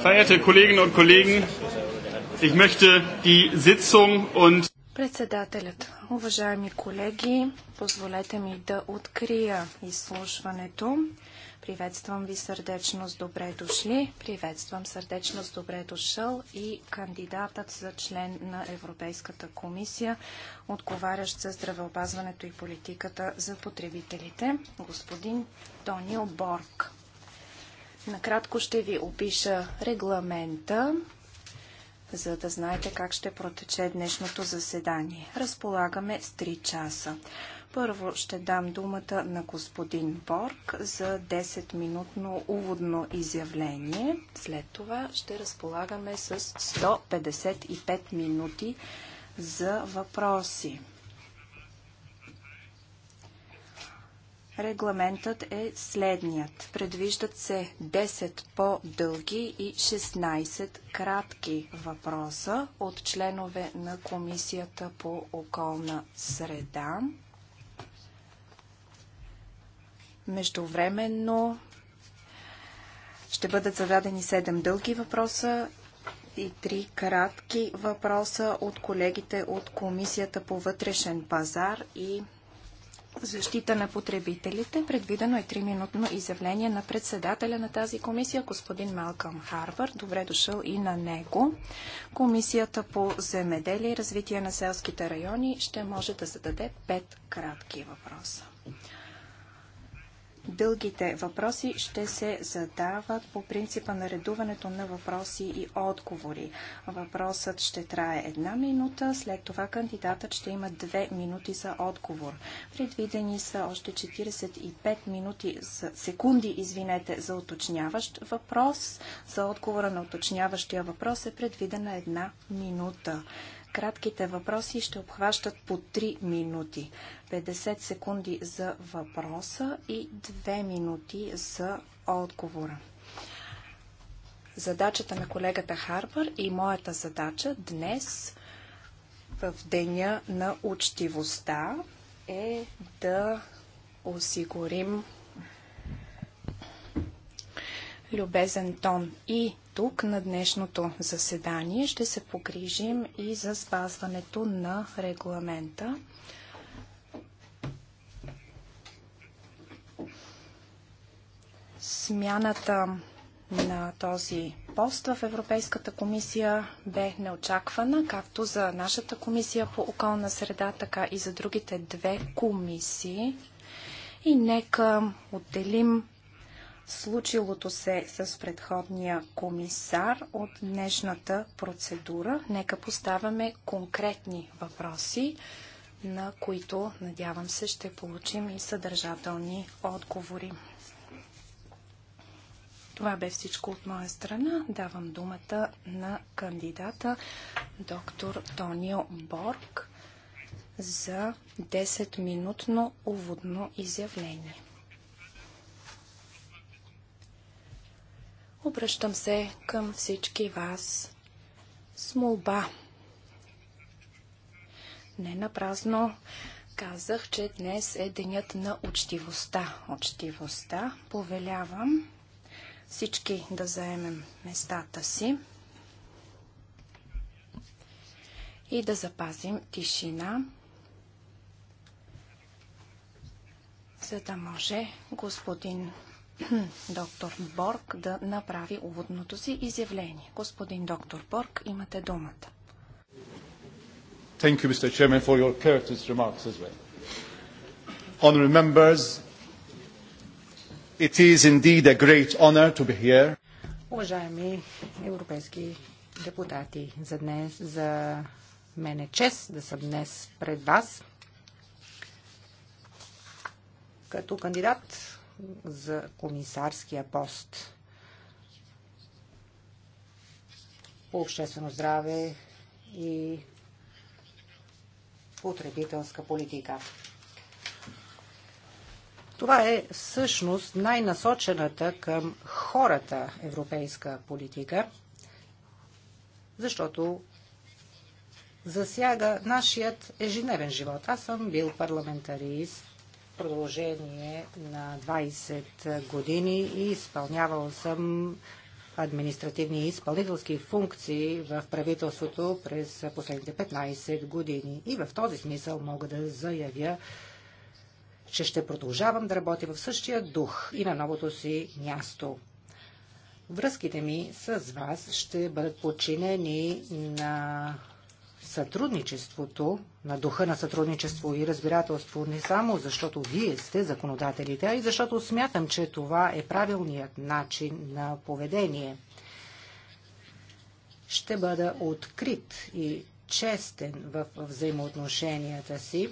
Verehrte Kolleginnen und Kollegen, ich möchte die Sitzung und Председателят, уважаеми колеги, позволете ми да открия изслушването. Приветствам ви сърдечно с добре дошли. Приветствам сърдечно с добре дошъл и кандидатът за член на Европейската комисия, отговарящ за здравеопазването и политиката за потребителите, господин Тонио Борг. Накратко ще ви опиша регламента, за да знаете как ще протече днешното заседание. Разполагаме с 3 часа. Първо ще дам думата на господин Борг за 10-минутно уводно изявление. След това ще разполагаме с 155 минути за въпроси. Регламентът е следният. Предвиждат се 10 по-дълги и 16 кратки въпроса от членове на Комисията по околна среда. Междувременно ще бъдат зададени 7 дълги въпроса и 3 кратки въпроса от колегите от Комисията по вътрешен пазар и защита на потребителите. Предвидено е 3-минутно изявление на председателя на тази комисия, господин Малкъм Харвард. Добре дошъл и на него. Комисията по земеделие и развитие на селските райони ще може да зададе 5 кратки въпроса. Дългите въпроси ще се задават по принципа на редуването на въпроси и отговори. Въпросът ще трае една минута, след това кандидатът ще има две минути за отговор. Предвидени са още 45 минути секунди, извинете, за уточняващ въпрос. За отговора на уточняващия въпрос е предвидена една минута. Кратките въпроси ще обхващат по 3 минути. 50 секунди за въпроса и 2 минути за отговора. Задачата на колегата Харбър и моята задача днес в деня на учтивостта е да осигурим любезен тон и тук на днешното заседание. Ще се погрижим и за спазването на регламента. Смяната на този пост в Европейската комисия бе неочаквана, както за нашата комисия по околна среда, така и за другите две комисии. И нека отделим случилото се с предходния комисар от днешната процедура. Нека поставяме конкретни въпроси, на които, надявам се, ще получим и съдържателни отговори. Това бе всичко от моя страна. Давам думата на кандидата доктор Тонио Борг за 10-минутно уводно изявление. Обръщам се към всички вас с молба. Не напразно казах, че днес е денят на учтивостта. Учтивостта повелявам всички да заемем местата си и да запазим тишина, за да може господин доктор Борг да направи уводното си изявление. Господин доктор Борг, имате думата. Thank you, Mr. Chairman, for your courteous remarks as well. Honorable members, it is indeed a great honor to be here. Уважаеми европейски депутати, за днес, за мен е чест да съм днес пред вас като кандидат за комисарския пост по обществено здраве и потребителска политика. Това е всъщност най-насочената към хората европейска политика, защото засяга нашият ежедневен живот. Аз съм бил парламентарист продължение на 20 години и изпълнявал съм административни и изпълнителски функции в правителството през последните 15 години. И в този смисъл мога да заявя, че ще продължавам да работя в същия дух и на новото си място. Връзките ми с вас ще бъдат подчинени на сътрудничеството, на духа на сътрудничество и разбирателство, не само защото вие сте законодателите, а и защото смятам, че това е правилният начин на поведение. Ще бъда открит и честен в взаимоотношенията си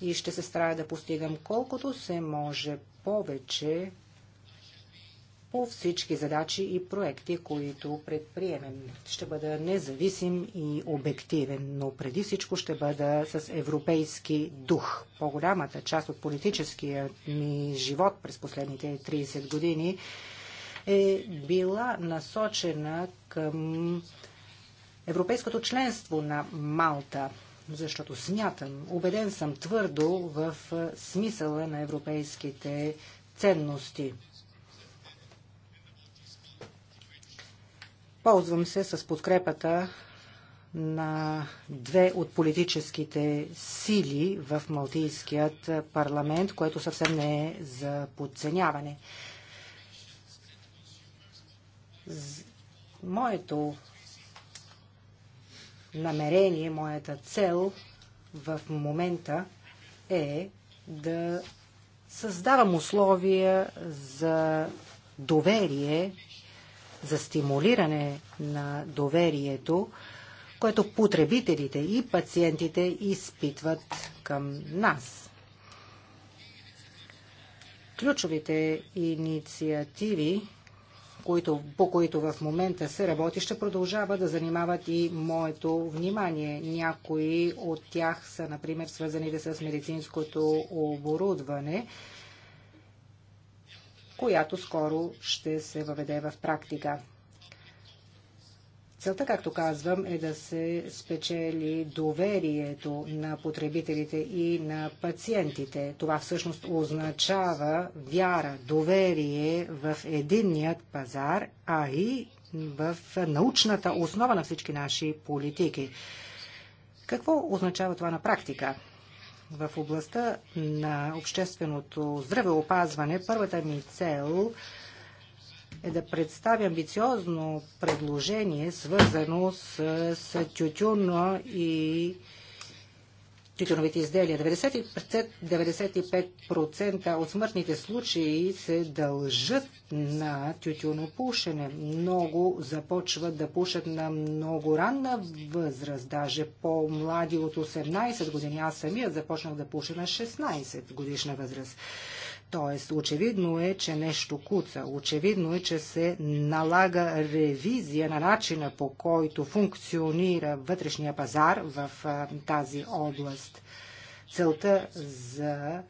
и ще се старая да постигам колкото се може повече по всички задачи и проекти, които предприемем. Ще бъда независим и обективен, но преди всичко ще бъда с европейски дух. По-голямата част от политическия ми живот през последните 30 години е била насочена към европейското членство на Малта защото смятам, убеден съм твърдо в смисъла на европейските ценности. Ползвам се с подкрепата на две от политическите сили в Малтийският парламент, което съвсем не е за подценяване. Моето намерение, моята цел в момента е да създавам условия за доверие за стимулиране на доверието, което потребителите и пациентите изпитват към нас. Ключовите инициативи, които, по които в момента се работи, ще продължава да занимават и моето внимание. Някои от тях са, например, свързаните с медицинското оборудване която скоро ще се въведе в практика. Целта, както казвам, е да се спечели доверието на потребителите и на пациентите. Това всъщност означава вяра, доверие в единният пазар, а и в научната основа на всички наши политики. Какво означава това на практика? В областта на общественото здравеопазване първата ми цел е да представя амбициозно предложение, свързано с, тютюна и тютюновите изделия. 95% от смъртните случаи се дължат на тютюнопушене. Много започват да пушат на много ранна възраст, даже по-млади от 18 години. Аз самия започнах да пуша на 16 годишна възраст. Тоест, очевидно е, че нещо куца. Очевидно е, че се налага ревизия на начина по който функционира вътрешния пазар в тази област. Целта за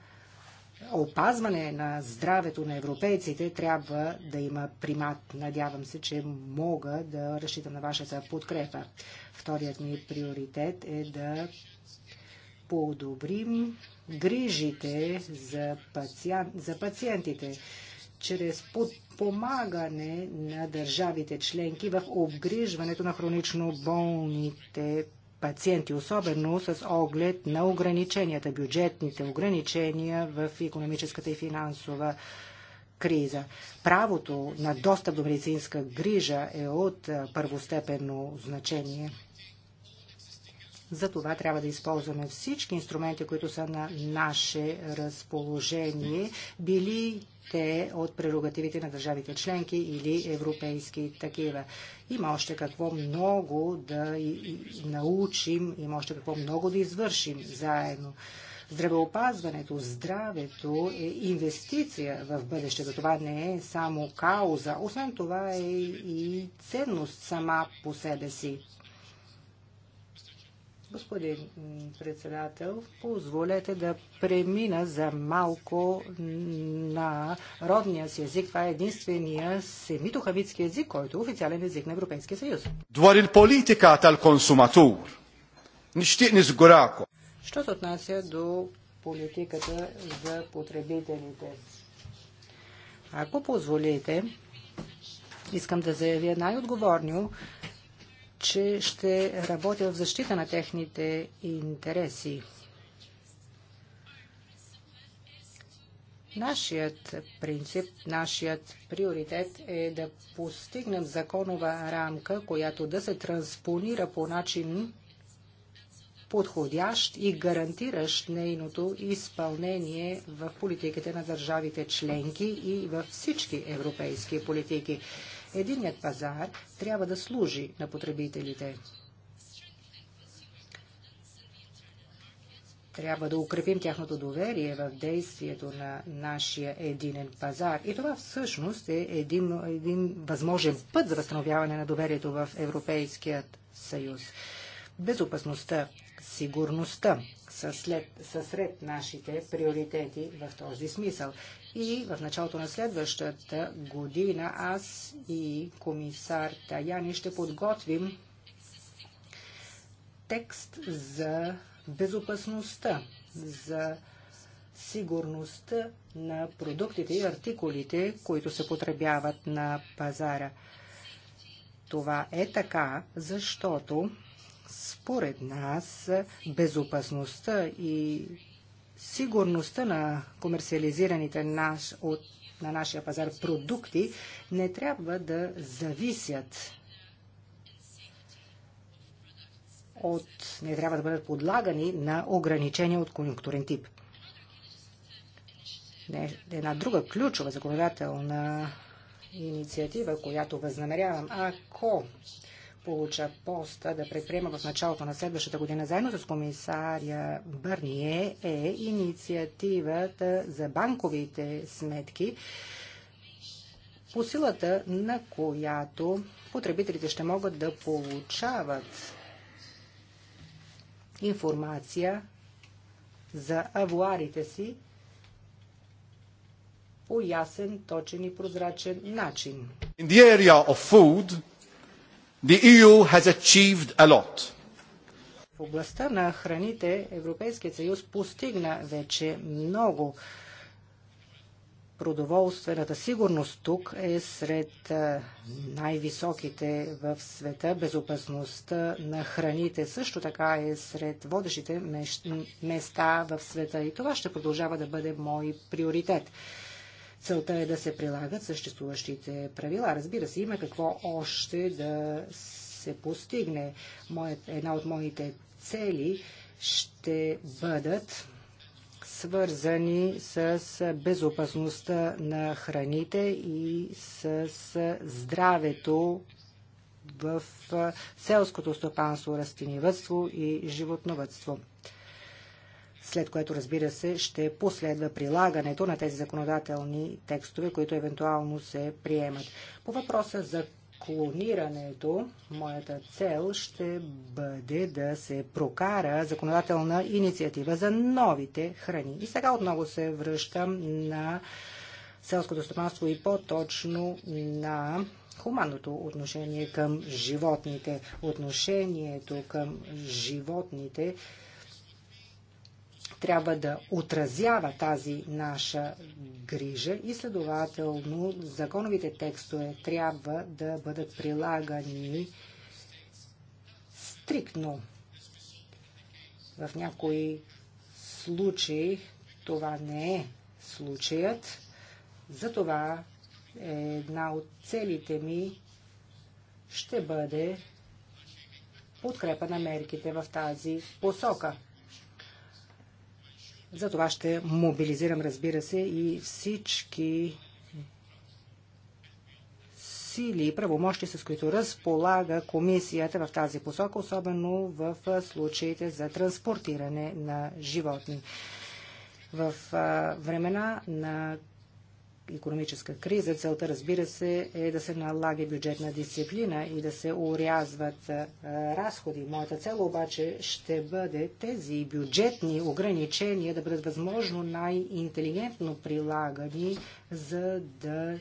опазване на здравето на европейците трябва да има примат. Надявам се, че мога да разчитам на вашата подкрепа. Вторият ми приоритет е да подобрим грижите за, пациент, за пациентите чрез подпомагане на държавите членки в обгрижването на хронично болните пациенти, особено с оглед на ограниченията, бюджетните ограничения в економическата и финансова криза. Правото на достъп до медицинска грижа е от първостепенно значение. За това трябва да използваме всички инструменти, които са на наше разположение, били те от прерогативите на държавите членки или европейски такива. Има още какво много да научим, има още какво много да извършим заедно. Здравеопазването, здравето е инвестиция в бъдещето. Това не е само кауза. Освен това е и ценност сама по себе си. Господин председател, позволете да премина за малко на родния си език. Това е единствения семитохавитски език, който е официален език на Европейския съюз. Дварил политика тал консуматур. Нищи не сгорако. Що се отнася до политиката за потребителите? Ако позволите, искам да заявя най-отговорно, че ще работя в защита на техните интереси. Нашият принцип, нашият приоритет е да постигнем законова рамка, която да се транспонира по начин подходящ и гарантиращ нейното изпълнение в политиките на държавите членки и във всички европейски политики. Единият пазар трябва да служи на потребителите. Трябва да укрепим тяхното доверие в действието на нашия единен пазар. И това всъщност е един, един възможен път за възстановяване на доверието в Европейският съюз. Безопасността, сигурността са, след, са сред нашите приоритети в този смисъл. И в началото на следващата година аз и комисар Таяни ще подготвим текст за безопасността, за сигурността на продуктите и артикулите, които се потребяват на пазара. Това е така, защото според нас безопасността и сигурността на комерциализираните наш, от, на нашия пазар продукти не трябва да зависят от, не трябва да бъдат подлагани на ограничения от конъюнктурен тип. Една друга ключова законодателна инициатива, която възнамерявам, ако получа поста да предприема в началото на следващата година заедно с комисаря Бърние е инициативата за банковите сметки, по силата на която потребителите ще могат да получават информация за авуарите си по ясен, точен и прозрачен начин. In the area of food, The EU has achieved a lot. В областта на храните Европейският съюз постигна вече много. Продоволствената сигурност тук е сред най-високите в света. Безопасността на храните също така е сред водещите места в света и това ще продължава да бъде мой приоритет. Целта е да се прилагат съществуващите правила. Разбира се, има какво още да се постигне. Моят, една от моите цели ще бъдат свързани с безопасността на храните и с здравето в селското стопанство, растениевътство и животновътство след което, разбира се, ще последва прилагането на тези законодателни текстове, които евентуално се приемат. По въпроса за клонирането, моята цел ще бъде да се прокара законодателна инициатива за новите храни. И сега отново се връщам на селското стопанство и по-точно на хуманното отношение към животните. Отношението към животните трябва да отразява тази наша грижа и следователно законовите текстове трябва да бъдат прилагани стриктно. В някои случаи това не е случаят. Затова една от целите ми ще бъде подкрепа на мерките в тази посока. За това ще мобилизирам, разбира се, и всички сили и правомощи, с които разполага комисията в тази посока, особено в случаите за транспортиране на животни. В времена на економическа криза, целта, разбира се, е да се налага бюджетна дисциплина и да се урязват разходи. Моята цел обаче ще бъде тези бюджетни ограничения да бъдат възможно най-интелигентно прилагани, за да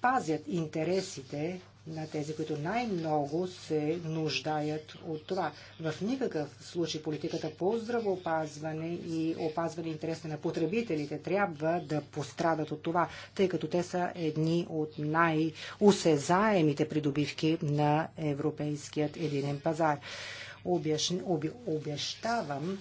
пазят интересите на тези, които най-много се нуждаят от това. В никакъв случай политиката по здравоопазване и опазване интереса на потребителите трябва да пострадат от това, тъй като те са едни от най-усезаемите придобивки на европейският единен пазар. Обяш... Обещавам,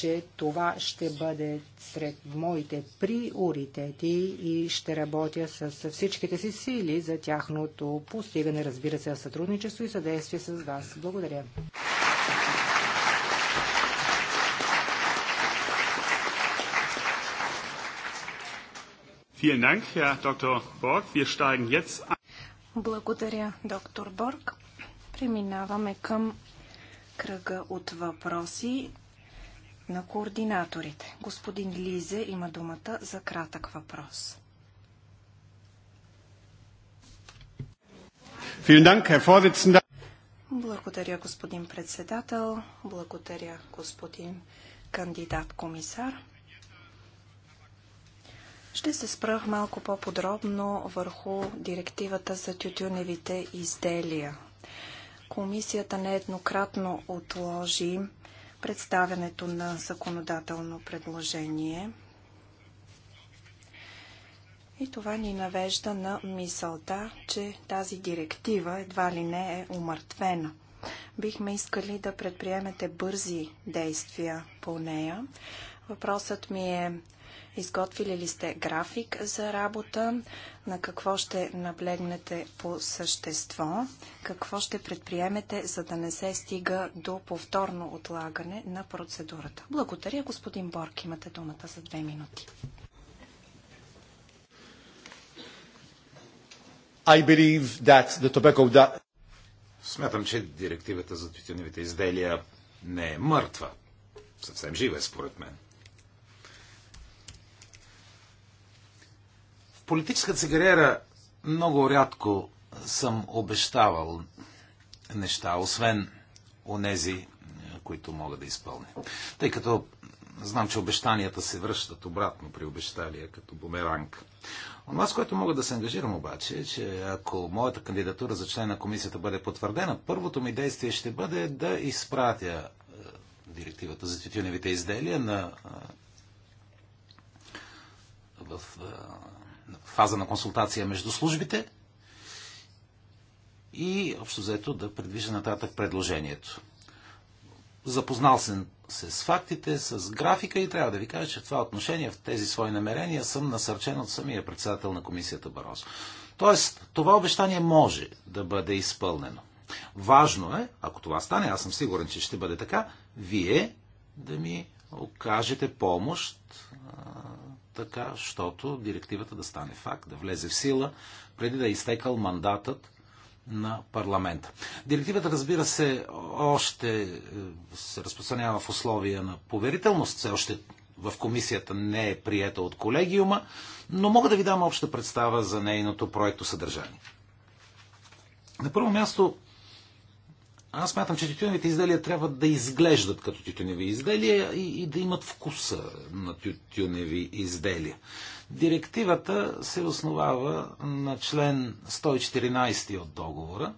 че това ще бъде сред моите приоритети и ще работя с всичките си сили за тяхното постигане, разбира се, сътрудничество и съдействие с вас. Благодаря. Благодаря, доктор Борг. Преминаваме към кръга от въпроси на координаторите. Господин Лизе има думата за кратък въпрос. Благодаря, господин председател. Благодаря, господин кандидат-комисар. Ще се спрах малко по-подробно върху директивата за тютюневите изделия. Комисията нееднократно отложи представянето на законодателно предложение. И това ни навежда на мисълта, че тази директива едва ли не е умъртвена. Бихме искали да предприемете бързи действия по нея. Въпросът ми е Изготвили ли сте график за работа? На какво ще наблегнете по същество? Какво ще предприемете, за да не се стига до повторно отлагане на процедурата? Благодаря, господин Борг. Имате думата за две минути. I believe that the tobacco da... Смятам, че директивата за тютюневите изделия не е мъртва. Съвсем жива е, според мен. политическата си кариера много рядко съм обещавал неща, освен онези, които мога да изпълня. Тъй като знам, че обещанията се връщат обратно при обещалия като бумеранг. Онова, с което мога да се ангажирам обаче, е, че ако моята кандидатура за член на комисията бъде потвърдена, първото ми действие ще бъде да изпратя е, директивата за тютюневите изделия на, е, в е, фаза на консултация между службите и общо взето да предвижда нататък предложението. Запознал съм се с фактите, с графика и трябва да ви кажа, че в това отношение, в тези свои намерения съм насърчен от самия председател на комисията Барос. Тоест, това обещание може да бъде изпълнено. Важно е, ако това стане, аз съм сигурен, че ще бъде така, вие да ми окажете помощ така, щото директивата да стане факт, да влезе в сила, преди да е изтекал мандатът на парламента. Директивата, разбира се, още е, се разпространява в условия на поверителност, все още в комисията не е приета от колегиума, но мога да ви дам обща представа за нейното проекто съдържание. На първо място аз смятам, че тютюневите изделия трябва да изглеждат като тютюневи изделия и, и да имат вкуса на тютюневи изделия. Директивата се основава на член 114 от договора,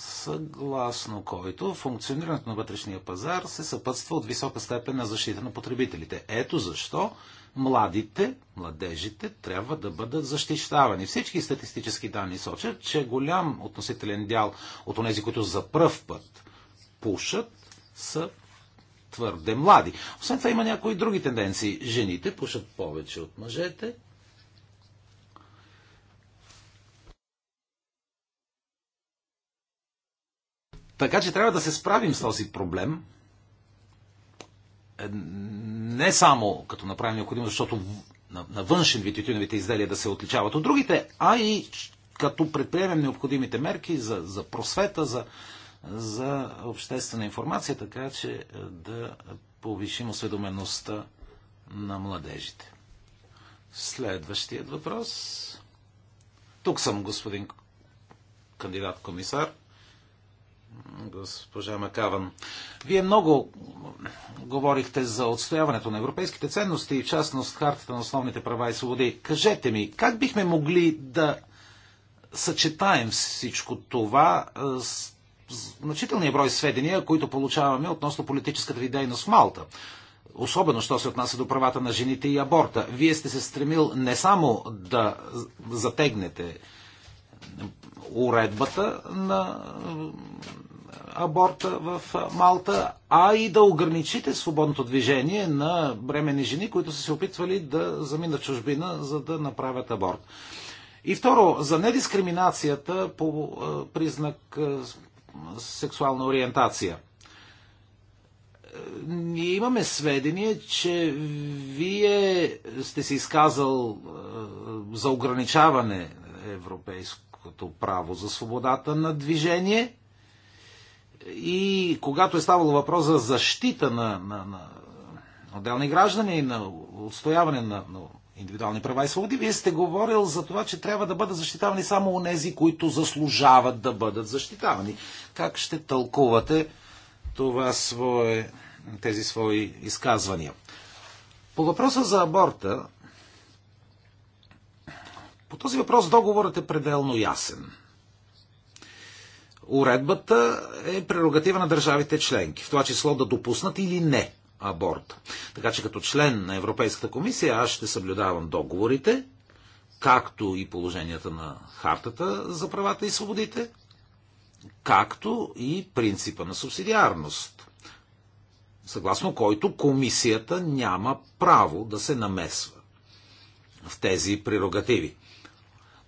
съгласно който функционирането на вътрешния пазар се съпътства от висока степен на защита на потребителите. Ето защо младите, младежите трябва да бъдат защищавани. Всички статистически данни сочат, че голям относителен дял от тези, които за пръв път пушат, са твърде млади. Освен това има някои други тенденции. Жените пушат повече от мъжете, Така че трябва да се справим с този проблем. Е, не само като направим необходимо, защото на, на външен вид тютюневите изделия да се отличават от другите, а и като предприемем необходимите мерки за, за просвета, за, за обществена информация, така че е, да повишим осведомеността на младежите. Следващият въпрос. Тук съм господин кандидат комисар госпожа Макаван. Вие много говорихте за отстояването на европейските ценности и частност хартата на основните права и свободи. Кажете ми, как бихме могли да съчетаем всичко това с значителния брой сведения, които получаваме относно политическата ви дейност в Малта? особено що се отнася до правата на жените и аборта. Вие сте се стремил не само да затегнете уредбата на аборта в Малта, а и да ограничите свободното движение на бремени жени, които са се опитвали да заминат чужбина, за да направят аборт. И второ, за недискриминацията по е, признак е, сексуална ориентация. Ние имаме сведения, че вие сте се изказал е, за ограничаване европейско европейското право за свободата на движение. И когато е ставало въпрос за защита на, на, на отделни граждани и на отстояване на, на индивидуални права и свободи, вие сте говорил за това, че трябва да бъдат защитавани само онези, които заслужават да бъдат защитавани. Как ще тълкувате това свое, тези свои изказвания? По въпроса за аборта, по този въпрос договорът е пределно ясен. Уредбата е прерогатива на държавите членки, в това число да допуснат или не аборт. Така че като член на Европейската комисия аз ще съблюдавам договорите, както и положенията на Хартата за правата и свободите, както и принципа на субсидиарност, съгласно който комисията няма право да се намесва в тези прерогативи.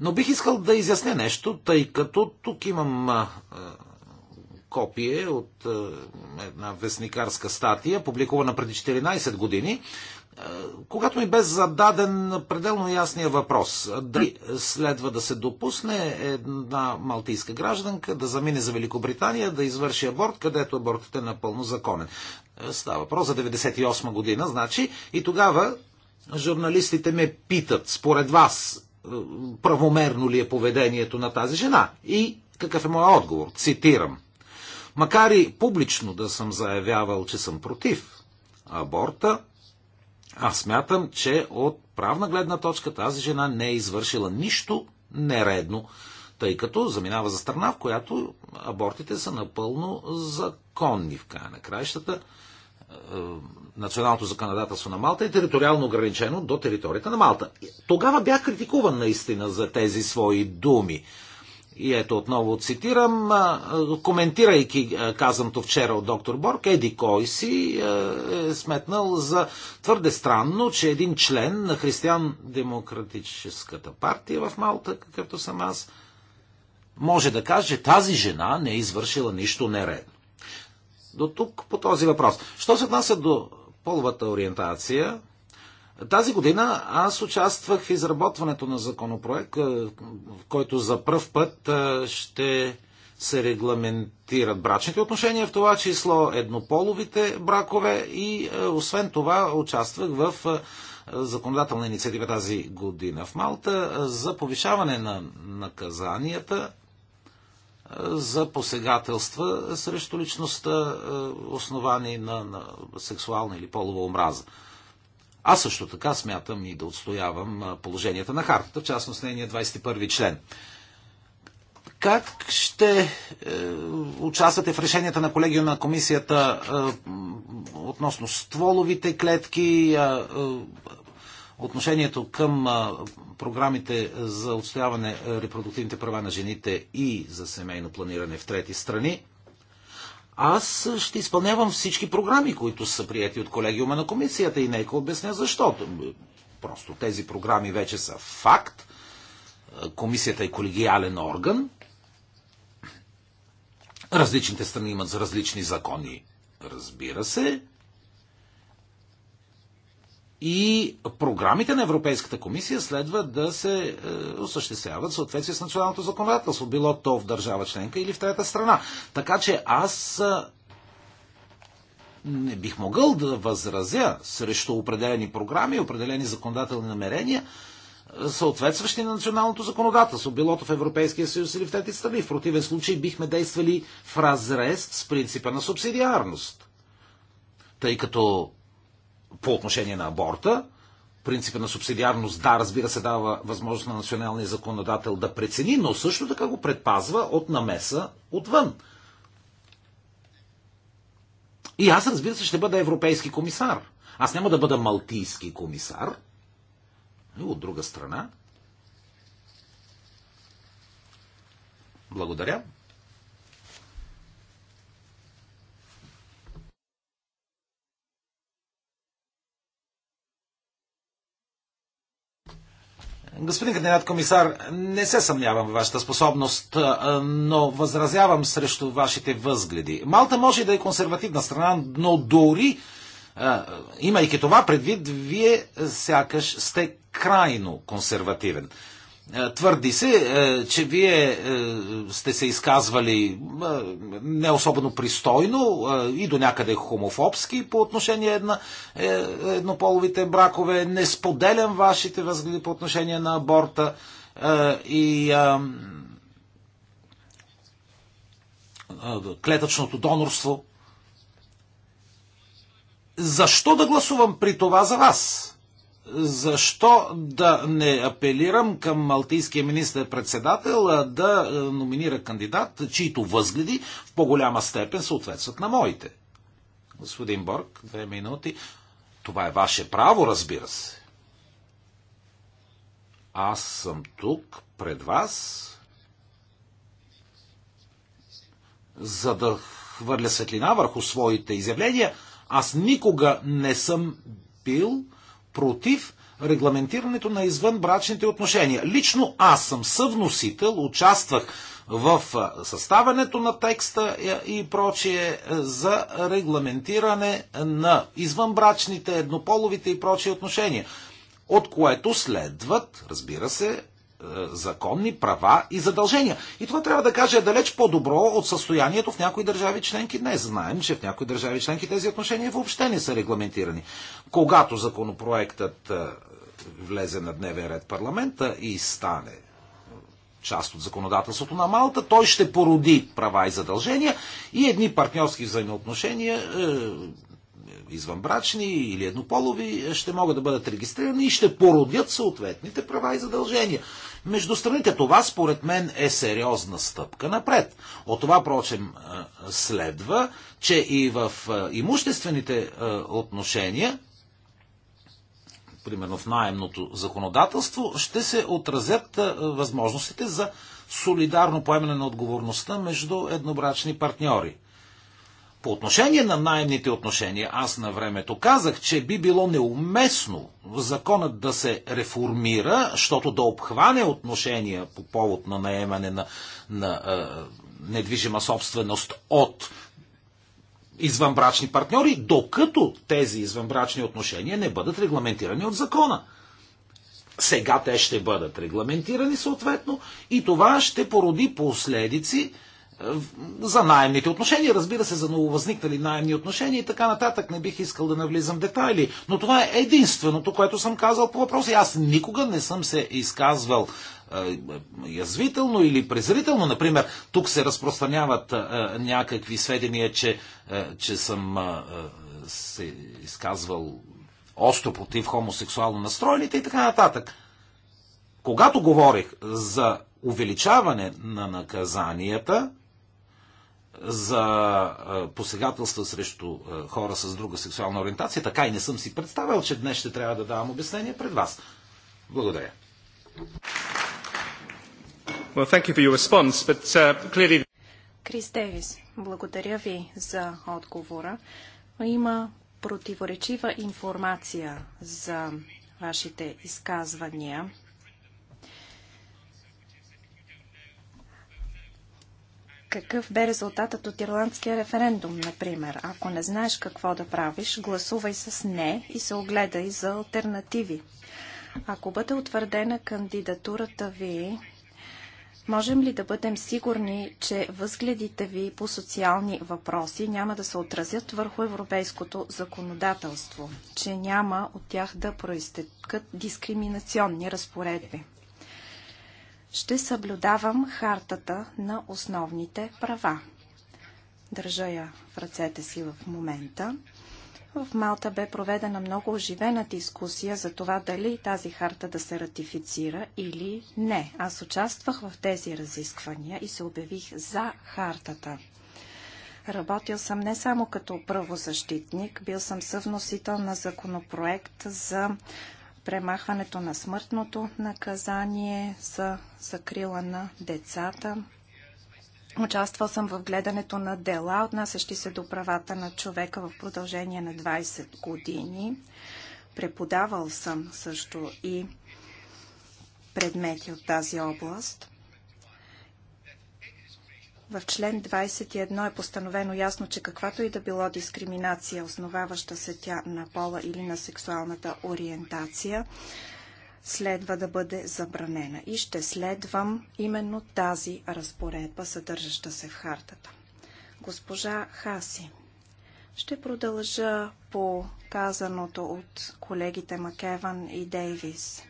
Но бих искал да изясня нещо, тъй като тук имам а, копие от а, една вестникарска статия, публикувана преди 14 години, а, когато ми бе зададен пределно ясния въпрос. Дали следва да се допусне една малтийска гражданка да замине за Великобритания, да извърши аборт, където абортът е напълно законен. Става въпрос за 98 година, значи, и тогава журналистите ме питат, според вас, правомерно ли е поведението на тази жена. И какъв е моят отговор? Цитирам. Макар и публично да съм заявявал, че съм против аборта, аз смятам, че от правна гледна точка тази жена не е извършила нищо нередно, тъй като заминава за страна, в която абортите са напълно законни в края на краищата е, националното законодателство на Малта е териториално ограничено до територията на Малта. Тогава бях критикуван наистина за тези свои думи. И ето отново цитирам, коментирайки казаното вчера от доктор Борг, Еди Кой си е сметнал за твърде странно, че един член на християн-демократическата партия в Малта, какъвто съм аз, може да каже, тази жена не е извършила нищо нередно. До тук по този въпрос. Що се отнася до половата ориентация. Тази година аз участвах в изработването на законопроект, в е, който за първ път е, ще се регламентират брачните отношения, в това число еднополовите бракове и е, освен това участвах в законодателна инициатива тази година в Малта за повишаване на наказанията за посегателства срещу личността, е, основани на, на сексуална или полова омраза. Аз също така смятам и да отстоявам е, положенията на хартата, в частност нейния 21 член. Как ще е, участвате в решенията на колегиума на комисията е, относно стволовите клетки, е, е, отношението към е, програмите за отстояване е, репродуктивните права на жените и за семейно планиране в трети страни, аз ще изпълнявам всички програми, които са прияти от колегиума на комисията и нека обясня защото. Просто тези програми вече са факт. Е, комисията е колегиален орган. Различните страни имат различни закони, разбира се и програмите на Европейската комисия следва да се е, осъществяват в съответствие с националното законодателство, било то в държава членка или в трета страна. Така че аз е, не бих могъл да възразя срещу определени програми, определени законодателни намерения, е, съответстващи на националното законодателство, билото в Европейския съюз или в трети страни. В противен случай бихме действали в разрез с принципа на субсидиарност. Тъй като по отношение на аборта. Принципа на субсидиарност, да, разбира се, дава възможност на националния законодател да прецени, но също така го предпазва от намеса отвън. И аз, разбира се, ще бъда европейски комисар. Аз няма да бъда малтийски комисар. И от друга страна. Благодаря. Господин кандидат комисар, не се съмнявам в вашата способност, но възразявам срещу вашите възгледи. Малта може да е консервативна страна, но дори, имайки това предвид, вие сякаш сте крайно консервативен. Е, твърди се, е, че вие е, сте се изказвали не особено пристойно и до някъде хомофобски по отношение на еднополовите бракове. Не споделям вашите възгледи по отношение на аборта и клетъчното донорство. Защо да гласувам при това за вас? защо да не апелирам към малтийския министър-председател да е, номинира кандидат, чието възгледи в по-голяма степен съответстват на моите? Господин Борг, две минути. Това е ваше право, разбира се. Аз съм тук пред вас, за да хвърля светлина върху своите изявления. Аз никога не съм бил против регламентирането на извънбрачните отношения. Лично аз съм съвносител, участвах в съставането на текста е, и прочие е, за регламентиране на извънбрачните, еднополовите и прочие отношения, от което следват, разбира се, е, законни права и задължения. И това трябва да кажа е далеч по-добро от състоянието в някои държави членки днес. Знаем, че в някои държави членки тези отношения въобще не са регламентирани. Когато законопроектът е, влезе на дневен ред парламента и стане част от законодателството на Малта, той ще породи права и задължения и едни партньорски взаимоотношения е, извънбрачни или еднополови, е, ще могат да бъдат регистрирани и ще породят съответните права и задължения. Между страните това, според мен, е сериозна стъпка напред. От това, прочем, е, следва, че и в е, имуществените отношения примерно в найемното законодателство, ще се отразят възможностите за солидарно поемане на отговорността между еднобрачни партньори. По отношение на найемните отношения, аз на времето казах, че би било неуместно законът да се реформира, защото да обхване отношения по повод на наемане на, на е, недвижима собственост от извънбрачни партньори, докато тези извънбрачни отношения не бъдат регламентирани от закона. Сега те ще бъдат регламентирани съответно и това ще породи последици, за найемните отношения, разбира се, за нововъзникнали найемни отношения и така нататък. Не бих искал да навлизам в детайли, но това е единственото, което съм казал по въпроса. Аз никога не съм се изказвал язвително или презрително. Например, тук се разпространяват някакви сведения, че, че съм се изказвал остро против хомосексуално настроените и така нататък. Когато говорих за увеличаване на наказанията, за посегателства срещу хора с друга сексуална ориентация, така и не съм си представил, че днес ще трябва да давам обяснение пред вас. Благодаря. Well, thank you for your response, but uh, clearly... Крис Дейвис, благодаря ви за отговора. Има противоречива информация за вашите изказвания. какъв бе резултатът от ирландския референдум, например. Ако не знаеш какво да правиш, гласувай с не и се огледай за альтернативи. Ако бъде утвърдена кандидатурата ви, можем ли да бъдем сигурни, че възгледите ви по социални въпроси няма да се отразят върху европейското законодателство, че няма от тях да проистекат дискриминационни разпоредби? Ще съблюдавам хартата на основните права. Държа я в ръцете си в момента. В Малта бе проведена много оживена дискусия за това дали тази харта да се ратифицира или не. Аз участвах в тези разисквания и се обявих за хартата. Работил съм не само като правозащитник, бил съм съвносител на законопроект за премахването на смъртното наказание за закрила на децата. Участвал съм в гледането на дела, отнасящи се до правата на човека в продължение на 20 години. Преподавал съм също и предмети от тази област. В член 21 е постановено ясно, че каквато и да било дискриминация, основаваща се тя на пола или на сексуалната ориентация, следва да бъде забранена. И ще следвам именно тази разпоредба, съдържаща се в хартата. Госпожа Хаси, ще продължа по казаното от колегите Макеван и Дейвис.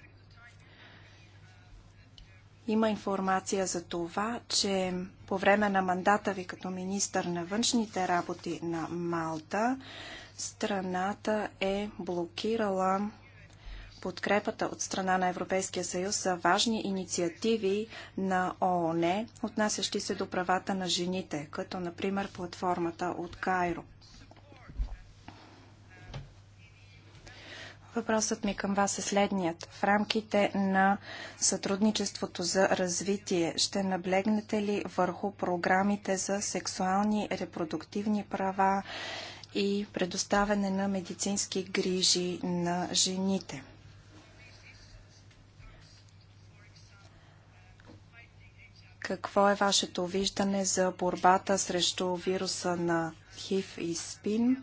Има информация за това, че по време на мандата ви като министър на външните работи на Малта, страната е блокирала подкрепата от страна на Европейския съюз за важни инициативи на ООН, отнасящи се до правата на жените, като например платформата от Кайро. Въпросът ми към вас е следният. В рамките на сътрудничеството за развитие ще наблегнете ли върху програмите за сексуални и репродуктивни права и предоставяне на медицински грижи на жените? Какво е вашето виждане за борбата срещу вируса на ХИВ и СПИН?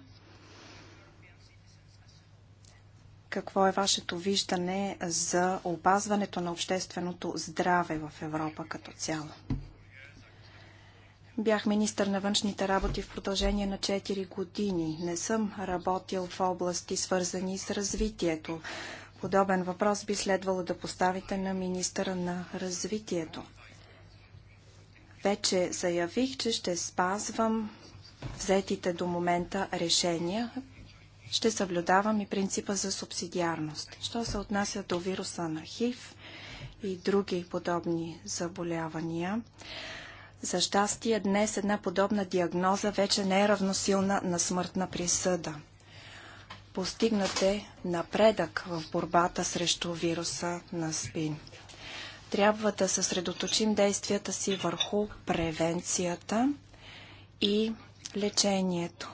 Какво е вашето виждане за опазването на общественото здраве в Европа като цяло? Бях министър на външните работи в продължение на 4 години. Не съм работил в области, свързани с развитието. Подобен въпрос би следвало да поставите на министъра на развитието. Вече заявих, че ще спазвам взетите до момента решения ще съблюдавам и принципа за субсидиарност. Що се отнася до вируса на ХИВ и други подобни заболявания, за щастие днес една подобна диагноза вече не е равносилна на смъртна присъда. Постигнат е напредък в борбата срещу вируса на спин. Трябва да съсредоточим действията си върху превенцията и лечението.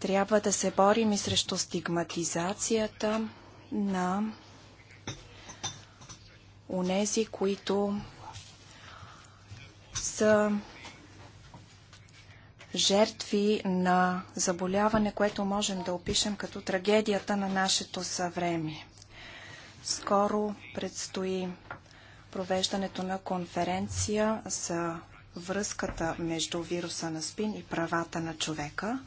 Трябва да се борим и срещу стигматизацията на унези, които са жертви на заболяване, което можем да опишем като трагедията на нашето съвреме. Скоро предстои провеждането на конференция за връзката между вируса на спин и правата на човека.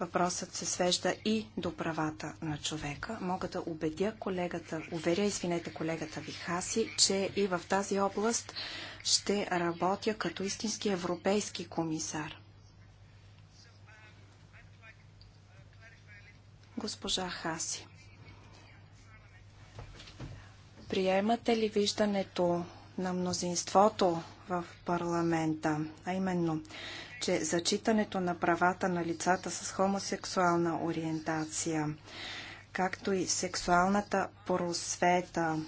Въпросът се свежда и до правата на човека. Мога да убедя колегата, уверя, извинете, колегата Вихаси, че и в тази област ще работя като истински европейски комисар. Госпожа Хаси, приемате ли виждането на мнозинството в парламента, а именно че зачитането на правата на лицата с хомосексуална ориентация, както и сексуалната просвета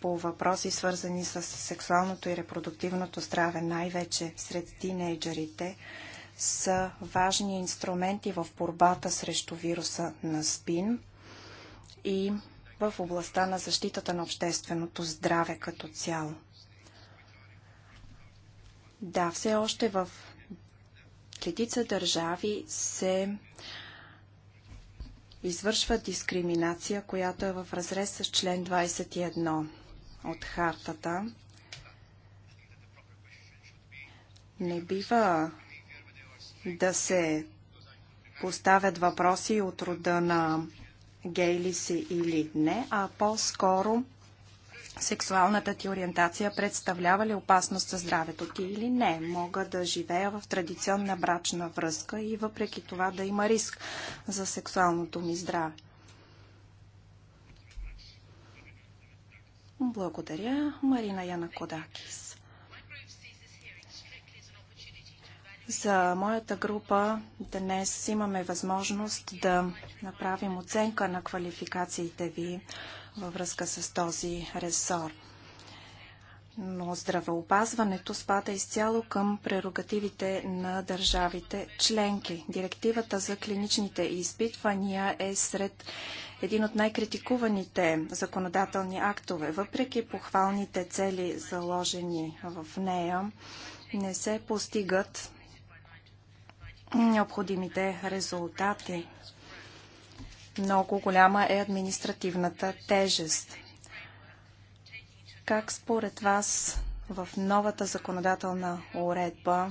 по въпроси, свързани с сексуалното и репродуктивното здраве, най-вече сред тинейджерите, са важни инструменти в борбата срещу вируса на СПИН и в областта на защитата на общественото здраве като цяло. Да, все още в редица държави се извършва дискриминация, която е в разрез с член 21 от хартата. Не бива да се поставят въпроси от рода на гейли си или не, а по-скоро сексуалната ти ориентация представлява ли опасност за здравето ти или не. Мога да живея в традиционна брачна връзка и въпреки това да има риск за сексуалното ми здраве. Благодаря, Марина Яна Кодакис. За моята група днес имаме възможност да направим оценка на квалификациите ви във връзка с този ресор. Но здравеопазването спада изцяло към прерогативите на държавите членки. Директивата за клиничните изпитвания е сред един от най-критикуваните законодателни актове. Въпреки похвалните цели, заложени в нея, не се постигат необходимите резултати много голяма е административната тежест. Как според вас в новата законодателна уредба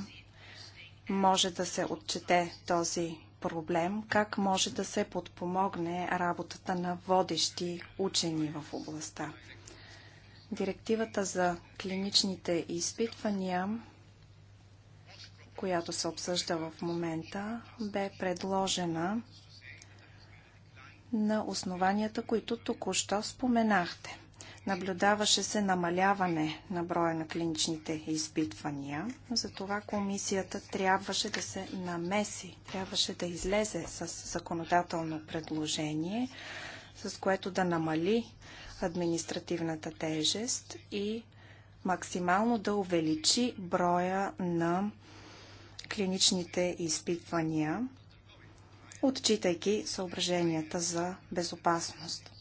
може да се отчете този проблем? Как може да се подпомогне работата на водещи учени в областта? Директивата за клиничните изпитвания, която се обсъжда в момента, бе предложена на основанията, които току-що споменахте. Наблюдаваше се намаляване на броя на клиничните изпитвания, затова комисията трябваше да се намеси, трябваше да излезе с законодателно предложение, с което да намали административната тежест и максимално да увеличи броя на клиничните изпитвания, отчитайки съображенията за безопасност.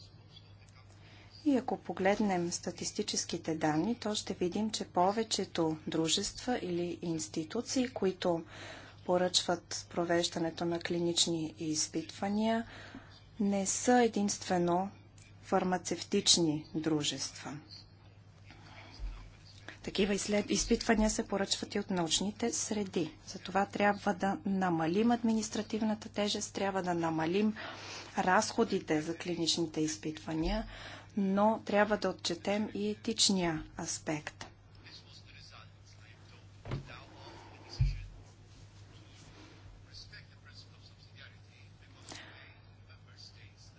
И ако погледнем статистическите данни, то ще видим, че повечето дружества или институции, които поръчват провеждането на клинични изпитвания, не са единствено фармацевтични дружества. Такива изслед... изпитвания се поръчват и от научните среди. Затова трябва да намалим административната тежест, трябва да намалим разходите за клиничните изпитвания, но трябва да отчетем и етичния аспект.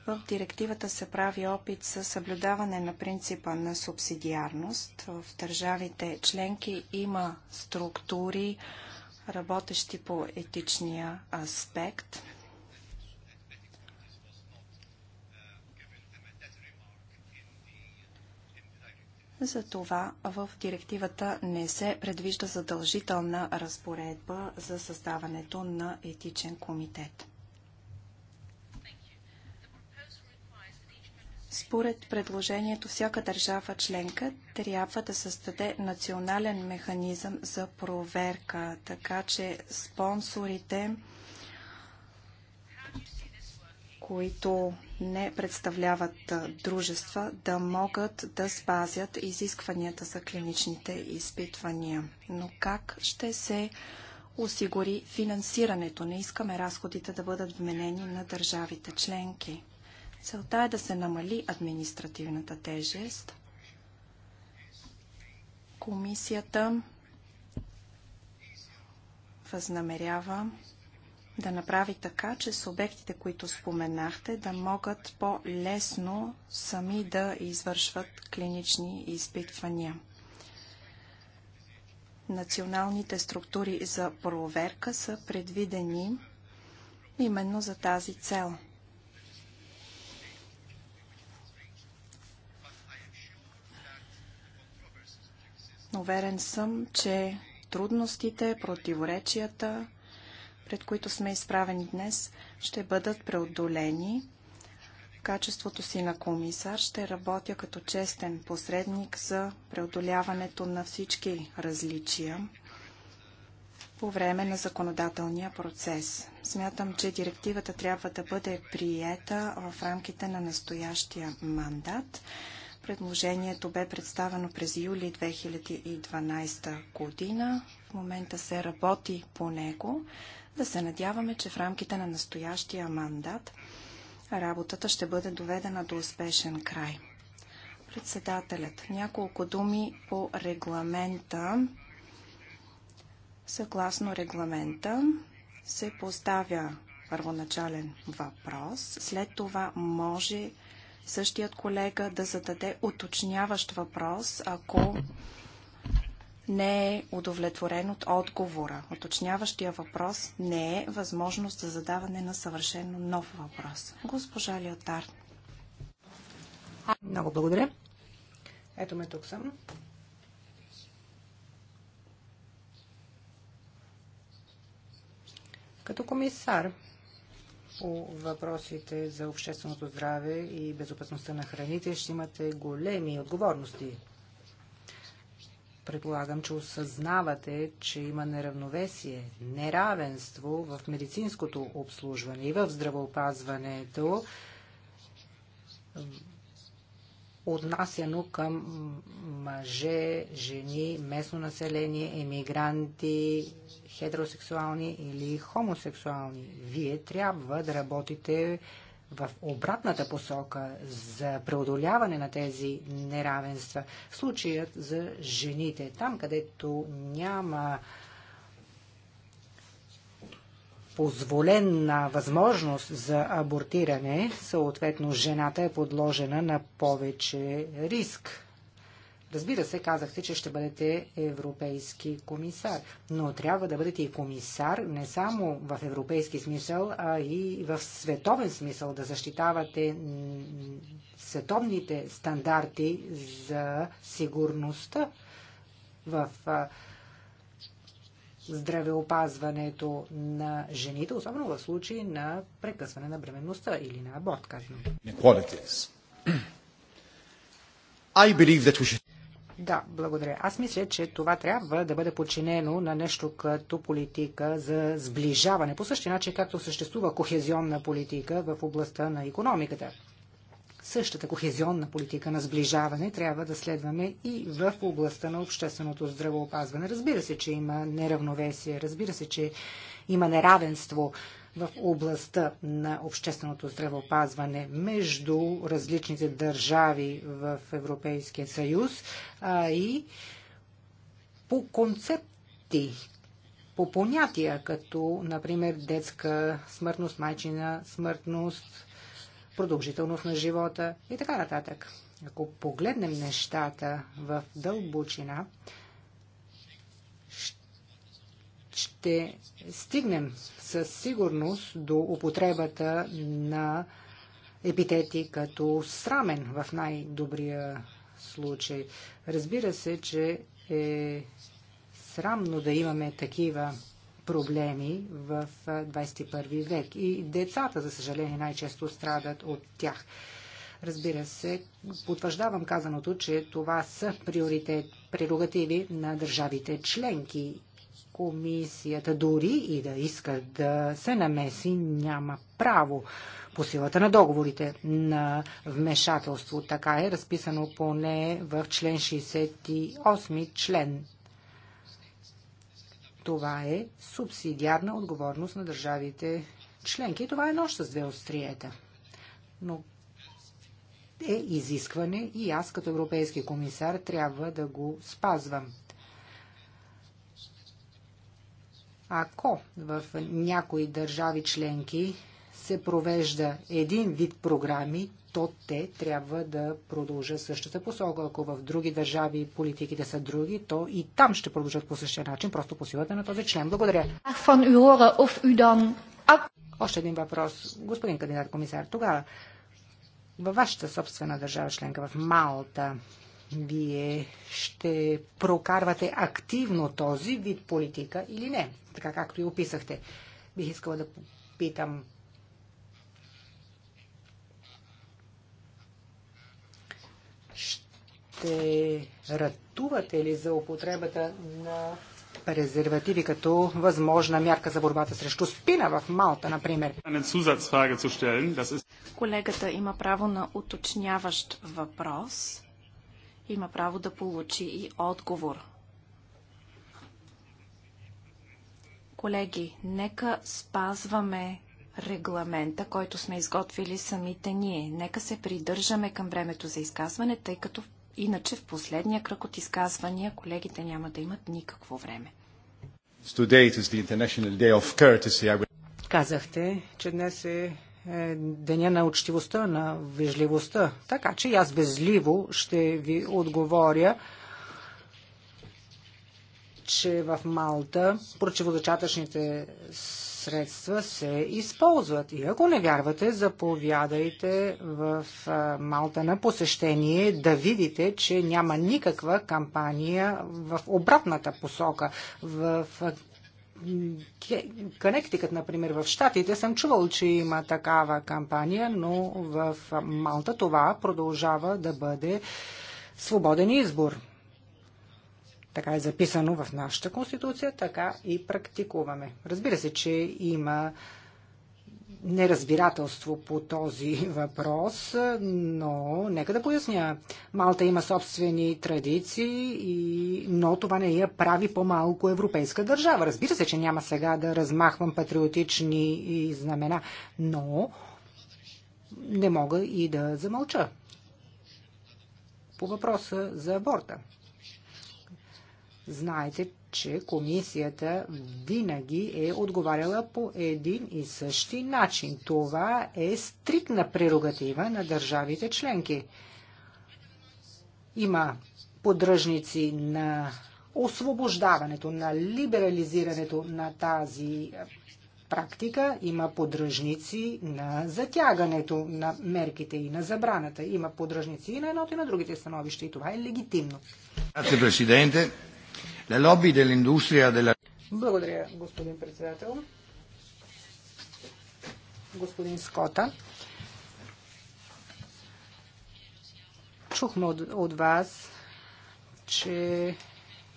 В директивата се прави опит за съблюдаване на принципа на субсидиарност. В държавите членки има структури, работещи по етичния аспект. Затова в директивата не се предвижда задължителна разпоредба за създаването на етичен комитет. Според предложението, всяка държава членка трябва да създаде национален механизъм за проверка, така че спонсорите, които не представляват дружества, да могат да спазят изискванията за клиничните изпитвания. Но как ще се осигури финансирането? Не искаме разходите да бъдат вменени на държавите членки. Целта е да се намали административната тежест. Комисията възнамерява да направи така, че субектите, които споменахте, да могат по-лесно сами да извършват клинични изпитвания. Националните структури за проверка са предвидени именно за тази цел – Уверен съм, че трудностите, противоречията, пред които сме изправени днес, ще бъдат преодолени. В качеството си на комисар ще работя като честен посредник за преодоляването на всички различия по време на законодателния процес. Смятам, че директивата трябва да бъде приета в рамките на настоящия мандат. Предложението бе представено през юли 2012 година. В момента се работи по него. Да се надяваме, че в рамките на настоящия мандат работата ще бъде доведена до успешен край. Председателят, няколко думи по регламента. Съгласно регламента се поставя първоначален въпрос, след това може същият колега да зададе уточняващ въпрос, ако не е удовлетворен от отговора. Оточняващия въпрос не е възможност за задаване на съвършено нов въпрос. Госпожа Лиотар. Много благодаря. Ето ме тук съм. Като комисар въпросите за общественото здраве и безопасността на храните ще имате големи отговорности. Предполагам, че осъзнавате, че има неравновесие, неравенство в медицинското обслужване и в здравеопазването отнасяно към мъже, жени, местно население, емигранти, хетеросексуални или хомосексуални. Вие трябва да работите в обратната посока за преодоляване на тези неравенства. Случаят за жените, там където няма позволена възможност за абортиране, съответно жената е подложена на повече риск. Разбира се, казахте, че ще бъдете европейски комисар, но трябва да бъдете и комисар не само в европейски смисъл, а и в световен смисъл, да защитавате световните стандарти за сигурността в здравеопазването на жените, особено в случай на прекъсване на бременността или на аборт, казвам. Да, благодаря. Аз мисля, че това трябва да бъде подчинено на нещо като политика за сближаване, по същия начин както съществува кохезионна политика в областта на економиката същата кохезионна политика на сближаване трябва да следваме и в областта на общественото здравеопазване. Разбира се, че има неравновесие, разбира се, че има неравенство в областта на общественото здравеопазване между различните държави в Европейския съюз, а и по концепти, по понятия, като, например, детска смъртност, майчина смъртност, продължителност на живота и така нататък. Ако погледнем нещата в дълбочина, ще стигнем със сигурност до употребата на епитети като срамен в най-добрия случай. Разбира се, че е срамно да имаме такива проблеми в 21 век. И децата, за съжаление, най-често страдат от тях. Разбира се, потвърждавам казаното, че това са приоритет, прерогативи на държавите членки. Комисията дори и да иска да се намеси, няма право по силата на договорите на вмешателство. Така е разписано поне в член 68 член това е субсидиарна отговорност на държавите членки. И това е нощ с две остриета. Но е изискване и аз като европейски комисар трябва да го спазвам. Ако в някои държави членки се провежда един вид програми, то те трябва да продължат същата посока. Ако в други държави политиките са други, то и там ще продължат по същия начин, просто по силата на този член. Благодаря. Още един въпрос, господин кандидат комисар. Тогава, във вашата собствена държава членка, в Малта, вие ще прокарвате активно този вид политика или не, така както и описахте. Бих искала да питам ще ратувате ли за употребата на презервативи като възможна мярка за борбата срещу спина в Малта, например. Колегата има право на уточняващ въпрос. Има право да получи и отговор. Колеги, нека спазваме регламента, който сме изготвили самите ние. Нека се придържаме към времето за изказване, тъй като в Иначе в последния кръг от изказвания колегите няма да имат никакво време. Казахте, че днес е, е деня на учтивостта, на вежливостта. Така че аз безливо ще ви отговоря, че в Малта противозачатъчните средства се използват. И ако не вярвате, заповядайте в Малта на посещение да видите, че няма никаква кампания в обратната посока. В Кънектикът, например, в Штатите съм чувал, че има такава кампания, но в Малта това продължава да бъде свободен избор така е записано в нашата конституция, така и практикуваме. Разбира се, че има неразбирателство по този въпрос, но нека да поясня. Малта има собствени традиции, но това не я прави по-малко европейска държава. Разбира се, че няма сега да размахвам патриотични знамена, но не мога и да замълча. По въпроса за аборта. Знаете, че комисията винаги е отговаряла по един и същи начин. Това е стрикна прерогатива на държавите членки. Има поддръжници на освобождаването, на либерализирането на тази практика, има поддръжници на затягането на мерките и на забраната. Има поддръжници и на едното и на другите становища и това е легитимно. La dell'industria della... Благодаря, господин председател. Господин Скота. Чухме от, от вас, че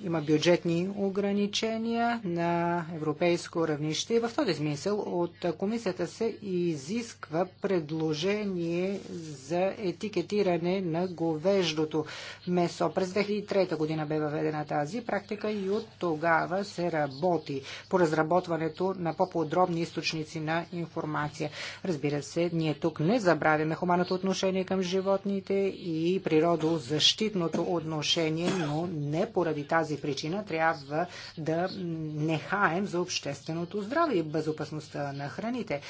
има бюджетни ограничения на европейско равнище и в този смисъл от комисията се изисква предложение за етикетиране на говеждото месо. През 2003 година бе въведена тази практика и от тогава се работи по разработването на по-подробни източници на информация. Разбира се, ние тук не забравяме хуманото отношение към животните и природозащитното отношение, но не поради тази тази причина трябва да не хаем за общественото здраве и безопасността на храните.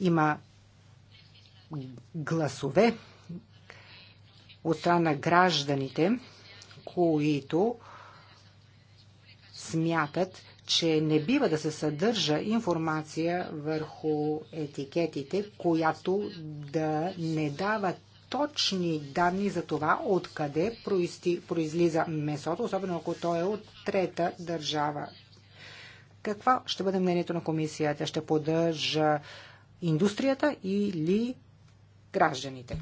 Има гласове от страна на гражданите, които смятат, че не бива да се съдържа информация върху етикетите, която да не дава точни данни за това откъде произлиза месото, особено ако то е от трета държава. Какво ще бъде мнението на комисията? Ще поддържа индустрията или гражданите?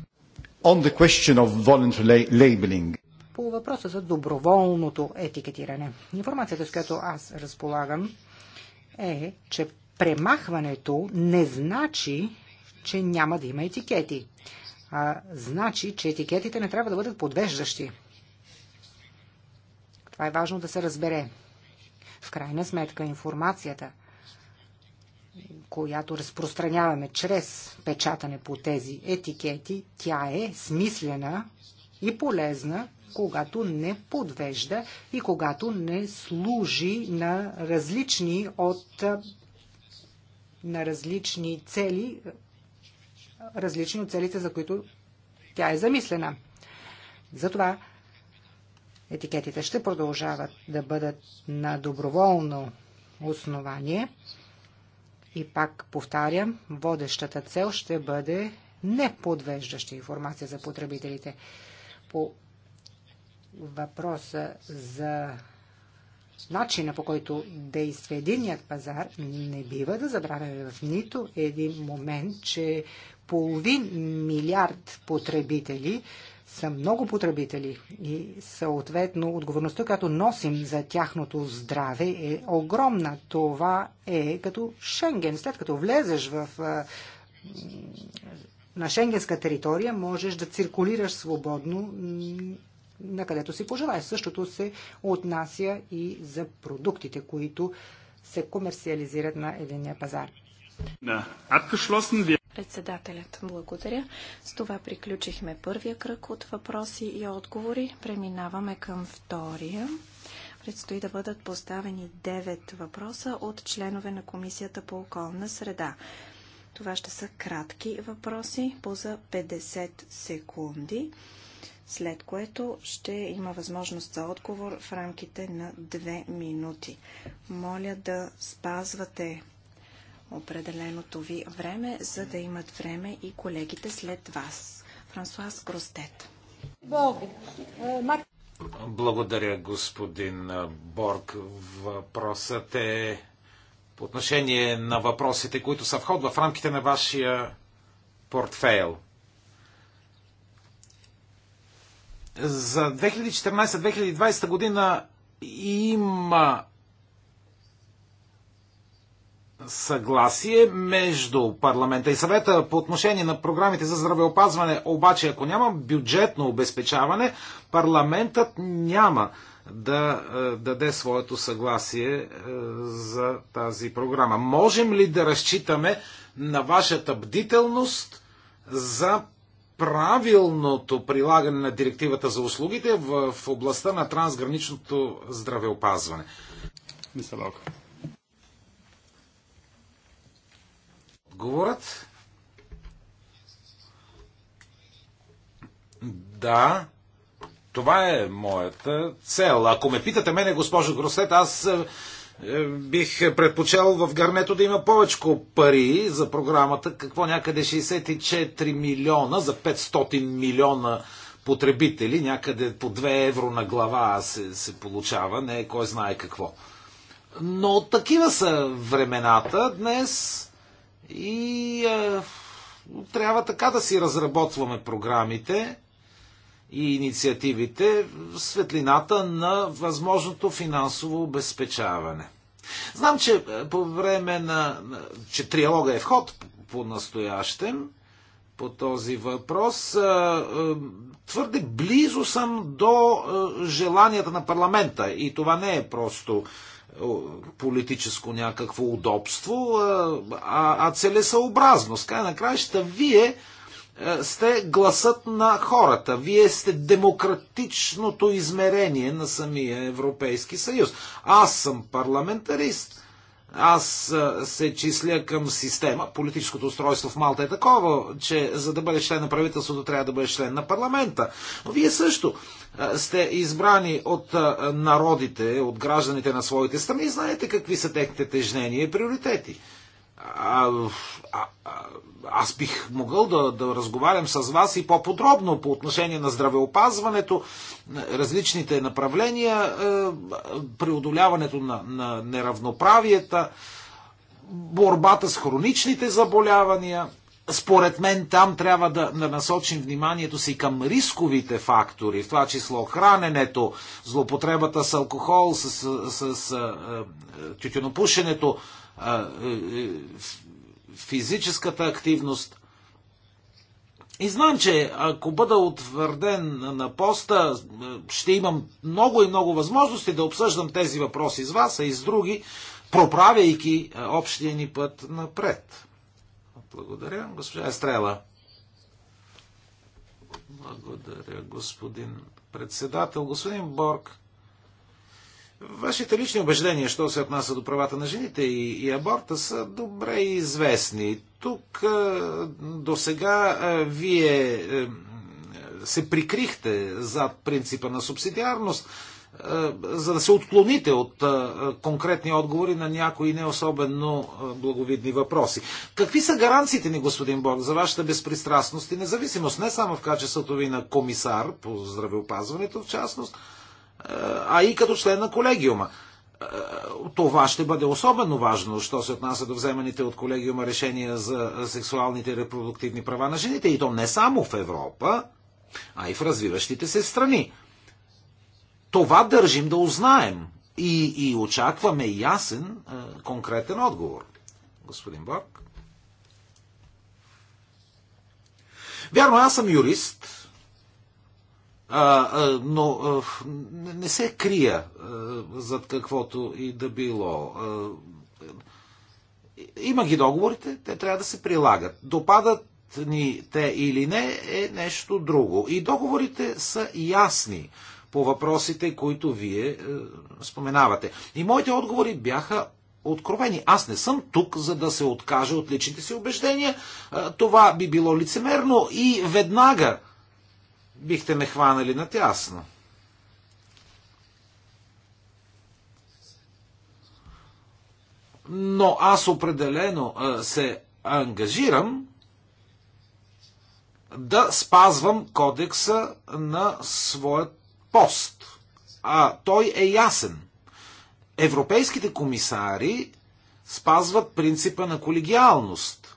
On the question of voluntary labeling. По въпроса за доброволното етикетиране. Информацията, с която аз разполагам, е, че премахването не значи, че няма да има етикети а, значи, че етикетите не трябва да бъдат подвеждащи. Това е важно да се разбере. В крайна сметка информацията, която разпространяваме чрез печатане по тези етикети, тя е смислена и полезна, когато не подвежда и когато не служи на различни от на различни цели, различни от целите, за които тя е замислена. Затова етикетите ще продължават да бъдат на доброволно основание и пак повтарям, водещата цел ще бъде неподвеждаща информация за потребителите. По въпроса за начина по който действа единният пазар, не бива да забравяме в нито един момент, че половин милиард потребители са много потребители и съответно отговорността, която носим за тяхното здраве е огромна. Това е като Шенген. След като влезеш в на шенгенска територия можеш да циркулираш свободно на където си пожелая. Същото се отнася и за продуктите, които се комерциализират на единия пазар. Председателят, благодаря. С това приключихме първия кръг от въпроси и отговори. Преминаваме към втория. Предстои да бъдат поставени 9 въпроса от членове на Комисията по околна среда. Това ще са кратки въпроси по за 50 секунди след което ще има възможност за отговор в рамките на две минути. Моля да спазвате определеното ви време, за да имат време и колегите след вас. Франсуаз Гростет. Благодаря, господин Борг. Въпросът е по отношение на въпросите, които са вход в рамките на вашия портфейл. За 2014-2020 година има съгласие между парламента и съвета по отношение на програмите за здравеопазване, обаче ако няма бюджетно обезпечаване, парламентът няма да е, даде своето съгласие е, за тази програма. Можем ли да разчитаме на вашата бдителност за правилното прилагане на директивата за услугите в областта на трансграничното здравеопазване. Мисля, Лалка. Да, това е моята цел. Ако ме питате мене, госпожо Гросет, аз е, бих предпочел в гарнето да има повече пари за програмата, какво някъде 64 милиона за 500 милиона потребители, някъде по 2 евро на глава се, се получава, не кой знае какво. Но такива са времената днес и е, трябва така да си разработваме програмите и инициативите в светлината на възможното финансово обезпечаване. Знам, че е, по време на... че триалога е вход по настоящем, по този въпрос. Е, е, твърде близо съм до желанията на парламента и това не е просто политическо някакво удобство, а, целесъобразност. Край на краища, вие е, сте гласът на хората. Вие сте демократичното измерение на самия Европейски съюз. Аз съм парламентарист. Аз е, се числя към система. Политическото устройство в Малта е такова, че за да бъдеш член на правителството, трябва да бъдеш член на парламента. Но вие също е, сте избрани от народите, от гражданите на своите страни. Знаете какви са техните тежнения и приоритети. А, а, аз бих могъл да, да разговарям с вас и по-подробно по отношение на здравеопазването, различните направления, е, преодоляването на, на неравноправията, борбата с хроничните заболявания. Според мен там трябва да, да насочим вниманието си към рисковите фактори, в това число храненето, злопотребата с алкохол, с, с, с, с е, е, тютюнопушенето. Е, е, физическата активност. И знам, че ако бъда утвърден на поста, е, ще имам много и много възможности да обсъждам тези въпроси с вас, а и с други, проправяйки общия ни път напред. Благодаря, госпожа Естрела. Благодаря, господин председател. Господин Борг, Вашите лични убеждения, що се отнася до правата на жените и, и аборта, са добре известни. Тук е, до сега е, вие е, се прикрихте зад принципа на субсидиарност, за да се отклоните от конкретни отговори на някои не особено благовидни въпроси. Какви са гаранциите ни, господин Борг, за вашата безпристрастност и независимост, не само в качеството ви на комисар по здравеопазването в частност, а и като член на колегиума. Е, това ще бъде особено важно, що се отнася до вземаните от колегиума решения за сексуалните и репродуктивни права на жените. И то не само в Европа, а и в развиващите се страни. Това държим да узнаем и, и очакваме ясен, е, конкретен отговор. Господин Борг. Вярно, аз съм юрист, но не се крия зад каквото и да било. Има ги договорите, те трябва да се прилагат. Допадат ни те или не е нещо друго. И договорите са ясни по въпросите, които вие е, споменавате. И моите отговори бяха откровени. Аз не съм тук, за да се откажа от личните си убеждения. Е, това би било лицемерно и веднага бихте ме хванали на тясно. Но аз определено се ангажирам да спазвам кодекса на своят пост. А той е ясен. Европейските комисари спазват принципа на колегиалност.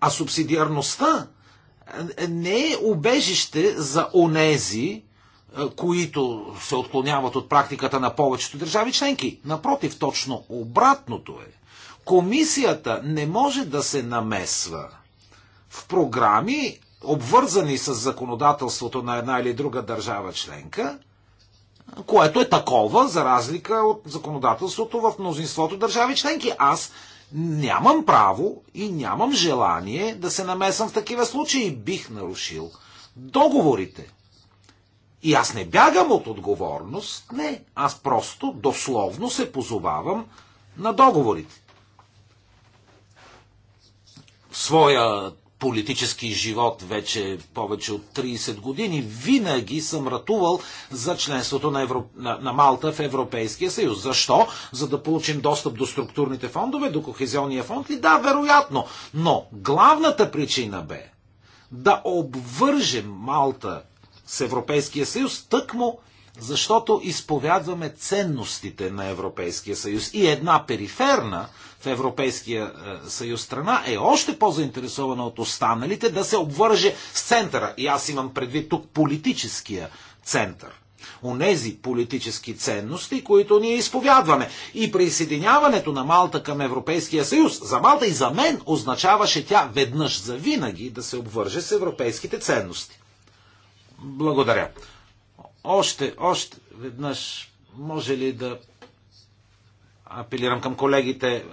А субсидиарността не е убежище за онези, е, които се отклоняват от практиката на повечето държави членки. Напротив, точно обратното е. Комисията не може да се намесва в програми, обвързани с законодателството на една или друга държава членка, което е такова, за разлика от законодателството в мнозинството държави членки. Аз Нямам право и нямам желание да се намесвам в такива случаи. Бих нарушил договорите. И аз не бягам от отговорност, не. Аз просто дословно се позовавам на договорите. В своя политически живот вече повече от 30 години, винаги съм ратувал за членството на, Европ... на, на Малта в Европейския съюз. Защо? За да получим достъп до структурните фондове, до кохезионния фонд ли? Да, вероятно. Но главната причина бе да обвържем Малта с Европейския съюз тъкмо защото изповядваме ценностите на Европейския съюз. И една периферна в Европейския е, съюз страна е още по-заинтересована от останалите да се обвърже с центъра. И аз имам предвид тук политическия център. Онези политически ценности, които ние изповядваме. И присъединяването на Малта към Европейския съюз за Малта и за мен означаваше тя веднъж за винаги да се обвърже с европейските ценности. Благодаря. Още, още веднъж може ли да апелирам към колегите е,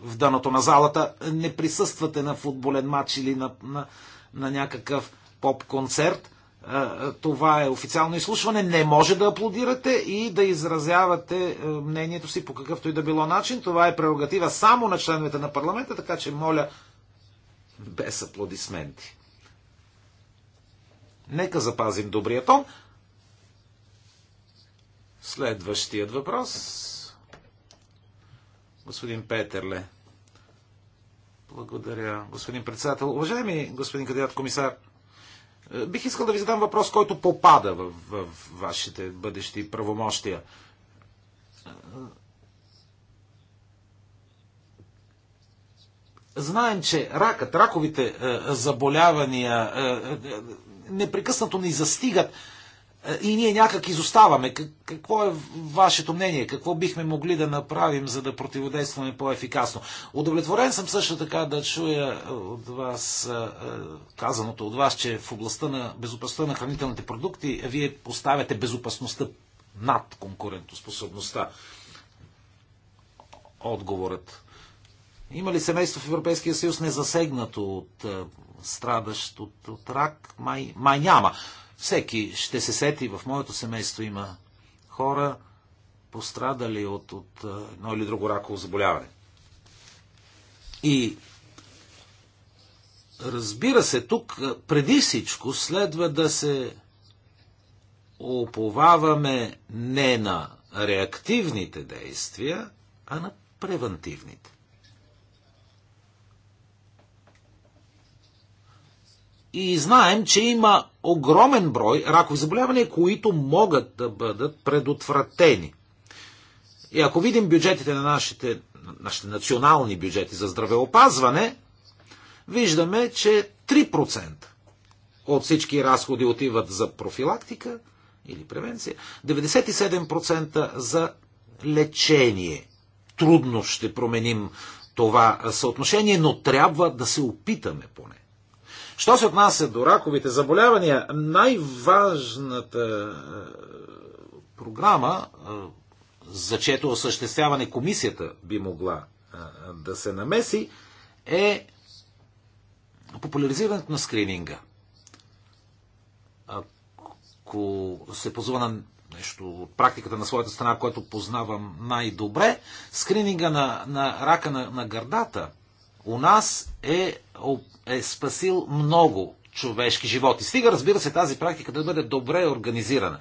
в дъното на залата, не присъствате на футболен матч или на, на, на някакъв поп-концерт. Е, е, това е официално изслушване. Не може да аплодирате и да изразявате мнението си по какъвто и да било начин. Това е прерогатива само на членовете на парламента, така че моля без аплодисменти. Нека запазим добрия тон. Следващият въпрос. Господин Петерле. Благодаря, господин председател. Уважаеми господин кандидат комисар, е, бих искал да ви задам въпрос, който попада в, в вашите бъдещи правомощия. Е, знаем, че ракът, раковите е, заболявания непрекъснато ни застигат е, и ние някак изоставаме. Какво е вашето мнение? Какво бихме могли да направим, за да противодействаме по-ефикасно? Удовлетворен съм също така да чуя е, от вас, е, казаното от вас, че в областта на безопасността на хранителните продукти вие поставяте безопасността над конкурентоспособността. Отговорът. Има ли семейство в Европейския съюз незасегнато от страдащ от, от рак, май, май няма. Всеки ще се сети, в моето семейство има хора, пострадали от, от едно или друго раково заболяване. И разбира се, тук преди всичко следва да се оповаваме не на реактивните действия, а на превентивните. И знаем, че има огромен брой ракови заболявания, които могат да бъдат предотвратени. И ако видим бюджетите на нашите, нашите национални бюджети за здравеопазване, виждаме, че 3% от всички разходи отиват за профилактика или превенция, 97% за лечение. Трудно ще променим това съотношение, но трябва да се опитаме поне. Що се отнася до раковите заболявания, най-важната е, програма, е, за чието осъществяване комисията би могла е, да се намеси, е популяризирането на скрининга. Ако се позова на нещо от практиката на своята страна, което познавам най-добре, скрининга на, на рака на, на гърдата у нас е, е спасил много човешки животи. Стига, разбира се, тази практика да бъде добре организирана.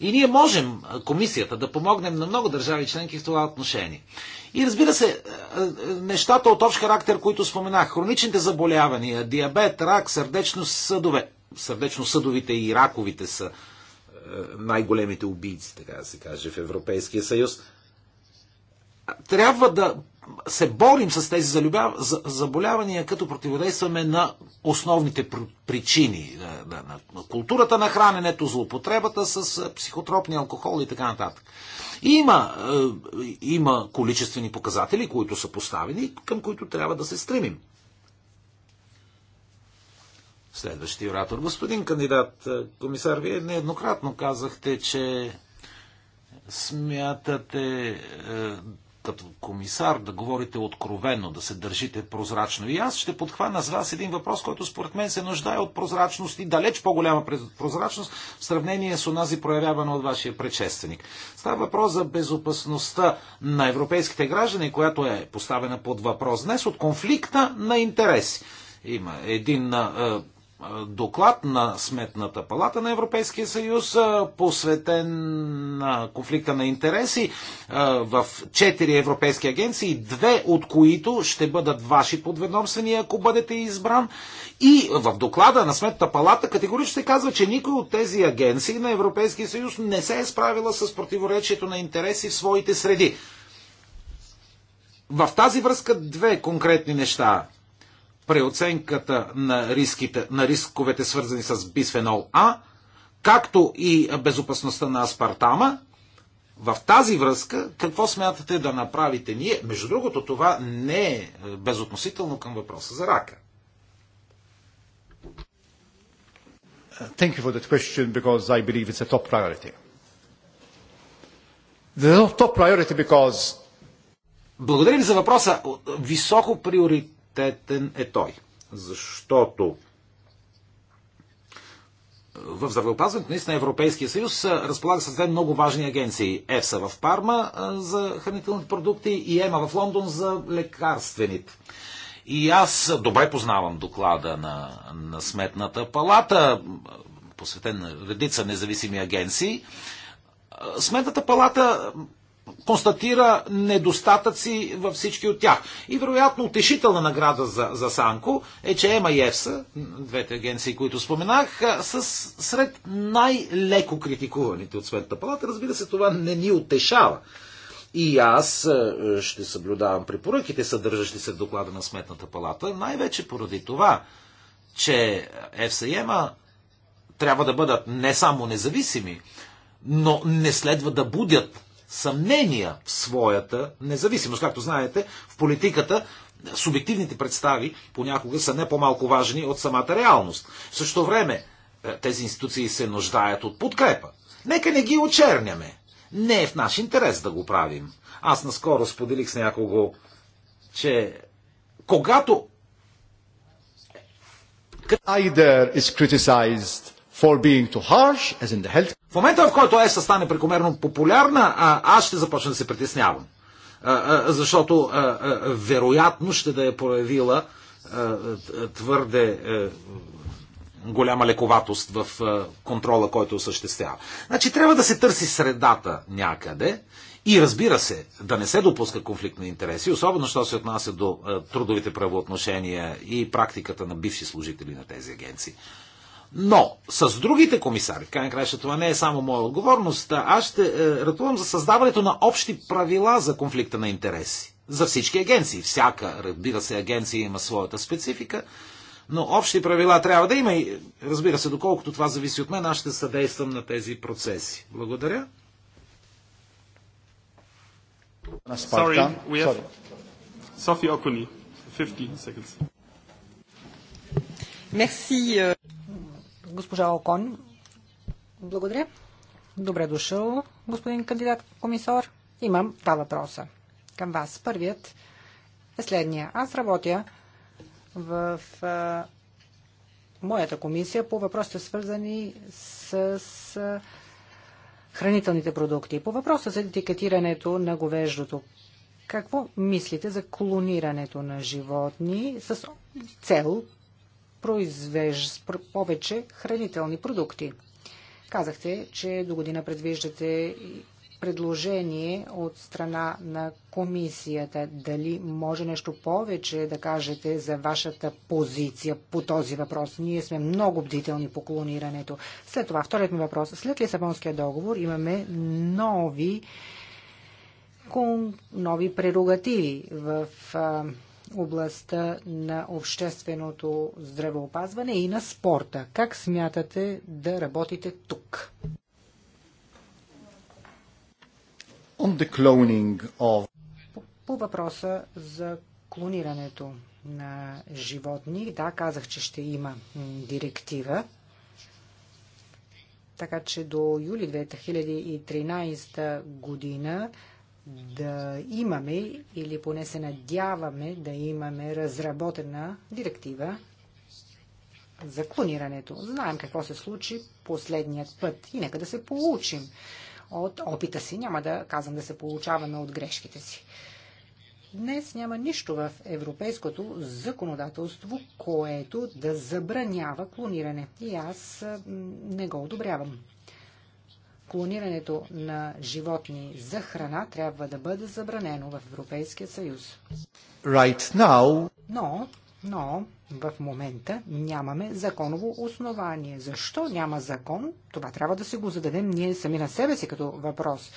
И ние можем, комисията, да помогнем на много държави членки в това отношение. И разбира се, нещата от общ характер, които споменах, хроничните заболявания, диабет, рак, сърдечно-съдове, сърдечно-съдовите и раковите са най-големите убийци, така да се каже, в Европейския съюз. Трябва да се борим с тези заболявания, като противодействаме на основните причини на културата на храненето, злоупотребата с психотропни алкохол и така нататък. Има, е, има количествени показатели, които са поставени, към които трябва да се стремим. Следващия оратор. Господин кандидат, е, комисар, вие нееднократно казахте, че смятате е, като комисар да говорите откровенно, да се държите прозрачно. И аз ще подхвана с вас един въпрос, който според мен се нуждае от прозрачност и далеч по-голяма прозрачност в сравнение с онази проявявана от вашия предшественик. Става въпрос за безопасността на европейските граждани, която е поставена под въпрос днес от конфликта на интереси. Има един доклад на Сметната палата на Европейския съюз, посветен на конфликта на интереси в четири европейски агенции, две от които ще бъдат ваши подведомствени, ако бъдете избран. И в доклада на Сметната палата категорично се казва, че никой от тези агенции на Европейския съюз не се е справила с противоречието на интереси в своите среди. В тази връзка две конкретни неща преоценката на, риските, на рисковете, свързани с бисфенол А, както и безопасността на аспартама. В тази връзка, какво смятате да направите ние? Между другото, това не е, е безотносително към въпроса за рака. Thank you for that question because I believe it's a top priority. The top priority because... Благодаря ви за въпроса. Високо приоритет приоритетен е той. Защото в здравеопазването наистина Европейския съюз разполага с две много важни агенции. ЕФСА в Парма за хранителните продукти и ЕМА в Лондон за лекарствените. И аз добре познавам доклада на, на Сметната палата, посветен на редица независими агенции. Сметната палата констатира недостатъци във всички от тях. И вероятно утешителна награда за, за Санко е, че ЕМА и Евса, двете агенции, които споменах, са сред най-леко критикуваните от Светната палата. Разбира се, това не ни утешава. И аз ще съблюдавам препоръките, съдържащи се в доклада на Сметната палата, най-вече поради това, че ЕФСА и ЕМА трябва да бъдат не само независими, но не следва да будят съмнения в своята независимост. Както знаете, в политиката субективните представи понякога са не по-малко важни от самата реалност. В същото време е, тези институции се нуждаят от подкрепа. Нека не ги очерняме. Не е в наш интерес да го правим. Аз наскоро споделих с някого, че когато Either is criticized for being too harsh, as in the health. В момента, в който ЕСА стане прекомерно популярна, а, аз ще започна да се притеснявам. А, а, защото а, а, вероятно ще да е проявила а, твърде а, голяма лековатост в а, контрола, който осъществява. Значи трябва да се търси средата някъде и разбира се, да не се допуска конфликт на интереси, особено що се отнася до а, трудовите правоотношения и практиката на бивши служители на тези агенции. Но с другите комисари, край края, това не е само моя отговорност, аз ще е, ратувам за създаването на общи правила за конфликта на интереси. За всички агенции. Всяка, разбира се, агенция има своята специфика, но общи правила трябва да има и, разбира се, доколкото това зависи от мен, аз ще съдействам на тези процеси. Благодаря. Sorry, we have... Sorry. Sophie Okuni, 50 seconds. Merci. Euh, Госпожа Окон. Благодаря. Добре дошъл, господин кандидат комисар. Имам два въпроса към вас. Първият е следния. Аз работя в а, моята комисия по въпросите свързани с, а, хранителните продукти. По въпроса за етикетирането на говеждото. Какво мислите за клонирането на животни с цел Произвежда повече хранителни продукти. Казахте, че до година предвиждате предложение от страна на комисията. Дали може нещо повече да кажете за вашата позиция по този въпрос? Ние сме много бдителни по клонирането. След това, вторият ми въпрос. След Лисабонския договор имаме нови, нови прерогативи в областта на общественото здравеопазване и на спорта. Как смятате да работите тук? On the cloning of... по, по въпроса за клонирането на животни. Да, казах, че ще има директива. Така че до юли 2013 година да имаме или поне се надяваме да имаме разработена директива за клонирането. Знаем какво се случи последният път и нека да се получим от опита си. Няма да казвам да се получаваме от грешките си. Днес няма нищо в европейското законодателство, което да забранява клониране. И аз не го одобрявам клонирането на животни за храна трябва да бъде забранено в Европейския съюз. Right now... Но, но в момента нямаме законово основание. Защо няма закон? Това трябва да си го зададем ние сами на себе си като въпрос.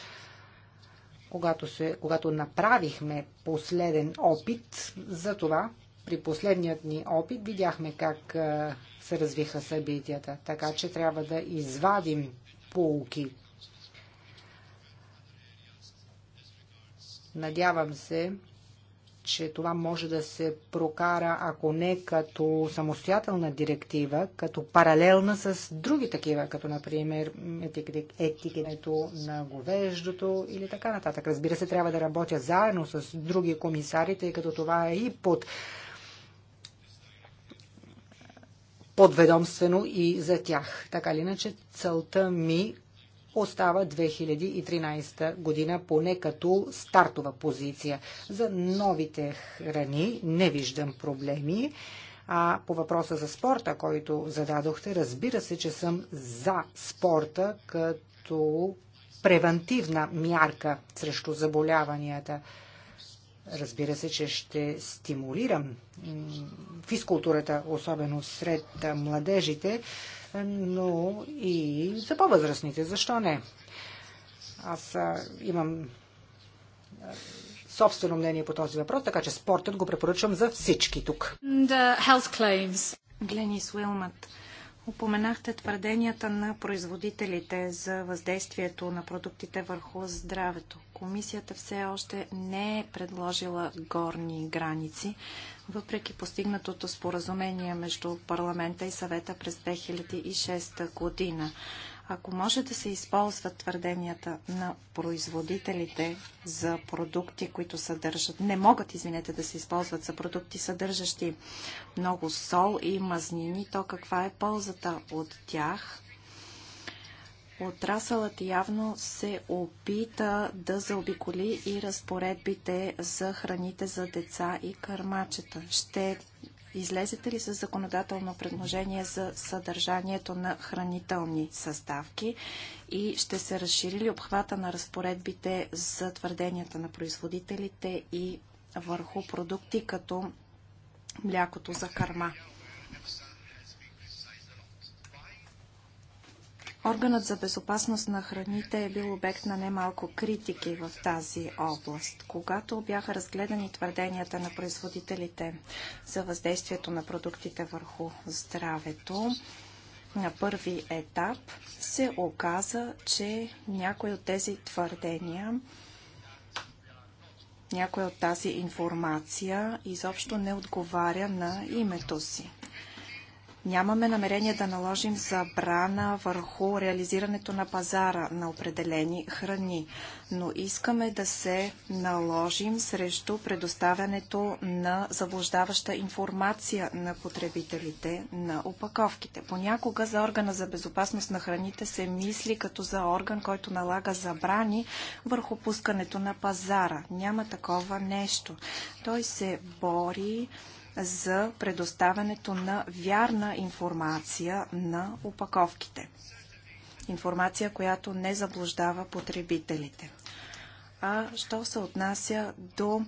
Когато, се, когато направихме последен опит за това, при последният ни опит видяхме как се развиха събитията. Така че трябва да извадим полки Надявам се, че това може да се прокара, ако не като самостоятелна директива, като паралелна с други такива, като например етикетето на говеждото или така нататък. Разбира се, трябва да работя заедно с други комисари, тъй като това е и под подведомствено и за тях. Така или иначе, целта ми остава 2013 година поне като стартова позиция. За новите храни не виждам проблеми. А по въпроса за спорта, който зададохте, разбира се, че съм за спорта като превентивна мярка срещу заболяванията. Разбира се, че ще стимулирам физкултурата, особено сред младежите, но и за по-възрастните. Защо не? Аз имам собствено мнение по този въпрос, така че спортът го препоръчвам за всички тук. Гленис Уилмът. Упоменахте твърденията на производителите за въздействието на продуктите върху здравето. Комисията все още не е предложила горни граници, въпреки постигнатото споразумение между парламента и съвета през 2006 година. Ако може да се използват твърденията на производителите за продукти, които съдържат, не могат, извинете, да се използват за продукти, съдържащи много сол и мазнини, то каква е ползата от тях? Отрасълът явно се опита да заобиколи и разпоредбите за храните за деца и кърмачета. Ще Излезете ли с законодателно предложение за съдържанието на хранителни съставки и ще се разшири ли обхвата на разпоредбите за твърденията на производителите и върху продукти като млякото за карма? Органът за безопасност на храните е бил обект на немалко критики в тази област. Когато бяха разгледани твърденията на производителите за въздействието на продуктите върху здравето, на първи етап се оказа, че някои от тези твърдения, някой от тази информация изобщо не отговаря на името си. Нямаме намерение да наложим забрана върху реализирането на пазара на определени храни, но искаме да се наложим срещу предоставянето на заблуждаваща информация на потребителите на опаковките. Понякога за органа за безопасност на храните се мисли като за орган, който налага забрани върху пускането на пазара. Няма такова нещо. Той се бори за предоставянето на вярна информация на опаковките. Информация, която не заблуждава потребителите. А що се отнася до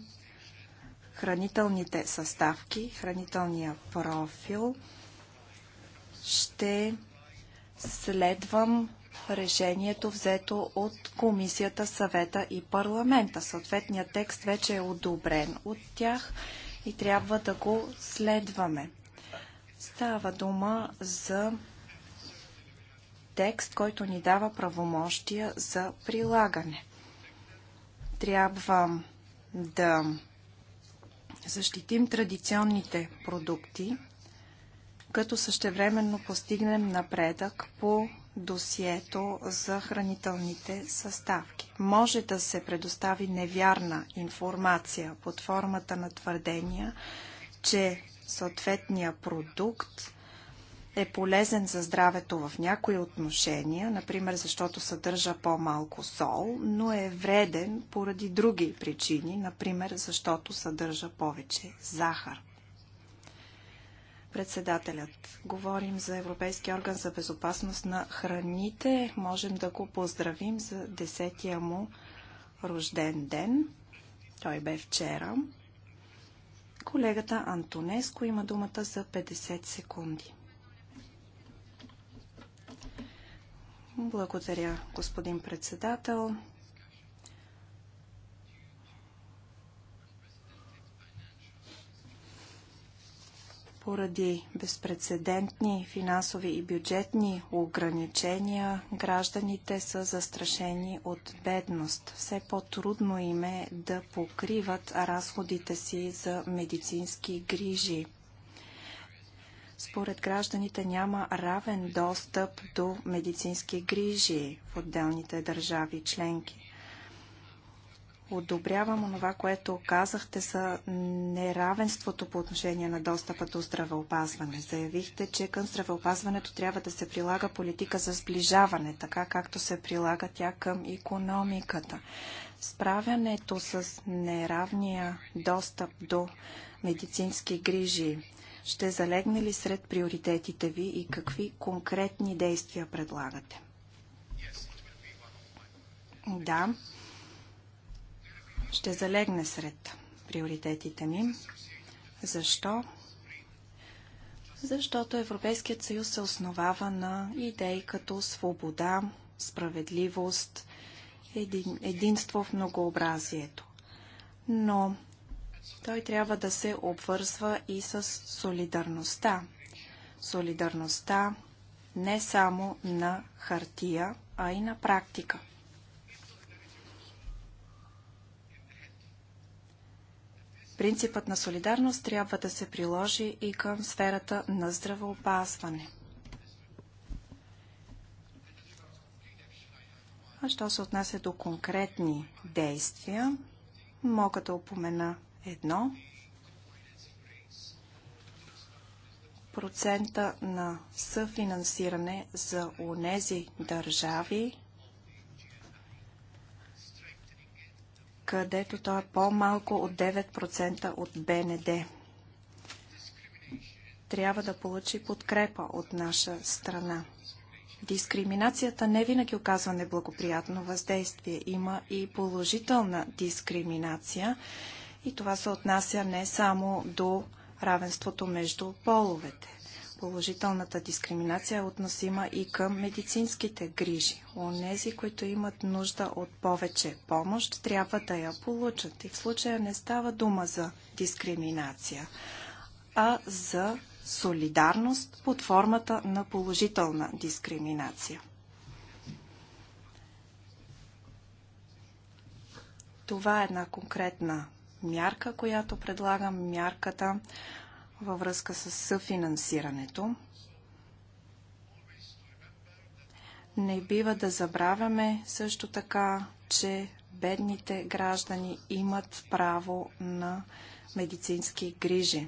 хранителните съставки, хранителния профил, ще следвам решението взето от комисията, съвета и парламента. Съответният текст вече е одобрен от тях и трябва да го следваме. Става дума за текст, който ни дава правомощия за прилагане. Трябва да защитим традиционните продукти, като същевременно постигнем напредък по досието за хранителните съставки. Може да се предостави невярна информация под формата на твърдения, че съответния продукт е полезен за здравето в някои отношения, например защото съдържа по-малко сол, но е вреден поради други причини, например защото съдържа повече захар. Председателят, говорим за Европейския орган за безопасност на храните. Можем да го поздравим за десетия му рожден ден. Той бе вчера. Колегата Антонеско има думата за 50 секунди. Благодаря, господин председател. Поради безпредседентни финансови и бюджетни ограничения, гражданите са застрашени от бедност. Все по-трудно им е да покриват разходите си за медицински грижи. Според гражданите няма равен достъп до медицински грижи в отделните държави членки одобрявам онова, което казахте за неравенството по отношение на достъпа до здравеопазване. Заявихте, че към здравеопазването трябва да се прилага политика за сближаване, така както се прилага тя към економиката. Справянето с неравния достъп до медицински грижи ще залегне ли сред приоритетите ви и какви конкретни действия предлагате? Да, ще залегне сред приоритетите ми. Защо? Защото Европейският съюз се основава на идеи като свобода, справедливост, един, единство в многообразието. Но той трябва да се обвързва и с солидарността. Солидарността не само на хартия, а и на практика. Принципът на солидарност трябва да се приложи и към сферата на здравоопазване. А що се отнася до конкретни действия, мога да упомена едно. Процента на съфинансиране за унези държави, където то е по-малко от 9% от БНД. Трябва да получи подкрепа от наша страна. Дискриминацията не винаги оказва неблагоприятно въздействие. Има и положителна дискриминация и това се отнася не само до равенството между половете. Положителната дискриминация е относима и към медицинските грижи. Онези, които имат нужда от повече помощ, трябва да я получат. И в случая не става дума за дискриминация, а за солидарност под формата на положителна дискриминация. Това е една конкретна мярка, която предлагам мярката във връзка с съфинансирането. Не бива да забравяме също така, че бедните граждани имат право на медицински грижи.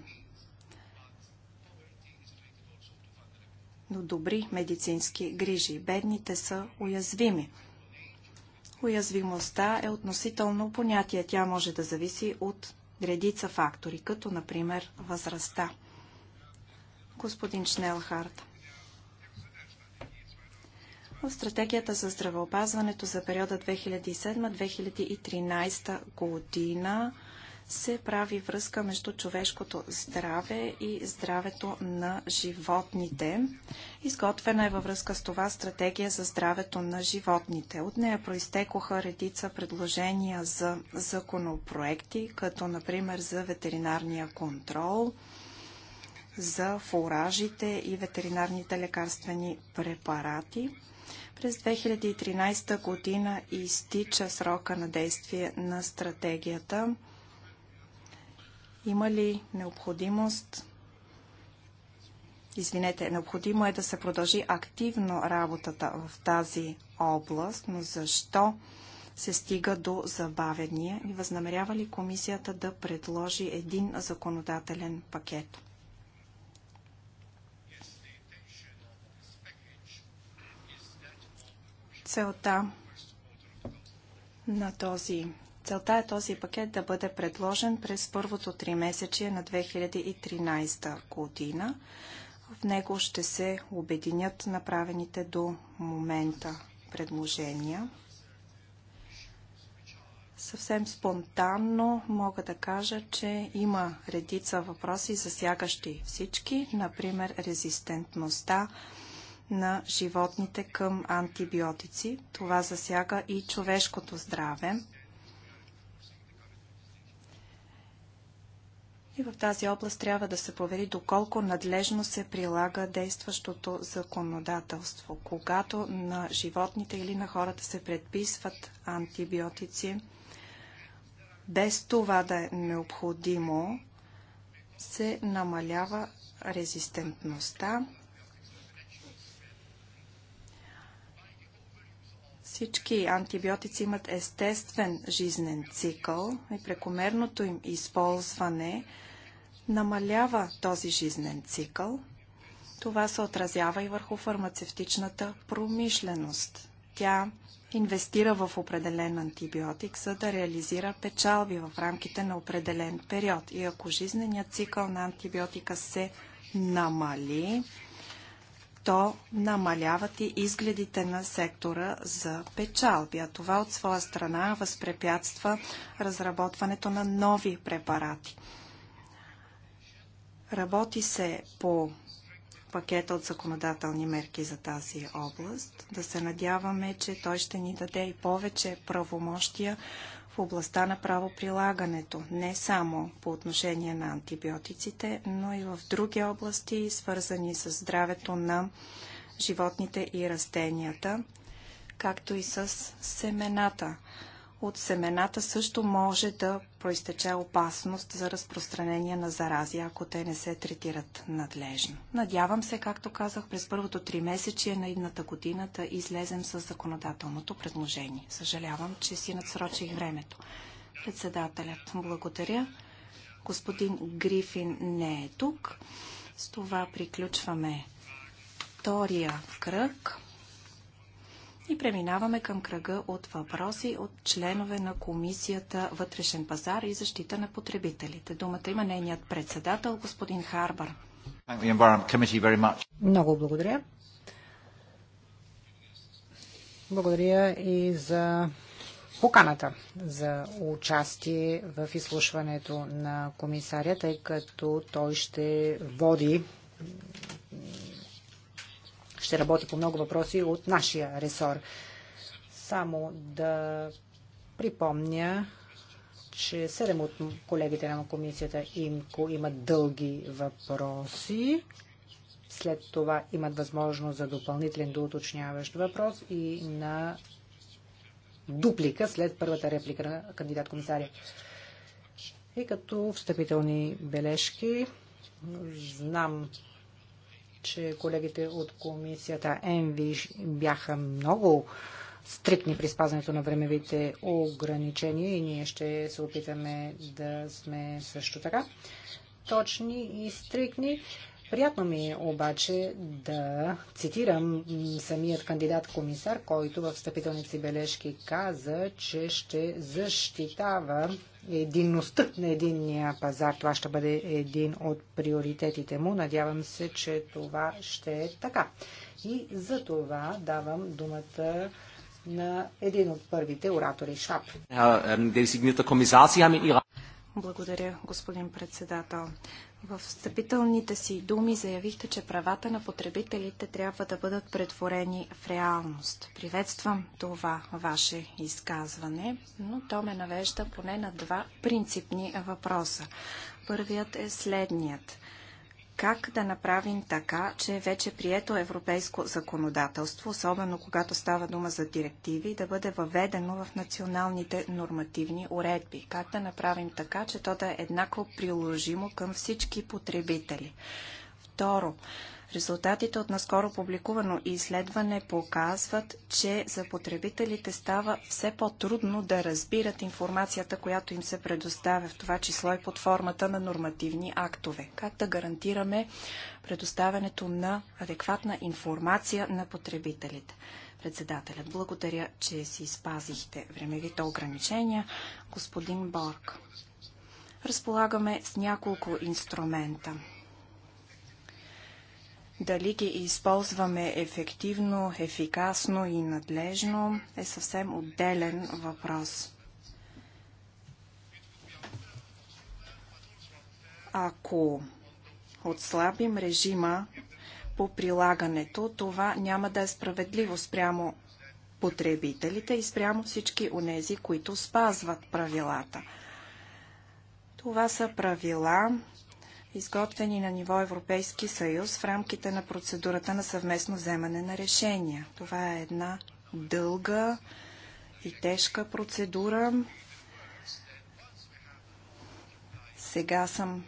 Но добри медицински грижи. Бедните са уязвими. Уязвимостта е относително понятие. Тя може да зависи от редица фактори, като например възрастта. Господин Шнелхарт. В стратегията за здравеопазването за периода 2007-2013 година се прави връзка между човешкото здраве и здравето на животните. Изготвена е във връзка с това стратегия за здравето на животните. От нея проистекоха редица предложения за законопроекти, като например за ветеринарния контрол, за фуражите и ветеринарните лекарствени препарати. През 2013 година изтича срока на действие на стратегията. Има ли необходимост? Извинете, необходимо е да се продължи активно работата в тази област, но защо се стига до забавения и възнамерява ли комисията да предложи един законодателен пакет? Целта на този Целта е този пакет да бъде предложен през първото три месечие на 2013 година. В него ще се обединят направените до момента предложения. Съвсем спонтанно мога да кажа, че има редица въпроси, засягащи всички, например резистентността на животните към антибиотици. Това засяга и човешкото здраве. И в тази област трябва да се провери доколко надлежно се прилага действащото законодателство. Когато на животните или на хората се предписват антибиотици, без това да е необходимо, се намалява резистентността Всички антибиотици имат естествен жизнен цикъл и прекомерното им използване намалява този жизнен цикъл. Това се отразява и върху фармацевтичната промишленост. Тя инвестира в определен антибиотик, за да реализира печалби в рамките на определен период. И ако жизненият цикъл на антибиотика се намали, то намаляват и изгледите на сектора за печалби, а това от своя страна възпрепятства разработването на нови препарати. Работи се по пакета от законодателни мерки за тази област. Да се надяваме, че той ще ни даде и повече правомощия в областта на правоприлагането, не само по отношение на антибиотиците, но и в други области, свързани с здравето на животните и растенията, както и с семената – от семената също може да проистече опасност за разпространение на зарази, ако те не се третират надлежно. Надявам се, както казах, през първото три месечие на идната година да излезем с законодателното предложение. Съжалявам, че си надсрочих времето. Председателят, благодаря. Господин Грифин не е тук. С това приключваме втория кръг. И преминаваме към кръга от въпроси от членове на Комисията Вътрешен пазар и защита на потребителите. Думата има нейният председател, господин Харбър. Много благодаря. Благодаря и за поканата за участие в изслушването на комисаря, тъй като той ще води ще работи по много въпроси от нашия ресор. Само да припомня, че седем от колегите на комисията ИМКО имат дълги въпроси. След това имат възможност за допълнителен доуточняващ въпрос и на дуплика след първата реплика на кандидат комисаря. И като встъпителни бележки знам, че колегите от комисията ЕНВИ бяха много стрикни при спазването на времевите ограничения и ние ще се опитаме да сме също така точни и стрикни. Приятно ми е обаче да цитирам самият кандидат-комисар, който в стъпителници бележки каза, че ще защитава единността на единния пазар. Това ще бъде един от приоритетите му. Надявам се, че това ще е така. И за това давам думата на един от първите оратори Шап. Ähm, Благодаря, господин председател. В встъпителните си думи заявихте, че правата на потребителите трябва да бъдат претворени в реалност. Приветствам това ваше изказване, но то ме навежда поне на два принципни въпроса. Първият е следният – как да направим така, че вече прието европейско законодателство, особено когато става дума за директиви, да бъде въведено в националните нормативни уредби? Как да направим така, че то да е еднакво приложимо към всички потребители? Второ, Резултатите от наскоро публикувано изследване показват, че за потребителите става все по-трудно да разбират информацията, която им се предоставя, в това число и под формата на нормативни актове. Как да гарантираме предоставянето на адекватна информация на потребителите? Председателят, благодаря, че си спазихте времевите ограничения. Господин Борг разполагаме с няколко инструмента. Дали ги използваме ефективно, ефикасно и надлежно е съвсем отделен въпрос. Ако отслабим режима по прилагането, това няма да е справедливо спрямо потребителите и спрямо всички онези, които спазват правилата. Това са правила, изготвени на ниво Европейски съюз в рамките на процедурата на съвместно вземане на решения. Това е една дълга и тежка процедура. Сега съм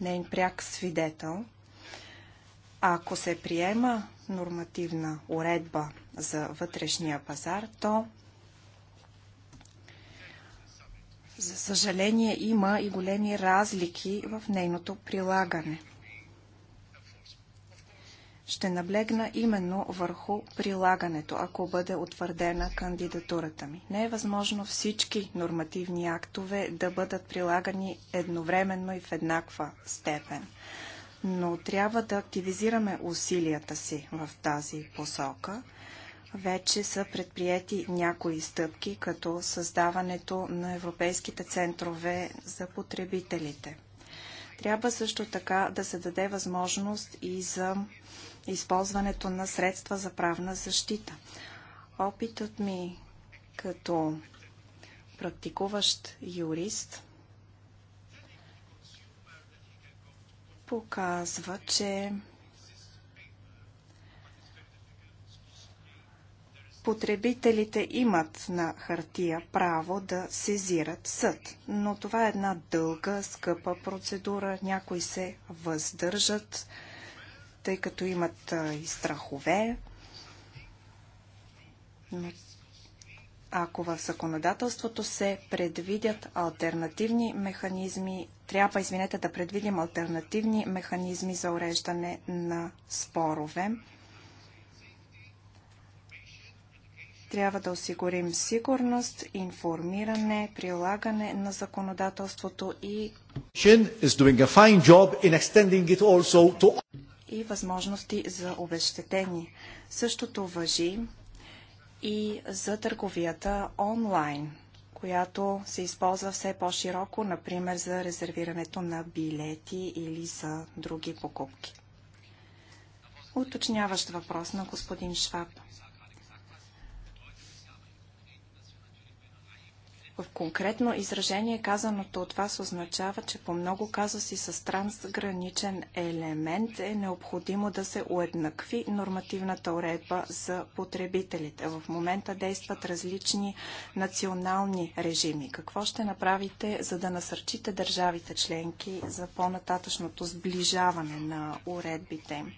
нейн пряк свидетел. Ако се приема нормативна уредба за вътрешния пазар, то За съжаление има и големи разлики в нейното прилагане. Ще наблегна именно върху прилагането, ако бъде утвърдена кандидатурата ми. Не е възможно всички нормативни актове да бъдат прилагани едновременно и в еднаква степен но трябва да активизираме усилията си в тази посока вече са предприяти някои стъпки, като създаването на европейските центрове за потребителите. Трябва също така да се даде възможност и за използването на средства за правна защита. Опитът ми като практикуващ юрист показва, че потребителите имат на хартия право да сезират съд, но това е една дълга, скъпа процедура. Някои се въздържат, тъй като имат и страхове. Но ако в законодателството се предвидят альтернативни механизми, трябва, извинете, да предвидим альтернативни механизми за уреждане на спорове. Трябва да осигурим сигурност, информиране, прилагане на законодателството и и възможности за обещетение. Същото въжи и за търговията онлайн, която се използва все по-широко, например за резервирането на билети или за други покупки. Уточняващ въпрос на господин Шваб. В конкретно изражение казаното от вас означава, че по много казуси с трансграничен елемент е необходимо да се уеднакви нормативната уредба за потребителите. В момента действат различни национални режими. Какво ще направите, за да насърчите държавите членки за по-нататъчното сближаване на уредбите им?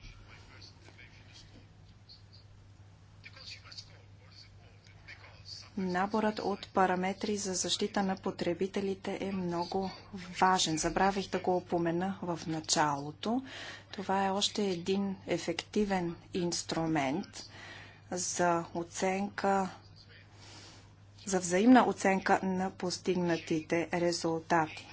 Наборът от параметри за защита на потребителите е много важен. Забравих да го опомена в началото. Това е още един ефективен инструмент за оценка за взаимна оценка на постигнатите резултати.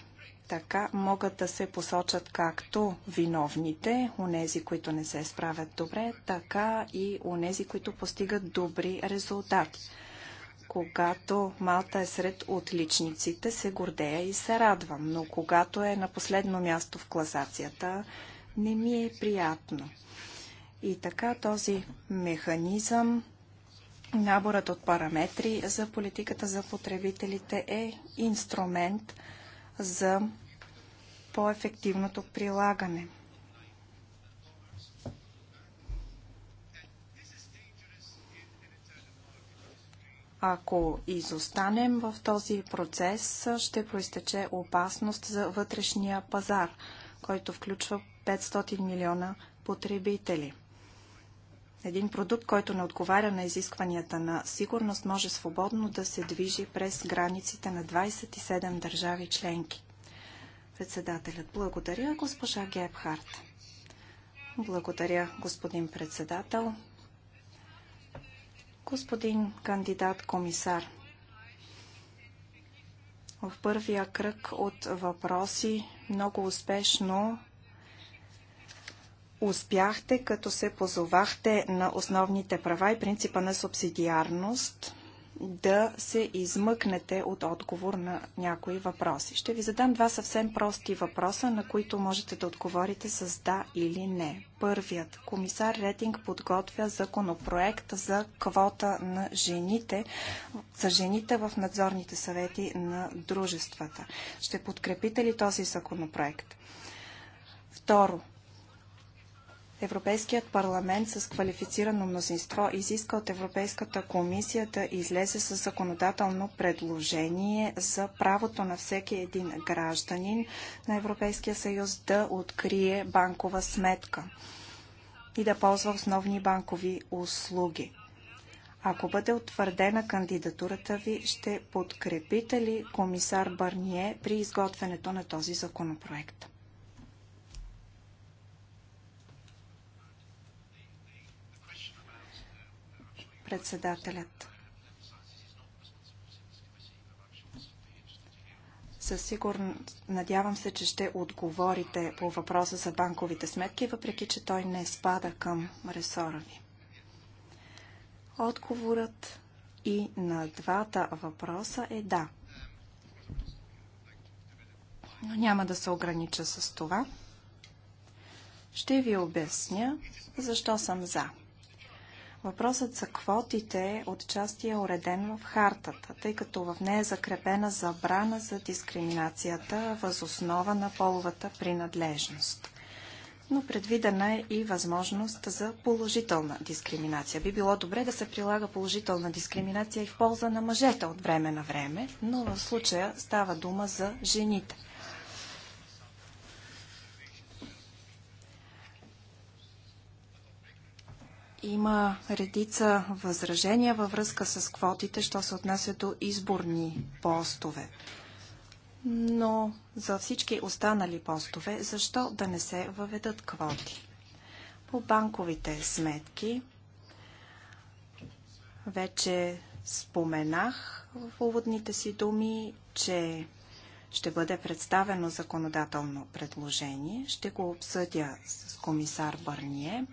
Така могат да се посочат както виновните, онези, които не се справят добре, така и онези, които постигат добри резултати. Когато Малта е сред отличниците, се гордея и се радвам, но когато е на последно място в класацията, не ми е приятно. И така този механизъм, наборът от параметри за политиката за потребителите е инструмент за по-ефективното прилагане – Ако изостанем в този процес, ще проистече опасност за вътрешния пазар, който включва 500 милиона потребители. Един продукт, който не отговаря на изискванията на сигурност, може свободно да се движи през границите на 27 държави членки. Председателят благодаря, госпожа Гебхарт. Благодаря, господин председател. Господин кандидат комисар, в първия кръг от въпроси много успешно успяхте, като се позовахте на основните права и принципа на субсидиарност да се измъкнете от отговор на някои въпроси. Ще ви задам два съвсем прости въпроса, на които можете да отговорите с да или не. Първият. Комисар Рединг подготвя законопроект за квота на жените, за жените в надзорните съвети на дружествата. Ще подкрепите ли този законопроект? Второ, Европейският парламент с квалифицирано мнозинство изиска от Европейската комисия да излезе с законодателно предложение за правото на всеки един гражданин на Европейския съюз да открие банкова сметка и да ползва основни банкови услуги. Ако бъде утвърдена кандидатурата ви, ще подкрепите ли комисар Барние при изготвянето на този законопроект? Председателят. Със сигурност надявам се, че ще отговорите по въпроса за банковите сметки, въпреки че той не спада към ресора ви. Отговорът и на двата въпроса е да. Но няма да се огранича с това. Ще ви обясня защо съм за. Въпросът за квотите отчасти е уреден в хартата, тъй като в нея е закрепена забрана за дискриминацията възоснова на половата принадлежност. Но предвидена е и възможност за положителна дискриминация. Би било добре да се прилага положителна дискриминация и в полза на мъжете от време на време, но в случая става дума за жените – Има редица възражения във връзка с квотите, що се отнася до изборни постове. Но за всички останали постове, защо да не се въведат квоти? По банковите сметки вече споменах в уводните си думи, че ще бъде представено законодателно предложение. Ще го обсъдя с комисар Барние.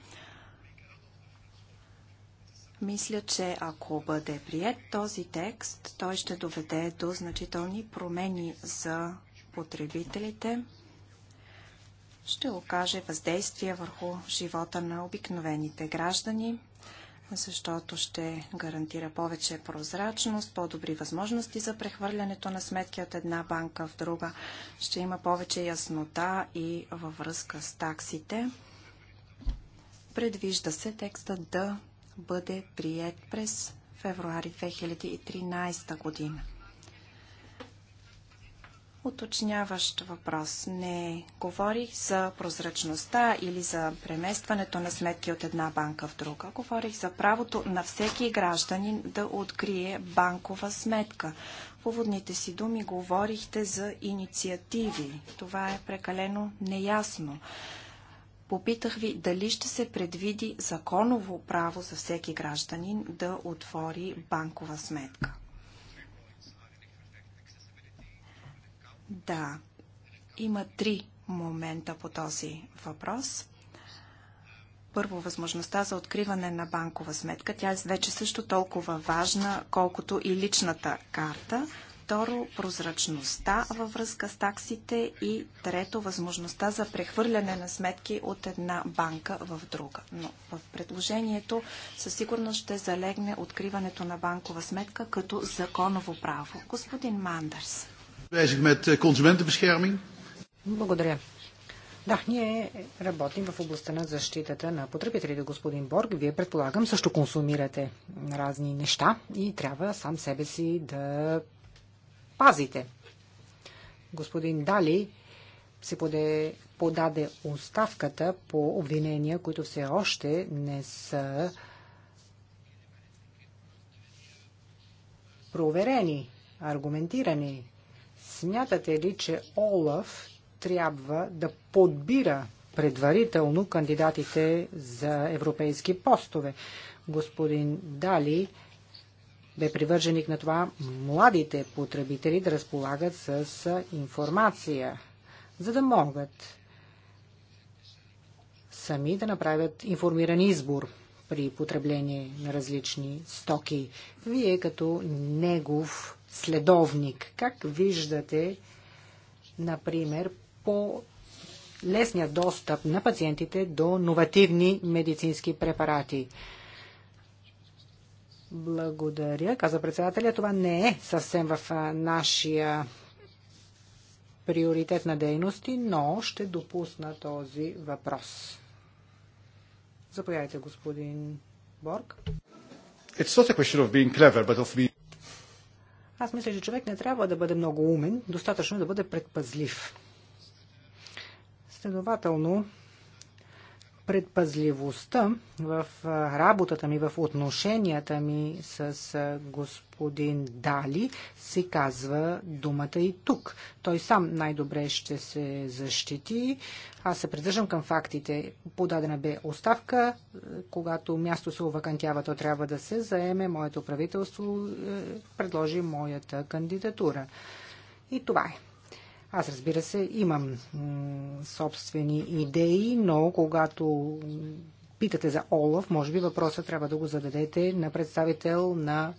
Мисля, че ако бъде прият този текст, той ще доведе до значителни промени за потребителите, ще окаже въздействие върху живота на обикновените граждани, защото ще гарантира повече прозрачност, по-добри възможности за прехвърлянето на сметки от една банка в друга, ще има повече яснота и във връзка с таксите. Предвижда се текстът да бъде прият през февруари 2013 година. Уточняващ въпрос. Не говорих за прозрачността или за преместването на сметки от една банка в друга. Говорих за правото на всеки гражданин да открие банкова сметка. В уводните си думи говорихте за инициативи. Това е прекалено неясно. Попитах ви дали ще се предвиди законово право за всеки гражданин да отвори банкова сметка. Да, има три момента по този въпрос. Първо, възможността за откриване на банкова сметка. Тя е вече също толкова важна, колкото и личната карта. Второ, прозрачността във връзка с таксите. И трето, възможността за прехвърляне на сметки от една банка в друга. Но в предложението със сигурност ще залегне откриването на банкова сметка като законово право. Господин Мандърс. Eh, Благодаря. Да, ние работим в областта на защитата на потребителите, господин Борг. Вие, предполагам, също консумирате разни неща и трябва сам себе си да пазите. Господин Дали се поде, подаде оставката по обвинения, които все още не са проверени, аргументирани. Смятате ли, че Олаф трябва да подбира предварително кандидатите за европейски постове? Господин Дали бе привърженик на това младите потребители да разполагат с информация, за да могат сами да направят информиран избор при потребление на различни стоки. Вие като негов следовник, как виждате, например, по лесния достъп на пациентите до новативни медицински препарати? Благодаря, каза председателя. Това не е съвсем в нашия приоритет на дейности, но ще допусна този въпрос. Заповядайте, господин Борг. It's not a question of being clever, but of being... Аз мисля, че човек не трябва да бъде много умен, достатъчно да бъде предпазлив. Следователно, предпазливостта в работата ми, в отношенията ми с господин Дали, се казва думата и тук. Той сам най-добре ще се защити. Аз се придържам към фактите. Подадена бе оставка. Е, когато място се овакантява, то трябва да се заеме. Моето правителство е, предложи моята кандидатура. И това е. Аз разбира се имам собствени идеи, но когато питате за Олаф, може би въпроса трябва да го зададете на представител на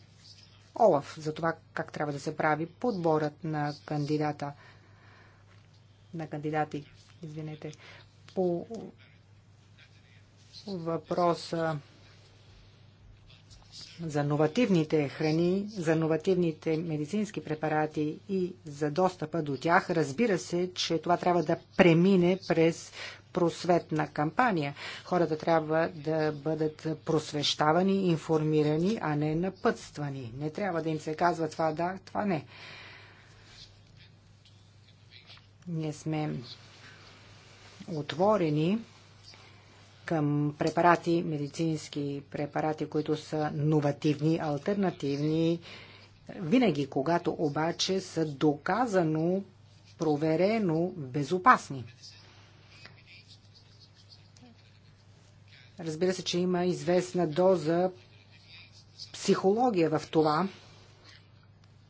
Олаф за това как трябва да се прави подборът на кандидата на кандидати, извинете, по въпроса за новативните храни, за новативните медицински препарати и за достъпа до тях, разбира се, че това трябва да премине през просветна кампания. Хората трябва да бъдат просвещавани, информирани, а не напътствани. Не трябва да им се казва това да, това не. Ние сме отворени към препарати, медицински препарати, които са новативни, альтернативни, винаги когато обаче са доказано, проверено безопасни. Разбира се, че има известна доза психология в това,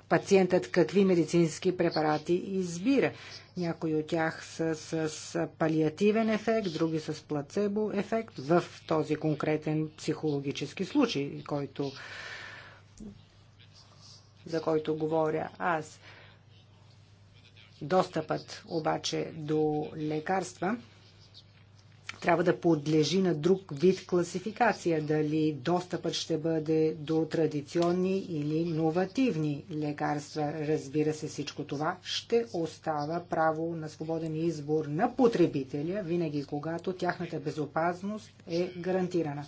пациентът какви медицински препарати избира. Някои от тях са с, с палиативен ефект, други с плацебо ефект в този конкретен психологически случай, който, за който говоря аз. Достъпът обаче до лекарства трябва да подлежи на друг вид класификация. Дали достъпът ще бъде до традиционни или новативни лекарства. Разбира се, всичко това ще остава право на свободен избор на потребителя, винаги когато тяхната безопасност е гарантирана.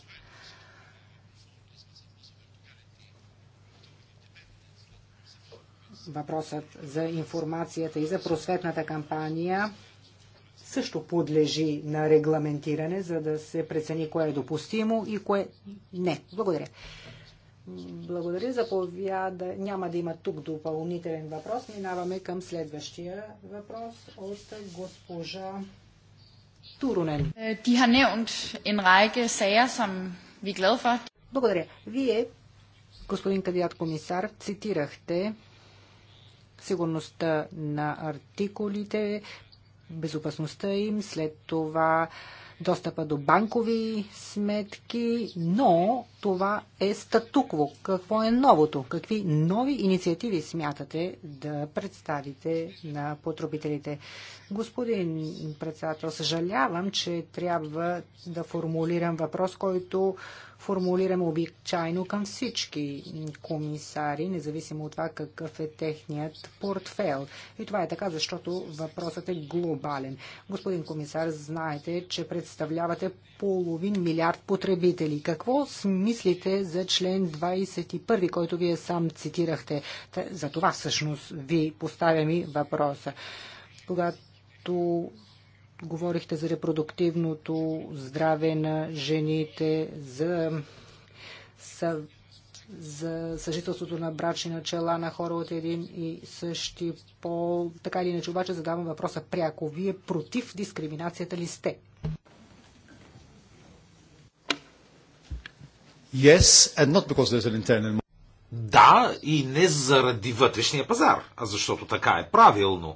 въпросът за информацията и за просветната кампания също подлежи на регламентиране, за да се прецени кое е допустимо и кое не. Благодаря. Благодаря. Заповяда. Няма да има тук допълнителен въпрос. Минаваме към следващия въпрос от госпожа Турунен. Ти ха неунт ен райке сея, som ви er for. Благодаря. Вие, господин кандидат комисар, цитирахте сигурността на артикулите, безопасността им, след това достъпа до банкови сметки, но това е статукво. Какво е новото? Какви нови инициативи смятате да представите на потребителите? Господин председател, съжалявам, че трябва да формулирам въпрос, който формулираме обичайно към всички комисари, независимо от това какъв е техният портфел. И това е така, защото въпросът е глобален. Господин комисар, знаете, че представлявате половин милиард потребители. Какво смислите за член 21, който вие сам цитирахте? За това всъщност ви поставям и въпроса. Когато Говорихте за репродуктивното здраве на жените, за, за, за съжителството на брачни начала на хора от един и същи пол. Така или иначе обаче задавам въпроса пряко. Вие против дискриминацията ли сте? Yes, and not because there's an internal да, и не заради вътрешния пазар, а защото така е правилно.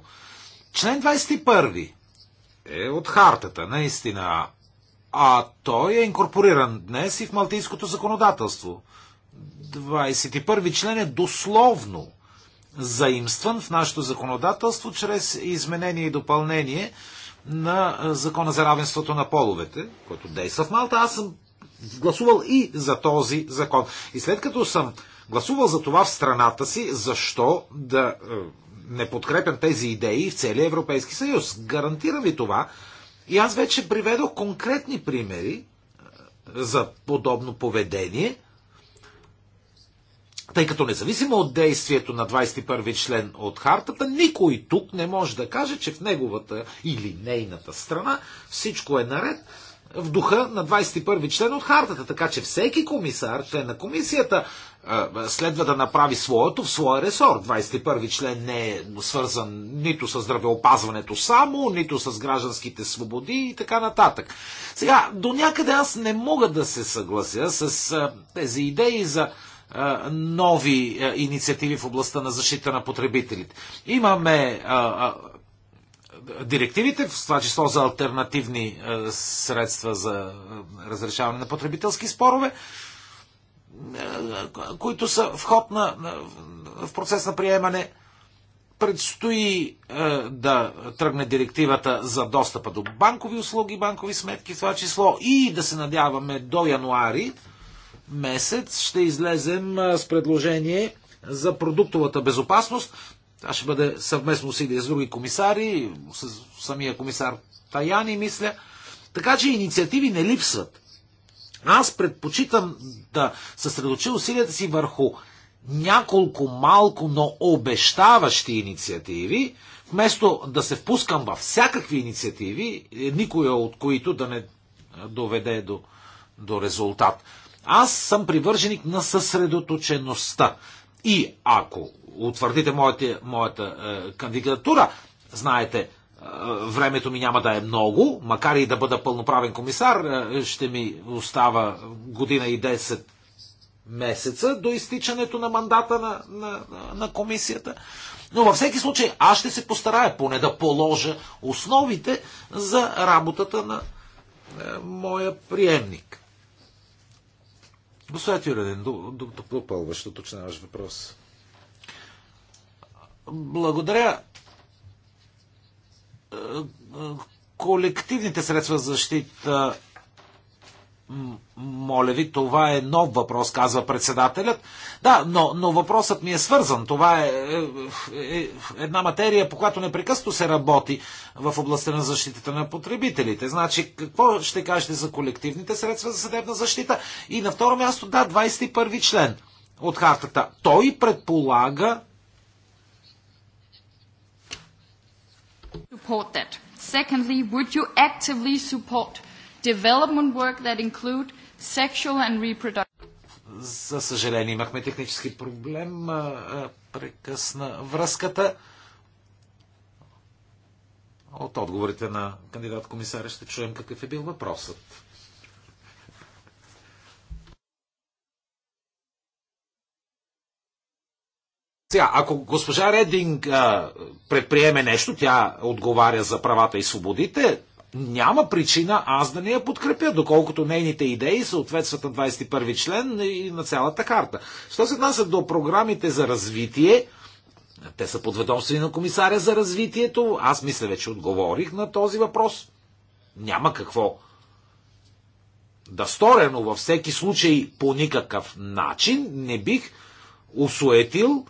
Член 21 е от хартата, наистина. А той е инкорпориран днес и в малтийското законодателство. 21 член е дословно заимстван в нашето законодателство чрез изменение и допълнение на Закона за равенството на половете, който действа в Малта. Аз съм гласувал и за този закон. И след като съм гласувал за това в страната си, защо да не подкрепям тези идеи в целия Европейски съюз. Гарантирам ви това. И аз вече приведох конкретни примери е, за подобно поведение, тъй като независимо от действието на 21 член от хартата, никой тук не може да каже, че в неговата или нейната страна всичко е наред, в духа на 21 член от хартата. Така че всеки комисар, член на комисията, следва да направи своето в своя ресор. 21 член не е свързан нито с здравеопазването само, нито с гражданските свободи и така нататък. Сега, до някъде аз не мога да се съглася с тези идеи за нови инициативи в областта на защита на потребителите. Имаме директивите, в това число за альтернативни е, средства за е, разрешаване на потребителски спорове, е, които са вход на, в процес на приемане. Предстои да тръгне директивата за достъпа до банкови услуги, банкови сметки, в това число и да се надяваме до януари месец ще излезем с предложение за продуктовата безопасност, това ще бъде съвместно усилие с други комисари, с самия комисар Таяни, мисля. Така че инициативи не липсват. Аз предпочитам да съсредоча усилията си върху няколко малко, но обещаващи инициативи, вместо да се впускам във всякакви инициативи, е, никоя от които да не е, доведе до, до резултат. Аз съм привърженик на съсредоточеността. И ако утвърдите моята, моята е, кандидатура. Знаете, е, времето ми няма да е много, макар и да бъда пълноправен комисар, е, ще ми остава година и 10 месеца до изтичането на мандата на, на, на комисията. Но във всеки случай аз ще се постарая поне да положа основите за работата на е, моя приемник. Господин Тюреден, допълващо, до, до, до, до, до, до, до, до, въпрос благодаря е, е, колективните средства за защита моля ви, това е нов въпрос, казва председателят. Да, но, но въпросът ми е свързан. Това е, е, е една материя, по която непрекъснато се работи в областта на защитата на потребителите. Значи, какво ще кажете за колективните средства за съдебна защита? И на второ място, да, 21 член от хартата. Той предполага Support that. Secondly, would you actively support development work that include sexual and reproductive за съжаление имахме технически проблем. Прекъсна връзката. От отговорите на кандидат комисаря ще чуем какъв е бил въпросът. Сега, ако госпожа Рединг а, предприеме нещо, тя отговаря за правата и свободите, няма причина аз да не я подкрепя, доколкото нейните идеи съответстват на 21 член и на цялата карта. Що се отнася до програмите за развитие, те са подведомствени на комисаря за развитието. Аз мисля, вече отговорих на този въпрос. Няма какво да сторя, но във всеки случай по никакъв начин не бих усуетил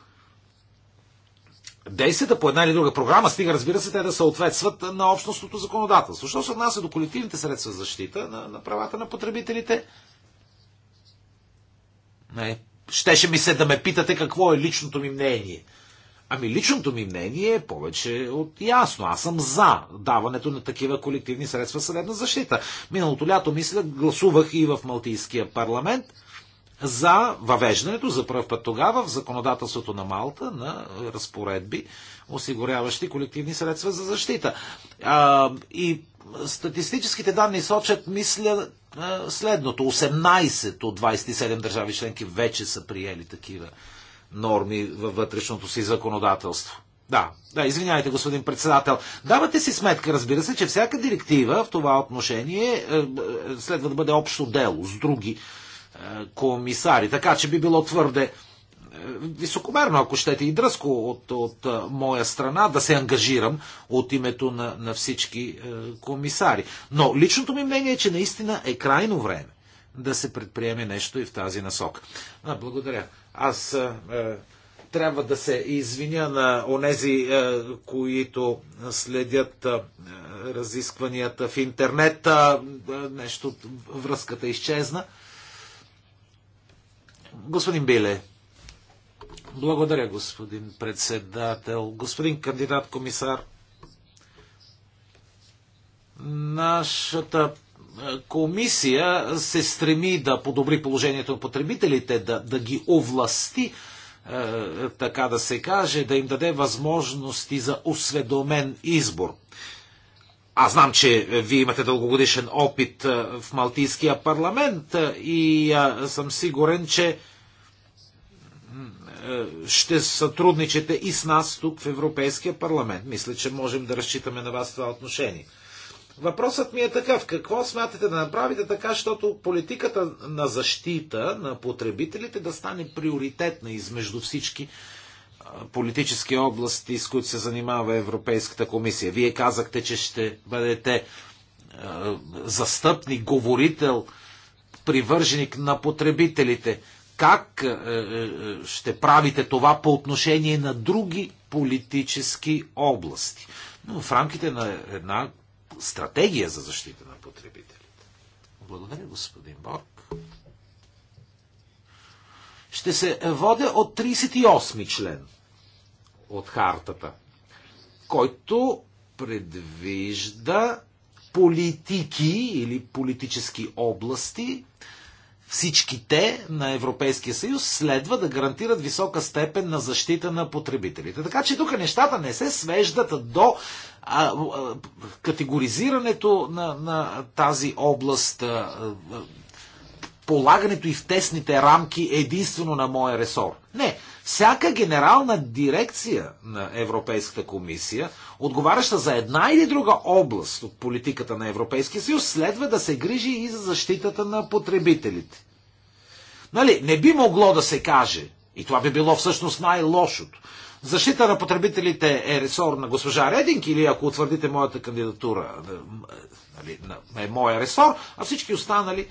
действията по една или друга програма, стига разбира се те да съответстват на общностното законодателство. Що се отнася до колективните средства за защита на, на правата на потребителите? Не. Щеше ми се да ме питате какво е личното ми мнение. Ами личното ми мнение е повече от ясно. Аз съм за даването на такива колективни средства съдебна защита. Миналото лято, мисля, гласувах и в Малтийския парламент – за въвеждането за първ път тогава в законодателството на Малта на разпоредби, осигуряващи колективни средства за защита. А, и статистическите данни сочат, мисля, следното. 18 от 27 държави членки вече са приели такива норми във вътрешното си законодателство. Да, да, извинявайте, господин председател. Давате си сметка, разбира се, че всяка директива в това отношение е, е, следва да бъде общо дело с други комисари. Така че би било твърде е, високомерно, ако щете и дръско от, от е, моя страна да се ангажирам от името на, на всички е, комисари. Но личното ми мнение е, че наистина е крайно време да се предприеме нещо и в тази насок. А, благодаря. Аз е, трябва да се извиня на онези, е, които следят е, разискванията в интернет. Е, нещо, връзката изчезна. Господин Биле. Благодаря, господин председател. Господин кандидат комисар, нашата е, комисия се стреми да подобри положението на потребителите, да, да ги овласти, е, така да се каже, да им даде възможности за осведомен избор. Аз знам, че е, вие имате дългогодишен опит е, в Малтийския парламент е, и съм сигурен, че ще сътрудничите и с нас тук в Европейския парламент. Мисля, че можем да разчитаме на вас това отношение. Въпросът ми е такъв. Какво смятате да направите така, защото политиката на защита на потребителите да стане приоритетна измежду всички политически области, с които се занимава Европейската комисия. Вие казахте, че ще бъдете е, застъпник, говорител, привърженик на потребителите. Как е, е, ще правите това по отношение на други политически области? Но в рамките на една стратегия за защита на потребителите. Благодаря, господин Борг. Ще се водя от 38 член от хартата, който предвижда политики или политически области, всичките на Европейския съюз следва да гарантират висока степен на защита на потребителите. Така че тук нещата не се свеждат до а, а, категоризирането на, на тази област, а, а, полагането и в тесните рамки единствено на моя ресор. Не, всяка генерална дирекция на Европейската комисия, отговаряща за една или друга област от политиката на Европейския съюз, следва да се грижи и за защитата на потребителите. Нали, не би могло да се каже, и това би било всъщност най-лошото, защита на потребителите е ресор на госпожа Рединг или ако утвърдите моята кандидатура е, нали, е моя ресор, а всички останали е,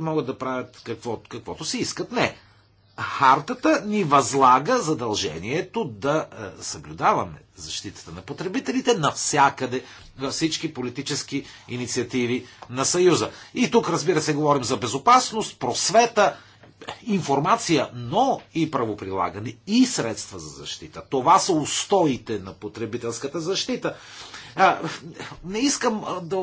могат да правят какво, каквото си искат. Не хартата ни възлага задължението да е, съблюдаваме защитата на потребителите навсякъде, във всички политически инициативи на Съюза. И тук, разбира се, говорим за безопасност, просвета, информация, но и правоприлагане, и средства за защита. Това са устоите на потребителската защита. Не искам да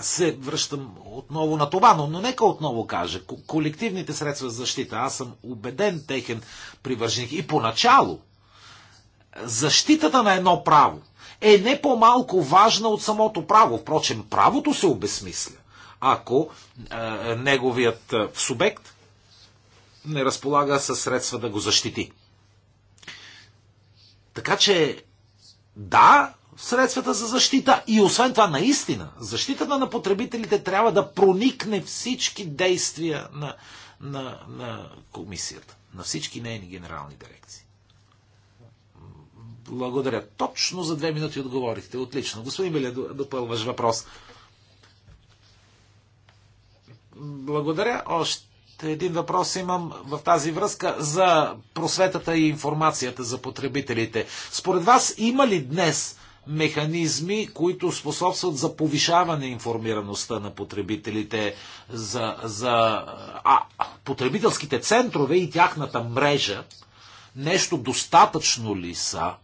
се връщам отново на това, но, но нека отново кажа, колективните средства за защита, аз съм убеден техен привърженик и поначало защитата на едно право е не по-малко важна от самото право. Впрочем, правото се обесмисля, ако е, неговият е, субект не разполага със средства да го защити. Така че, да, средствата за защита. И освен това, наистина, защитата на потребителите трябва да проникне всички действия на, на, на комисията, на всички нейни генерални дирекции. Благодаря. Точно за две минути отговорихте. Отлично. Господин Беля, допълваш въпрос. Благодаря. Още един въпрос имам в тази връзка за просветата и информацията за потребителите. Според вас има ли днес механизми, които способстват за повишаване информираността на потребителите, за, за а, потребителските центрове и тяхната мрежа, нещо достатъчно ли са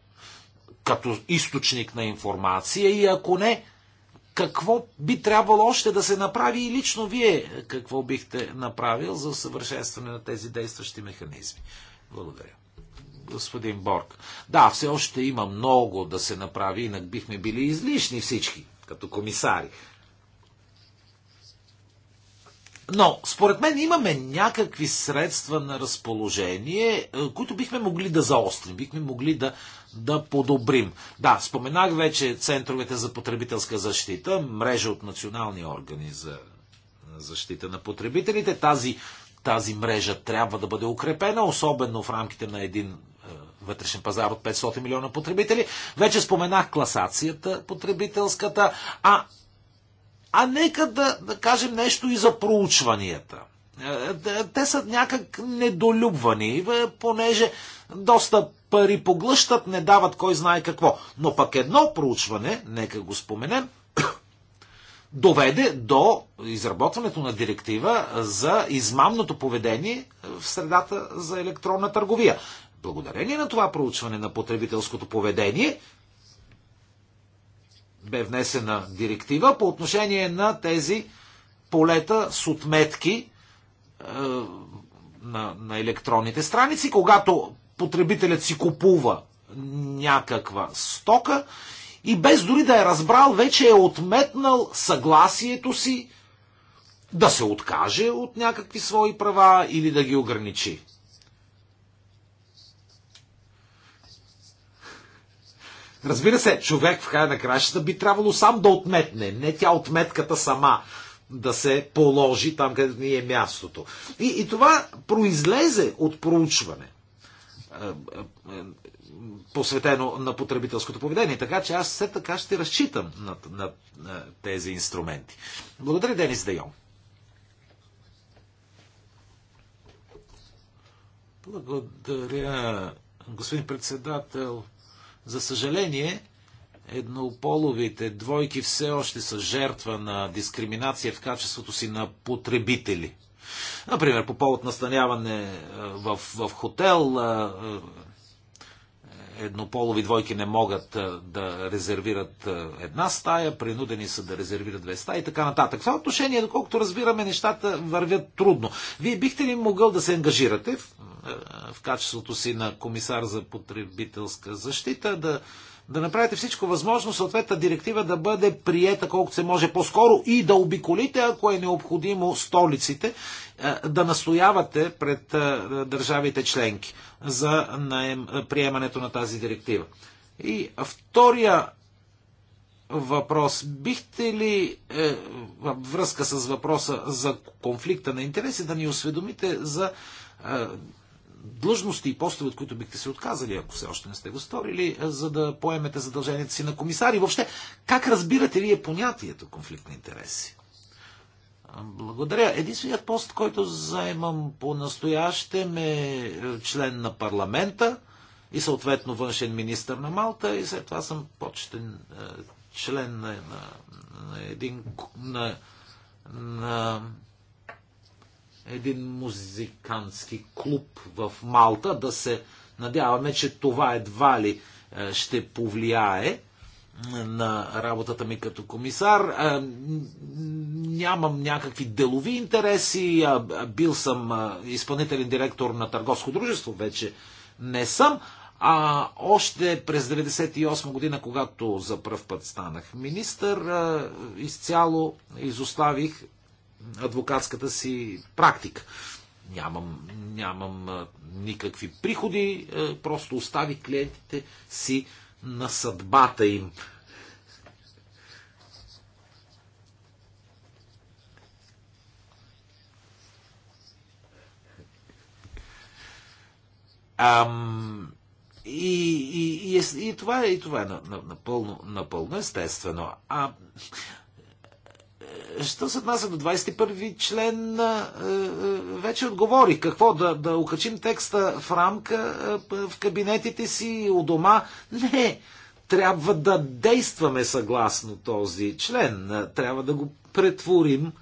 като източник на информация и ако не, какво би трябвало още да се направи и лично вие какво бихте направил за усъвършенстване на тези действащи механизми. Благодаря господин Борг. Да, все още има много да се направи, инак бихме били излишни всички, като комисари. Но, според мен, имаме някакви средства на разположение, е, които бихме могли да заострим, бихме могли да, да подобрим. Да, споменах вече центровете за потребителска защита, мрежа от национални органи за защита на потребителите. Тази, тази мрежа трябва да бъде укрепена, особено в рамките на един вътрешен пазар от 500 милиона потребители. Вече споменах класацията потребителската, а, а нека да, да кажем нещо и за проучванията. Е, е, те са някак недолюбвани, е, понеже доста пари поглъщат, не дават кой знае какво. Но пък едно проучване, нека го споменем, доведе до изработването на директива за измамното поведение в средата за електронна търговия благодарение на това проучване на потребителското поведение, бе внесена директива по отношение на тези полета с отметки е, на, на електронните страници, когато потребителят си купува някаква стока и без дори да е разбрал, вече е отметнал съгласието си да се откаже от някакви свои права или да ги ограничи. Разбира се, човек в края на кращата би трябвало сам да отметне, не тя отметката сама да се положи там, където ни е мястото. И, и това произлезе от проучване, е, е, посветено на потребителското поведение. Така че аз все така ще разчитам на, на, на тези инструменти. Благодаря, Денис Дайон. Благодаря, господин председател. За съжаление, еднополовите двойки все още са жертва на дискриминация в качеството си на потребители. Например, по повод настаняване в, в хотел, еднополови двойки не могат да резервират една стая, принудени са да резервират две стаи и така нататък. В това отношение, доколкото разбираме, нещата вървят трудно. Вие бихте ли могъл да се ангажирате в, в качеството си на комисар за потребителска защита, да да направите всичко възможно съответна директива да бъде приета колкото се може по-скоро и да обиколите, ако е необходимо, столиците, е, да настоявате пред е, държавите членки за е, приемането на тази директива. И втория въпрос. Бихте ли е, във връзка с въпроса за конфликта на интереси да ни осведомите за е, длъжности и постове, от които бихте се отказали, ако все още не сте го сторили, е, за да поемете задълженията си на комисари. Въобще, как разбирате вие понятието конфликт на интереси? Благодаря. Единственият пост, който заемам по-настоящем е, е член на парламента и съответно външен министр на Малта и след това съм почетен е, член на, на, на един на, на един музикантски клуб в Малта. Да се надяваме, че това едва ли е, ще повлияе е, на работата ми като комисар. Е, нямам някакви делови интереси. Бил съм изпълнителен директор на търговско дружество, вече не съм. А още през 1998 година, когато за първ път станах министър, изцяло изоставих адвокатската си практика. Нямам, нямам никакви приходи, просто остави клиентите си на съдбата им. Ам, и, и, и, и, това е, и това е напълно, напълно естествено. А Що се отнася до 21-ви член, е, е, вече отговорих. Какво? Да, да окачим текста в рамка е, в кабинетите си, у дома? Не. Трябва да действаме съгласно този член. Трябва да го претворим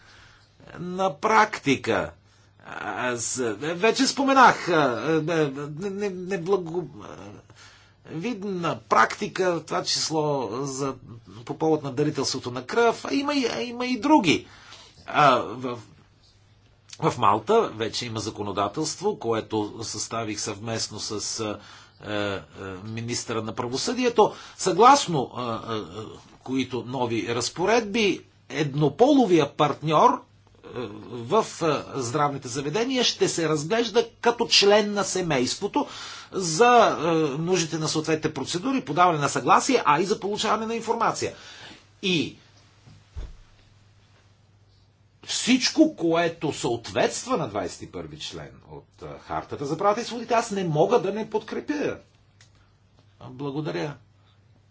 на практика. Аз вече споменах не, Не, не видна практика, това число за, по повод на дарителството на кръв, а има, а има и други. А, в, в Малта вече има законодателство, което съставих съвместно с е, е, министра на правосъдието, съгласно е, е, които нови разпоредби, еднополовия партньор в здравните заведения ще се разглежда като член на семейството, за е, нуждите на съответните процедури, подаване на съгласие, а и за получаване на информация. И всичко, което съответства на 21 член от е, Хартата за правата и свободите, аз не мога да не подкрепя. Благодаря.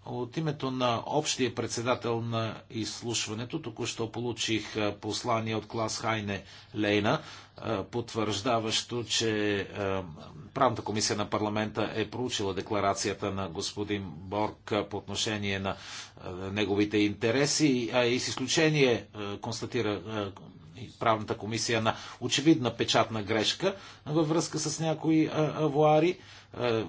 От името на общия председател на изслушването току-що получих послание от клас Хайне Лейна, потвърждаващо, че правната комисия на парламента е проучила декларацията на господин Борг по отношение на неговите интереси, а и с изключение констатира правната комисия на очевидна печатна грешка във връзка с някои авуари.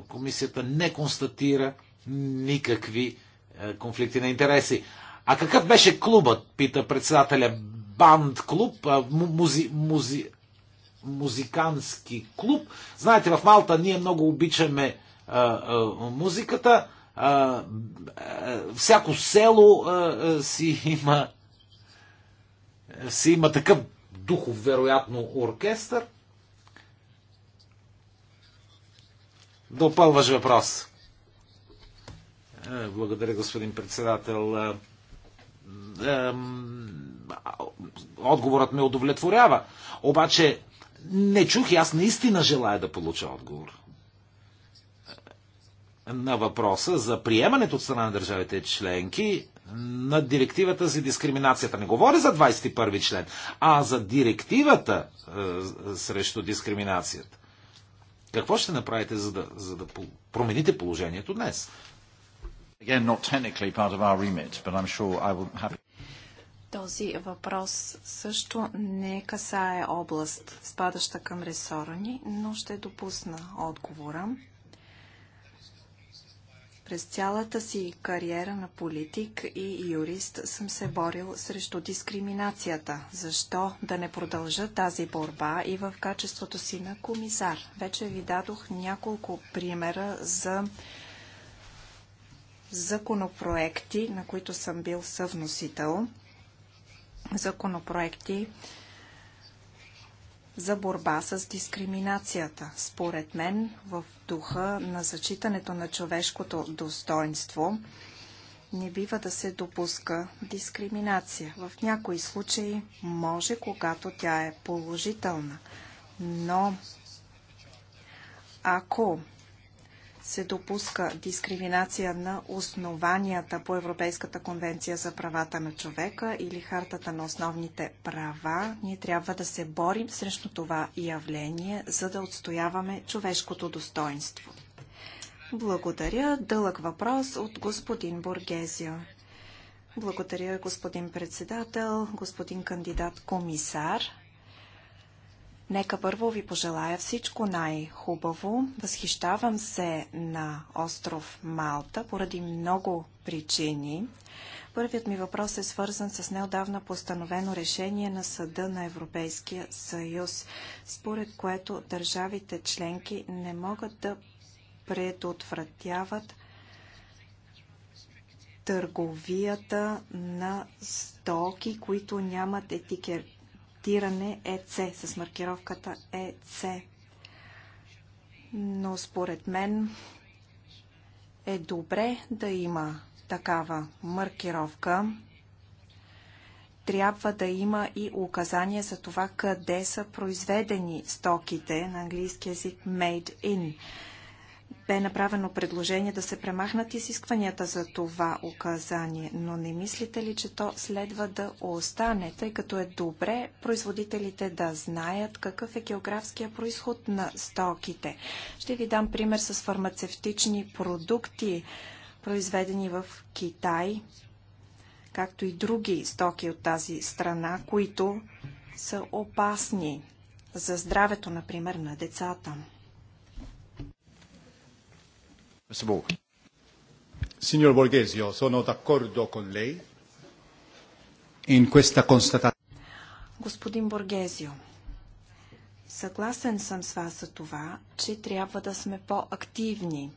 Комисията не констатира никакви е, конфликти на интереси. А какъв беше клубът, пита председателя? Банд клуб, музи, музи, музикански клуб. Знаете, в Малта ние много обичаме а, е, а, е, музиката. А, а, всяко село а, а, си има си има такъв духов, вероятно, оркестър. Допълваш въпрос. Благодаря, господин председател. Е, е, отговорът ме удовлетворява. Обаче не чух и аз наистина желая да получа отговор на въпроса за приемането от страна на държавите членки на директивата за дискриминацията. Не говоря за 21 член, а за директивата е, срещу дискриминацията. Какво ще направите, за да, за да промените положението днес? Again, not technically part of our remit, but I'm sure I will have този въпрос също не касае област, спадаща към ресора ни, но ще допусна отговора. През цялата си кариера на политик и юрист съм се борил срещу дискриминацията. Защо да не продължа тази борба и в качеството си на комисар? Вече ви дадох няколко примера за законопроекти, на които съм бил съвносител. Законопроекти за борба с дискриминацията. Според мен, в духа на зачитането на човешкото достоинство, не бива да се допуска дискриминация. В някои случаи може, когато тя е положителна, но ако се допуска дискриминация на основанията по Европейската конвенция за правата на човека или хартата на основните права, ние трябва да се борим срещу това явление, за да отстояваме човешкото достоинство. Благодаря. Дълъг въпрос от господин Боргезио. Благодаря, господин председател, господин кандидат комисар. Нека първо ви пожелая всичко най-хубаво. Възхищавам се на остров Малта поради много причини. Първият ми въпрос е свързан с неодавна постановено решение на Съда на Европейския съюз, според което държавите членки не могат да предотвратяват търговията на стоки, които нямат етикет маркиране ЕЦ, с маркировката ЕЦ. Но според мен е добре да има такава маркировка. Трябва да има и указания за това къде са произведени стоките на английски язик made in бе направено предложение да се премахнат изискванията за това указание, но не мислите ли, че то следва да остане, тъй като е добре производителите да знаят какъв е географския происход на стоките? Ще ви дам пример с фармацевтични продукти, произведени в Китай, както и други стоки от тази страна, които са опасни за здравето, например, на децата. Signor Borghesio, sono d'accordo con lei in questa constatazione. Господин Боргезио, съгласен съм с вас за това, че трябва да сме по-активни,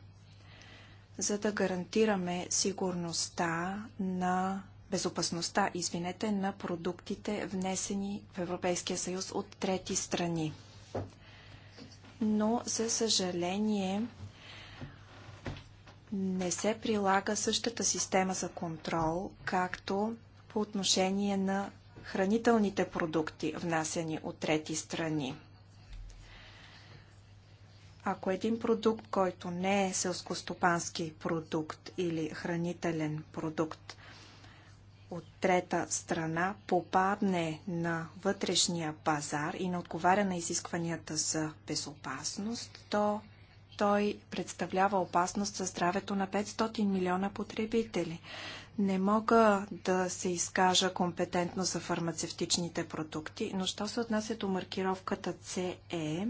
за да гарантираме сигурността на безопасността, извинете, на продуктите, внесени в Европейския съюз от трети страни. Но, за съжаление, не се прилага същата система за контрол, както по отношение на хранителните продукти, внасяни от трети страни. Ако един продукт, който не е селскостопански продукт или хранителен продукт от трета страна попадне на вътрешния пазар и не отговаря на изискванията за безопасност, то той представлява опасност за здравето на 500 милиона потребители. Не мога да се изкажа компетентно за фармацевтичните продукти, но що се отнася до маркировката CE,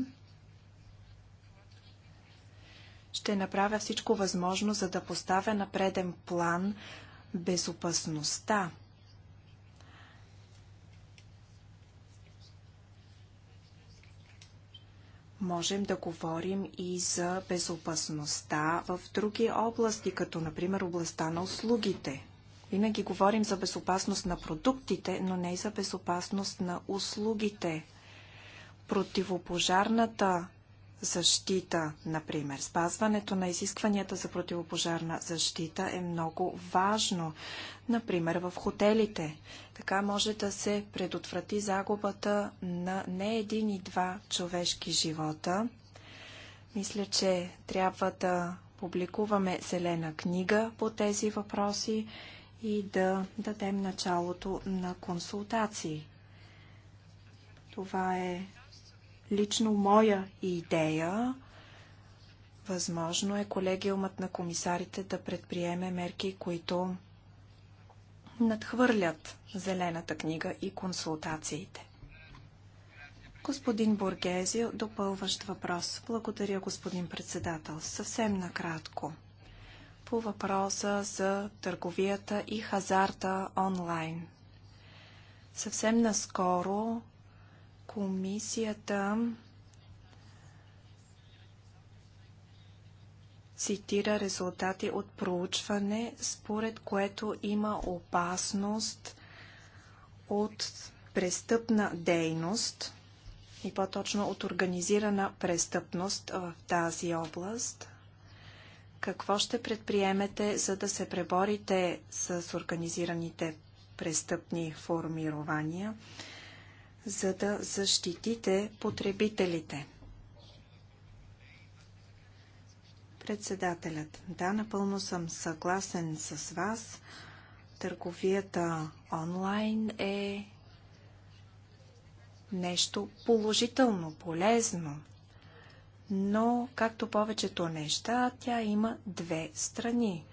ще направя всичко възможно, за да поставя на преден план безопасността можем да говорим и за безопасността в други области, като например областта на услугите. Винаги говорим за безопасност на продуктите, но не и за безопасност на услугите. Противопожарната защита, например. Спазването на изискванията за противопожарна защита е много важно, например в хотелите. Така може да се предотврати загубата на не един и два човешки живота. Мисля, че трябва да публикуваме зелена книга по тези въпроси и да дадем началото на консултации. Това е лично моя идея. Възможно е колегиумът на комисарите да предприеме мерки, които надхвърлят зелената книга и консултациите. Господин Бургези, допълващ въпрос. Благодаря, господин председател. Съвсем накратко. По въпроса за търговията и хазарта онлайн. Съвсем наскоро Комисията цитира резултати от проучване, според което има опасност от престъпна дейност и по-точно от организирана престъпност в тази област. Какво ще предприемете, за да се преборите с организираните престъпни формирования? за да защитите потребителите? Председателят. Да, напълно съм съгласен с вас. Търговията онлайн е нещо положително, полезно. Но, както повечето неща, тя има две страни.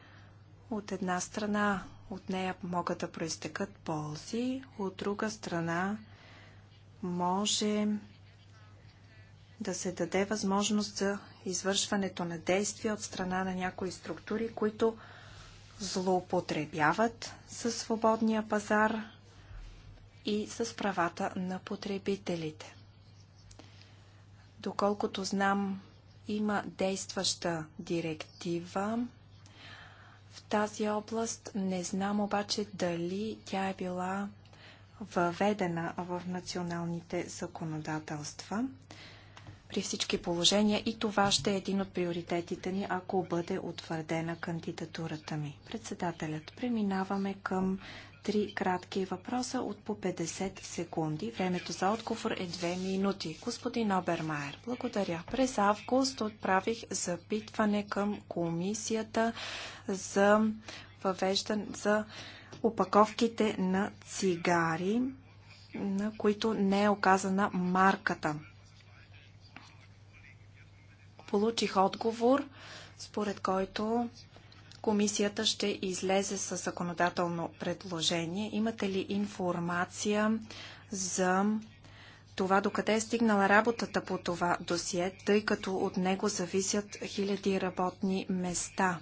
От една страна от нея могат да проистекат ползи, от друга страна може да се даде възможност за извършването на действия от страна на някои структури, които злоупотребяват със свободния пазар и с правата на потребителите. Доколкото знам, има действаща директива в тази област. Не знам обаче дали тя е била въведена в националните законодателства. При всички положения и това ще е един от приоритетите ни, ако бъде утвърдена кандидатурата ми. Председателят, преминаваме към три кратки въпроса от по 50 секунди. Времето за отговор е 2 минути. Господин Обермайер, благодаря. През август отправих запитване към комисията за въвеждане за опаковките на цигари, на които не е оказана марката. Получих отговор, според който комисията ще излезе с законодателно предложение. Имате ли информация за това докъде е стигнала работата по това досие, тъй като от него зависят хиляди работни места?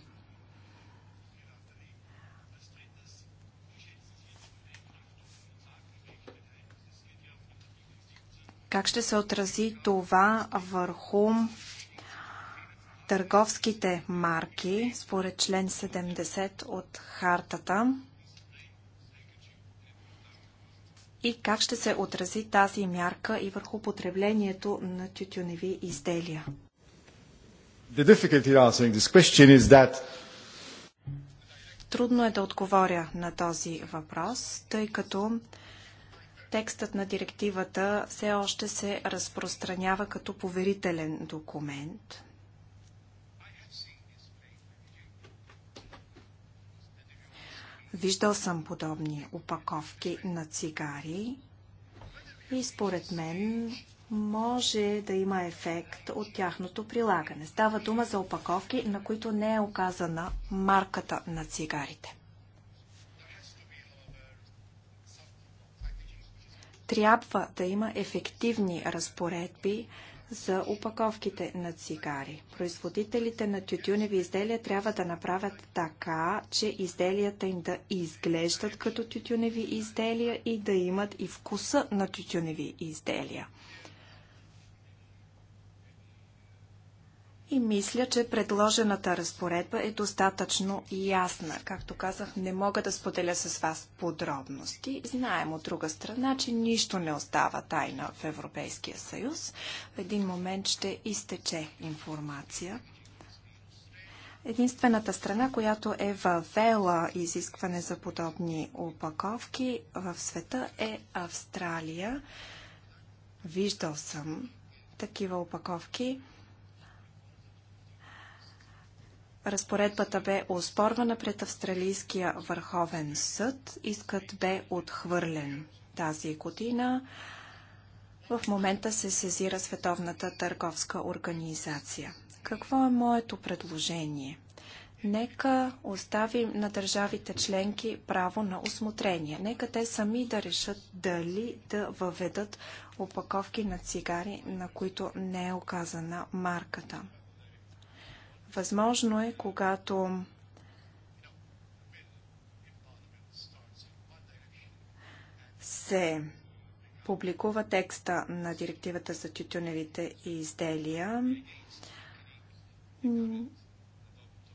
Как ще се отрази това върху търговските марки според член 70 от хартата? И как ще се отрази тази мярка и върху потреблението на тютюневи изделия? That... Трудно е да отговоря на този въпрос, тъй като Текстът на директивата все още се разпространява като поверителен документ. Виждал съм подобни опаковки на цигари и според мен може да има ефект от тяхното прилагане. Става дума за опаковки, на които не е оказана марката на цигарите. трябва да има ефективни разпоредби за упаковките на цигари. Производителите на тютюневи изделия трябва да направят така, че изделията им да изглеждат като тютюневи изделия и да имат и вкуса на тютюневи изделия. И мисля, че предложената разпоредба е достатъчно ясна. Както казах, не мога да споделя с вас подробности. Знаем от друга страна, че нищо не остава тайна в Европейския съюз. В един момент ще изтече информация. Единствената страна, която е въвела изискване за подобни опаковки в света е Австралия. Виждал съм такива опаковки. Разпоредбата бе оспорвана пред Австралийския върховен съд. Искът бе отхвърлен тази година. В момента се сезира Световната търговска организация. Какво е моето предложение? Нека оставим на държавите членки право на осмотрение. Нека те сами да решат дали да въведат опаковки на цигари, на които не е оказана марката. Възможно е, когато се публикува текста на директивата за тютюневите изделия,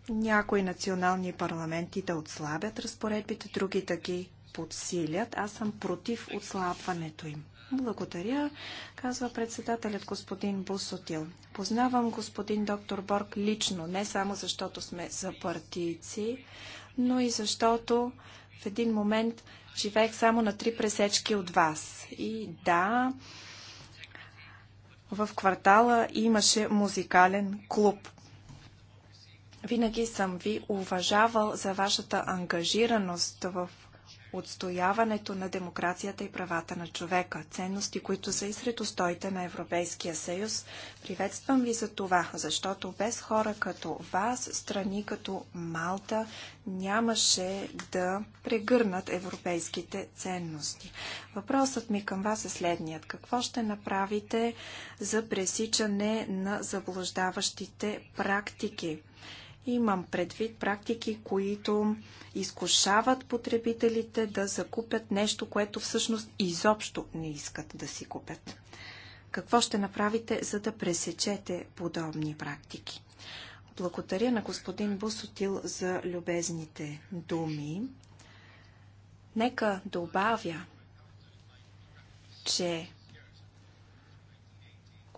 някои национални парламенти да отслабят разпоредбите, други да ги подсилят. Аз съм против отслабването им. Благодаря, казва председателят господин Бусотил. Познавам господин доктор Борг лично, не само защото сме за партийци, но и защото в един момент живеех само на три пресечки от вас. И да, в квартала имаше музикален клуб. Винаги съм ви уважавал за вашата ангажираност в отстояването на демокрацията и правата на човека, ценности, които са и сред устоите на Европейския съюз. Приветствам ви за това, защото без хора като вас, страни като Малта, нямаше да прегърнат европейските ценности. Въпросът ми към вас е следният. Какво ще направите за пресичане на заблуждаващите практики? Имам предвид практики, които изкушават потребителите да закупят нещо, което всъщност изобщо не искат да си купят. Какво ще направите, за да пресечете подобни практики? Благодаря на господин Бусотил за любезните думи. Нека добавя, че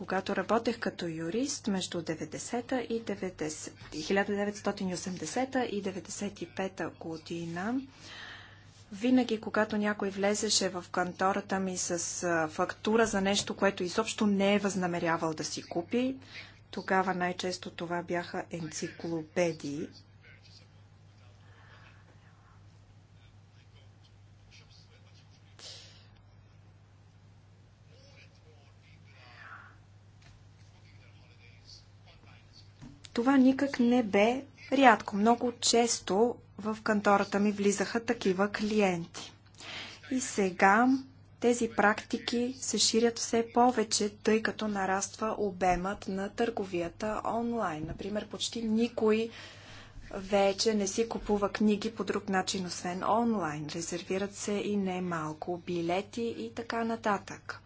когато работех като юрист между 90-та и 90, 1980 и 95-та година. Винаги, когато някой влезеше в кантората ми с фактура за нещо, което изобщо не е възнамерявал да си купи, тогава най-често това бяха енциклопедии, Това никак не бе рядко. Много често в кантората ми влизаха такива клиенти. И сега тези практики се ширят все повече, тъй като нараства обемът на търговията онлайн. Например, почти никой вече не си купува книги по друг начин, освен онлайн. Резервират се и немалко билети и така нататък.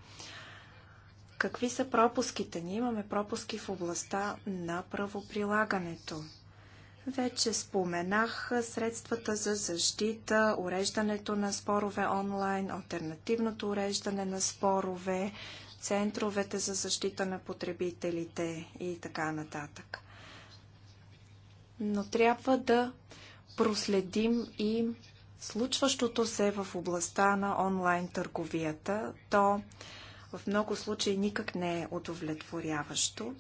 Какви са пропуските? Ние имаме пропуски в областта на правоприлагането. Вече споменах средствата за защита, уреждането на спорове онлайн, альтернативното уреждане на спорове, центровете за защита на потребителите и така нататък. Но трябва да проследим и случващото се в областта на онлайн търговията. То в много случаи никак не е удовлетворяващо.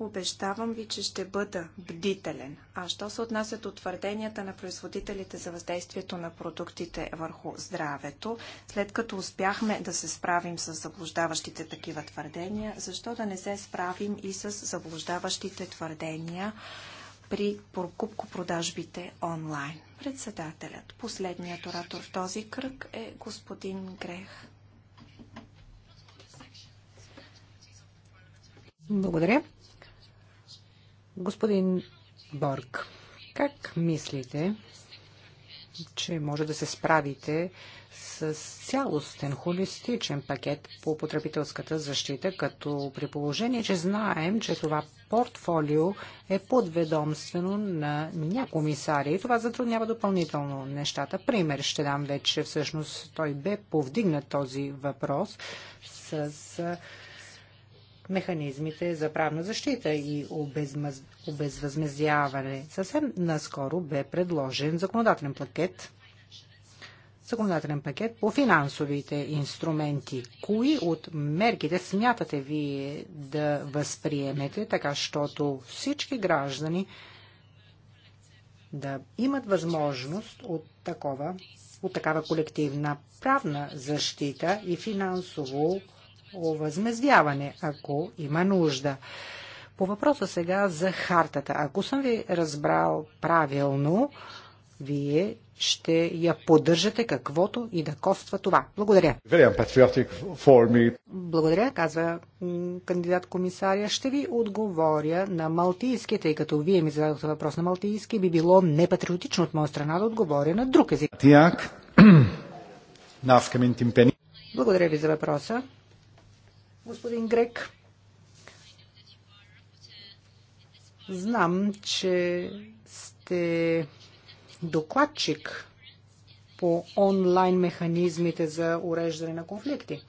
Обещавам ви, че ще бъда бдителен. А що се отнасят от твърденията на производителите за въздействието на продуктите върху здравето, след като успяхме да се справим с заблуждаващите такива твърдения, защо да не се справим и с заблуждаващите твърдения при покупко-продажбите онлайн? Председателят, последният оратор в този кръг е господин Грех. Благодаря. Господин Борг, как мислите, че може да се справите с цялостен холистичен пакет по потребителската защита, като при положение, че знаем, че това портфолио е подведомствено на ня комисари и това затруднява допълнително нещата. Пример ще дам вече, всъщност той бе повдигнат този въпрос с механизмите за правна защита и обезмъз... обезвъзмезяване. Съвсем наскоро бе предложен законодателен пакет законодателен пакет по финансовите инструменти. Кои от мерките смятате вие да възприемете, така щото всички граждани да имат възможност от такова от такава колективна правна защита и финансово овъзмездяване, ако има нужда. По въпроса сега за хартата. Ако съм ви разбрал правилно, вие ще я поддържате каквото и да коства това. Благодаря. Благодаря, казва кандидат комисария, Ще ви отговоря на малтийски, тъй като вие ми зададохте въпрос на малтийски, би било непатриотично от моя страна да отговоря на друг език. Благодаря ви за въпроса. Господин Грек, знам, че сте докладчик по онлайн механизмите за уреждане на конфликти.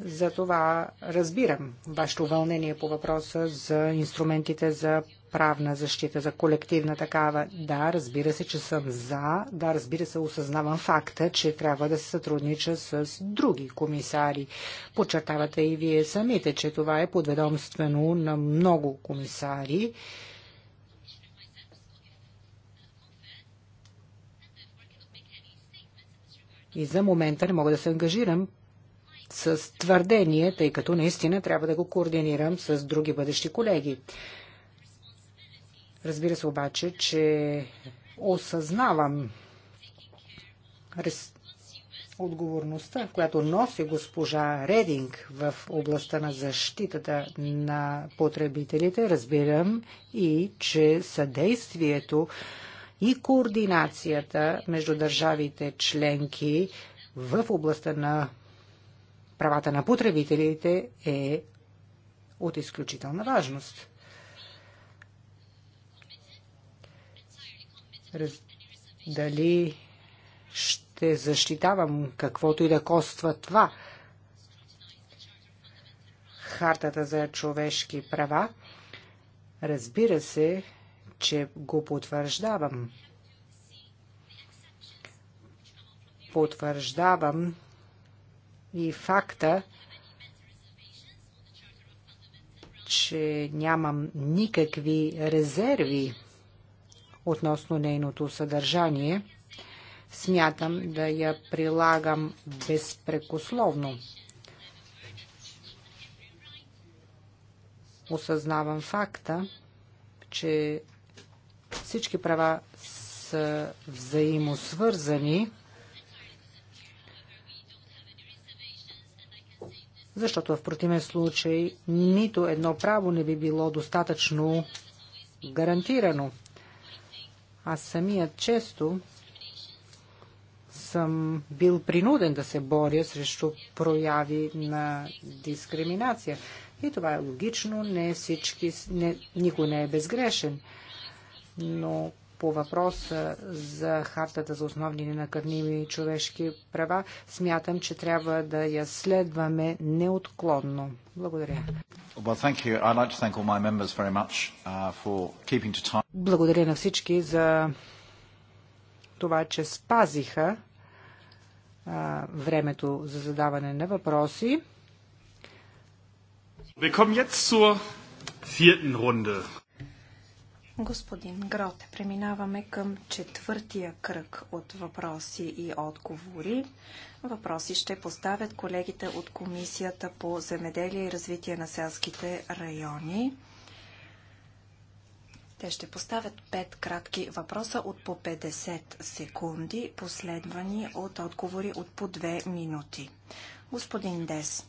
Затова разбирам вашето вълнение по въпроса за инструментите за правна защита, за колективна такава. Да, разбира се, че съм за. Да, разбира се, осъзнавам факта, че трябва да се сътруднича с други комисари. Подчертавате и вие самите, че това е подведомствено на много комисари. И за момента не мога да се ангажирам с твърдение, тъй като наистина трябва да го координирам с други бъдещи колеги. Разбира се обаче, че осъзнавам отговорността, която носи госпожа Рединг в областта на защитата на потребителите, разбирам и, че съдействието и координацията между държавите членки в областта на правата на потребителите е от изключителна важност. дали ще защитавам каквото и да коства това. Хартата за човешки права, разбира се, че го потвърждавам. Потвърждавам и факта, че нямам никакви резерви относно нейното съдържание. Смятам да я прилагам безпрекословно. Осъзнавам факта, че всички права са взаимосвързани, защото в противен случай нито едно право не би било достатъчно гарантирано. Аз самия често съм бил принуден да се боря срещу прояви на дискриминация. И това е логично, не всички, не, никой не е безгрешен. Но по въпроса за хартата за основни ненакърними човешки права, смятам, че трябва да я следваме неотклонно. Благодаря. Благодаря на всички за това, че спазиха времето за задаване на въпроси. Wir jetzt zur vierten Runde. Господин Гроте, преминаваме към четвъртия кръг от въпроси и отговори. Въпроси ще поставят колегите от Комисията по земеделие и развитие на селските райони. Те ще поставят пет кратки въпроса от по 50 секунди, последвани от отговори от по 2 минути. Господин Дес,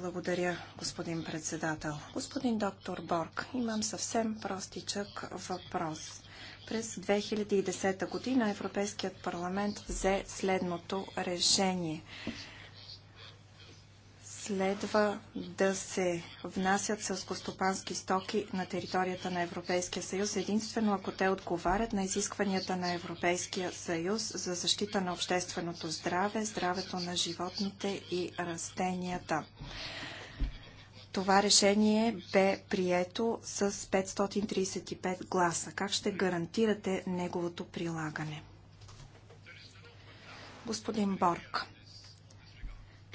благодаря, господин председател. Господин доктор Борг, имам съвсем простичък въпрос. През 2010 година Европейският парламент взе следното решение следва да се внасят селскостопански стоки на територията на Европейския съюз, единствено ако те отговарят на изискванията на Европейския съюз за защита на общественото здраве, здравето на животните и растенията. Това решение бе прието с 535 гласа. Как ще гарантирате неговото прилагане? Господин Борг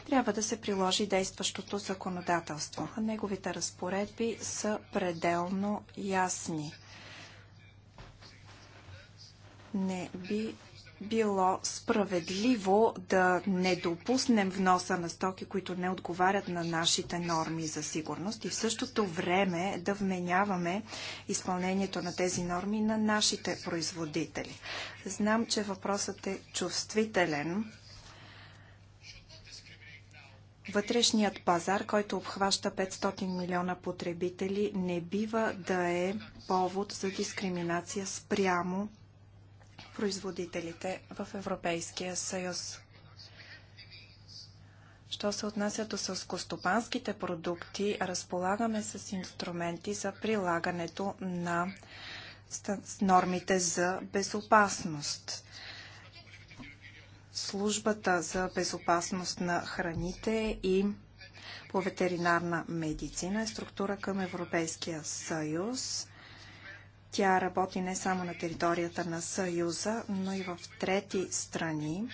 трябва да се приложи действащото законодателство. Неговите разпоредби са пределно ясни. Не би било справедливо да не допуснем вноса на стоки, които не отговарят на нашите норми за сигурност и в същото време да вменяваме изпълнението на тези норми на нашите производители. Знам, че въпросът е чувствителен. Вътрешният пазар, който обхваща 500 милиона потребители, не бива да е повод за дискриминация спрямо производителите в Европейския съюз. Що се отнася до сълскостопанските продукти, разполагаме с инструменти за прилагането на нормите за безопасност службата за безопасност на храните и по ветеринарна медицина е структура към Европейския съюз. Тя работи не само на територията на Съюза, но и в трети страни.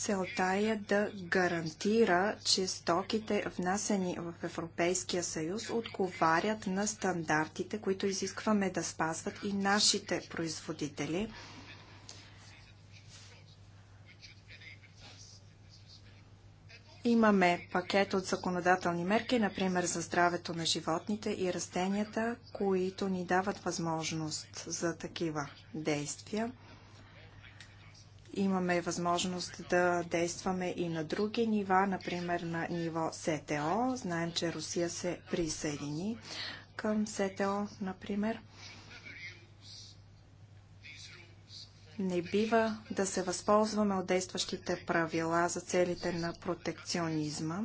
Целта е да гарантира, че стоките внасени в Европейския съюз отговарят на стандартите, които изискваме да спазват и нашите производители. Имаме пакет от законодателни мерки, например за здравето на животните и растенията, които ни дават възможност за такива действия. Имаме възможност да действаме и на други нива, например на ниво СТО. Знаем, че Русия се присъедини към СТО, например. Не бива да се възползваме от действащите правила за целите на протекционизма,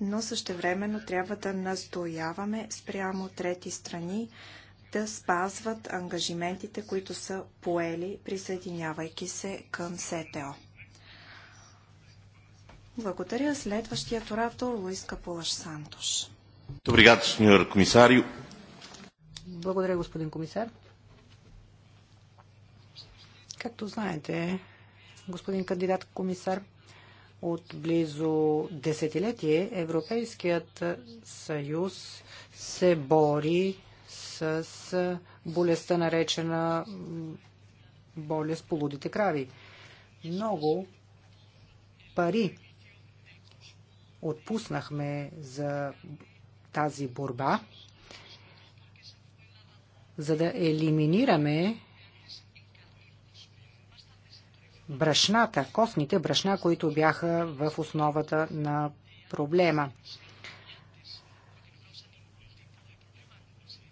но същевременно трябва да настояваме спрямо трети страни да спазват ангажиментите, които са поели, присъединявайки се към СТО. Благодаря. Следващият оратор Луис Капулаш Сантош. Добре, Благодаря, господин комисар. Както знаете, господин кандидат комисар, от близо десетилетие Европейският съюз се бори с болестта наречена болест по лудите крави. Много пари отпуснахме за тази борба, за да елиминираме брашната, костните брашна, които бяха в основата на проблема.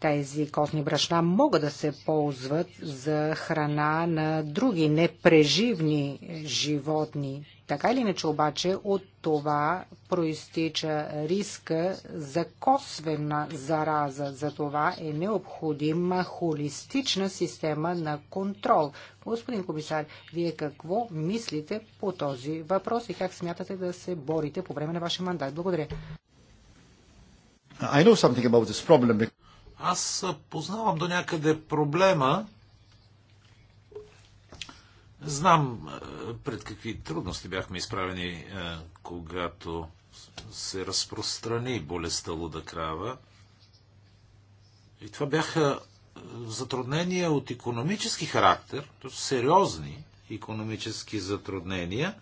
тези костни брашна могат да се ползват за храна на други непреживни животни. Така или иначе обаче от това проистича риска за косвена зараза. За това е необходима холистична система на контрол. Господин комисар, вие какво мислите по този въпрос и как смятате да се борите по време на вашия мандат? Благодаря. I know something about this problem. Аз познавам до някъде проблема. Знам е, пред какви трудности бяхме изправени, е, когато се разпространи болестта луда крава. И това бяха е, затруднения от економически характер, сериозни економически затруднения.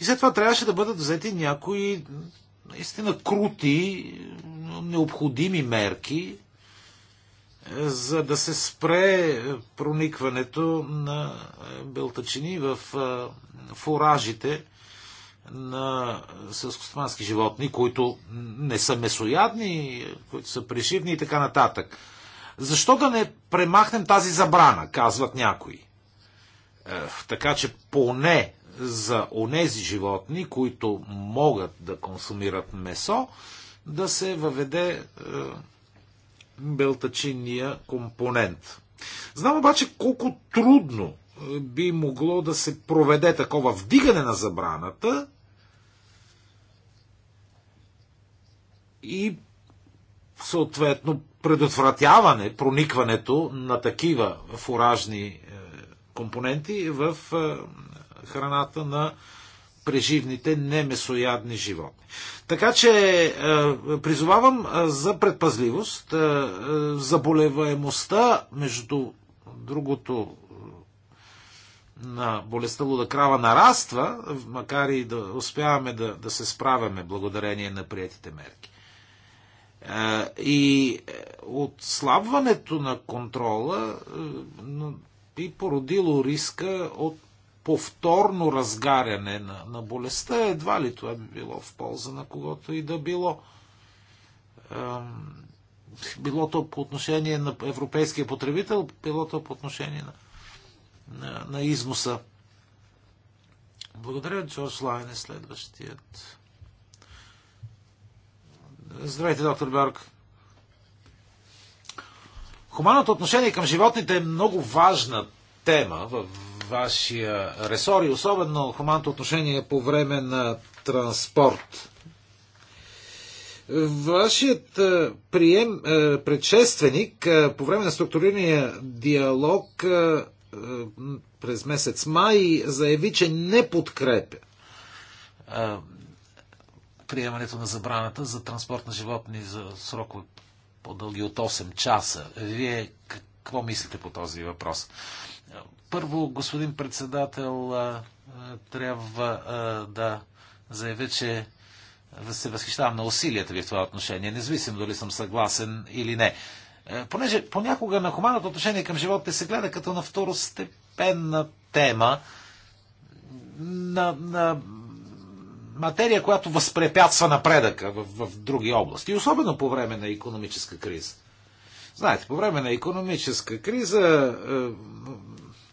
И след това трябваше да бъдат взети някои наистина крути необходими мерки, е, за да се спре проникването на е, белтачини в е, фуражите на селскостомански животни, които не са месоядни, които са преживни и така нататък. Защо да не премахнем тази забрана, казват някои? Така че поне за онези животни, които могат да консумират месо, да се въведе е, белтачинния компонент. Знам обаче колко трудно е, би могло да се проведе такова вдигане на забраната и съответно предотвратяване проникването на такива фуражни е, компоненти в е, храната на преживните немесоядни животни. Така че е, призовавам е, за предпазливост. Е, заболеваемостта, между другото, на болестта луда крава нараства, макар и да успяваме да, да се справяме благодарение на приятите мерки. И отслабването на контрола би породило риска от повторно разгаряне на, на болестта, едва ли това би било в полза на когото и да било. било то по отношение на европейския потребител, било то по отношение на, на, на износа. Благодаря, Джордж Лайн е следващият. Здравейте, доктор Бърг. Хуманното отношение към животните е много важна тема в вашия ресор и особено хуманното отношение по време на транспорт. Вашият е, прием, е, предшественик е, по време на структурирания диалог през месец май заяви, че не подкрепя приемането на забраната за транспорт на животни за срок по-дълги от 8 часа. Вие какво мислите по този въпрос? Първо, господин председател, трябва да заявя, че се възхищавам на усилията ви в това отношение, независимо дали съм съгласен или не. Понеже понякога на хуманното отношение към живота се гледа като на второстепенна тема, на, на материя, която възпрепятства напредъка в, в други области, особено по време на економическа криза. Знаете, по време на економическа криза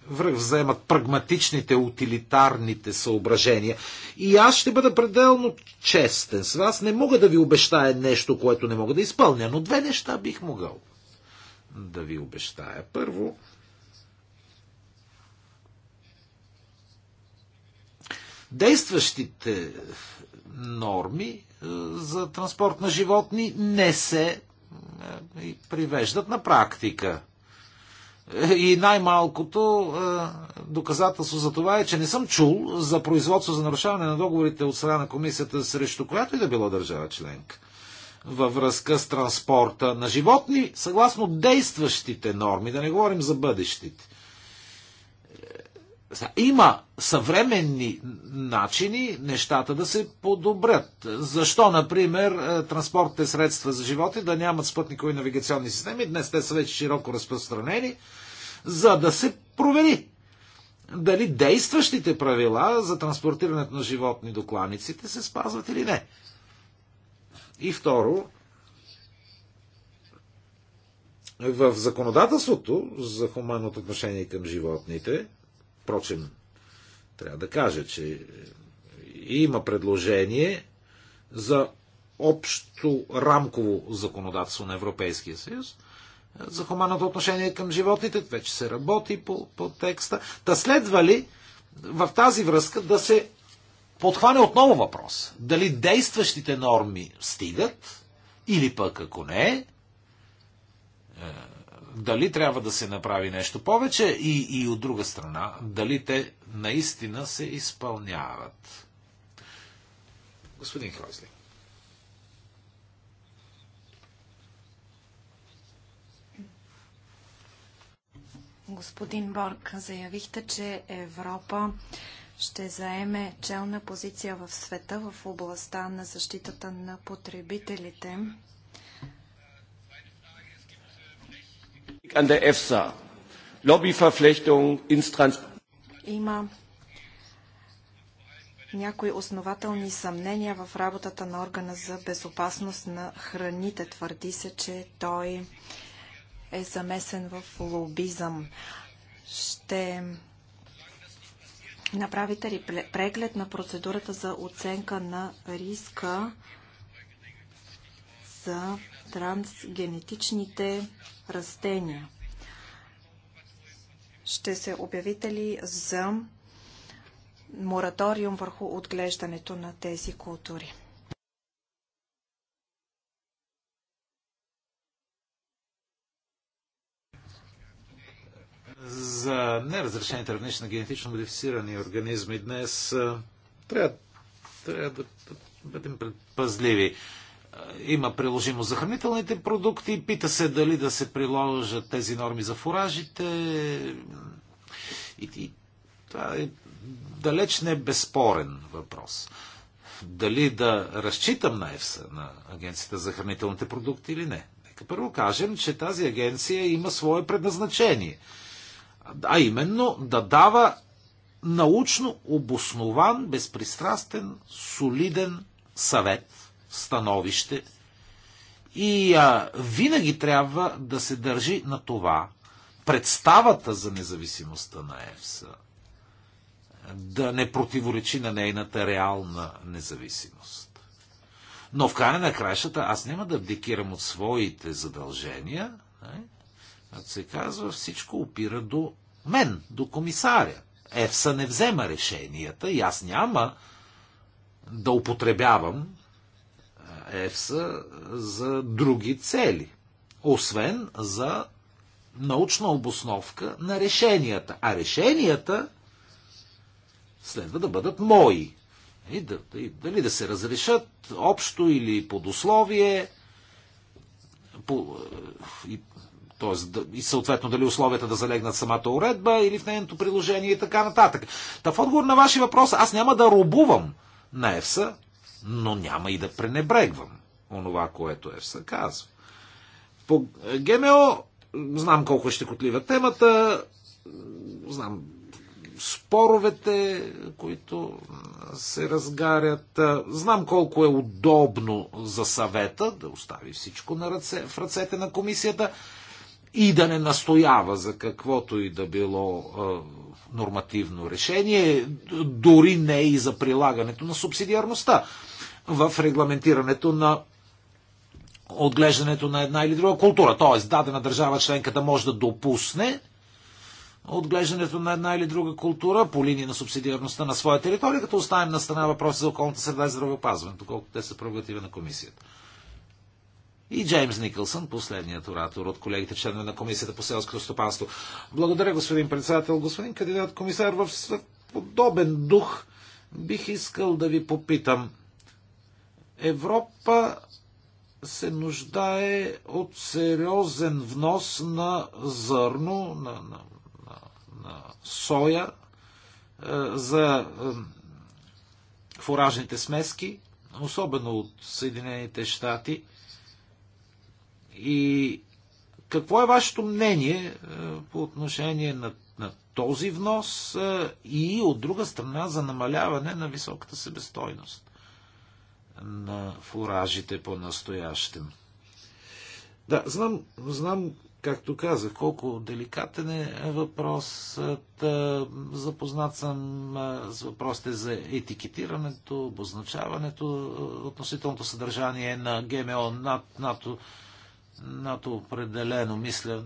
връх вземат прагматичните, утилитарните съображения. И аз ще бъда пределно честен с вас. Не мога да ви обещая нещо, което не мога да изпълня, но две неща бих могъл да ви обещая. Първо, действащите норми е, за транспорт на животни не се е, привеждат на практика. И най-малкото е, доказателство за това е, че не съм чул за производство за нарушаване на договорите от страна на комисията, срещу която и да било държава членка във връзка с транспорта на животни, съгласно действащите норми, да не говорим за бъдещите. Има съвременни начини нещата да се подобрят. Защо, например, е, транспортните средства за животи да нямат спътникови навигационни системи? Днес те са вече широко разпространени, за да се провери дали действащите правила за транспортирането на животни до кланиците се спазват или не. И второ, в законодателството за хуманното отношение към животните, Впрочем, трябва да кажа, че има предложение за общо рамково законодателство на Европейския съюз е, за хуманното отношение към животните. Вече се работи по, по текста. Та следва ли в тази връзка да се подхване отново въпрос. Дали действащите норми стигат или пък ако не, е, дали трябва да се направи нещо повече и, и от друга страна, дали те наистина се изпълняват. Господин Хройсли. Господин Борг, заявихте, че Европа ще заеме челна позиция в света в областта на защитата на потребителите. an der EFSA, лобиverflechtung, инстранспорт. Има някои основателни съмнения в работата на органа за безопасност на храните. Твърди се, че той е замесен в лобизъм. Ще направите ли преглед на процедурата за оценка на риска за трансгенетичните растения. Ще се обявите ли за мораториум върху отглеждането на тези култури? за неразрешените равнища на генетично модифицирани организми днес трябва, трябва да бъдем предпазливи има приложимо за хранителните продукти. Пита се дали да се приложат тези норми за фуражите. И, и, това е далеч не безспорен въпрос. Дали да разчитам на ЕФСА, на Агенцията за хранителните продукти или не. Нека първо кажем, че тази агенция има свое предназначение. А именно да дава научно обоснован, безпристрастен, солиден съвет становище и а, винаги трябва да се държи на това представата за независимостта на ЕФСА да не противоречи на нейната реална независимост. Но в края на кращата аз няма да абдикирам от своите задължения, а се казва всичко опира до мен, до комисаря. ЕФСА не взема решенията и аз няма да употребявам ЕФСА за други цели, освен за научна обосновка на решенията. А решенията следва да бъдат мои. И да, и, дали да се разрешат общо или под условие, по, и, т.е. и съответно дали условията да залегнат самата уредба или в нейното приложение и така нататък. Та в отговор на вашия въпрос, аз няма да робувам на ЕФСА, но няма и да пренебрегвам онова, което ЕФСА казва. По ГМО знам колко ще котлива темата, знам споровете, които се разгарят. Знам колко е удобно за съвета да остави всичко на ръце, в ръцете на комисията и да не настоява за каквото и да било нормативно решение, дори не и за прилагането на субсидиарността в регламентирането на отглеждането на една или друга култура. Тоест, дадена държава членката може да допусне отглеждането на една или друга култура по линия на субсидиарността на своя територия, като оставим на страна въпроса за околната среда и здравеопазването, колкото те са прогатива на комисията. И Джеймс Никълсън, последният оратор от колегите, членове на Комисията по селското стопанство. Благодаря, господин председател. Господин кандидат комисар, в подобен дух бих искал да ви попитам. Европа се нуждае от сериозен внос на зърно, на, на, на, на соя е, за е, фуражните смески, особено от Съединените щати – и какво е вашето мнение е, по отношение на, на този внос е, и от друга страна за намаляване на високата себестойност на фуражите по настоящем? Да, знам, знам, както казах, колко деликатен е въпросът. Е, запознат съм с въпросите за етикетирането, обозначаването, относителното съдържание на ГМО над НАТО. Над, НАТО определено, мисля,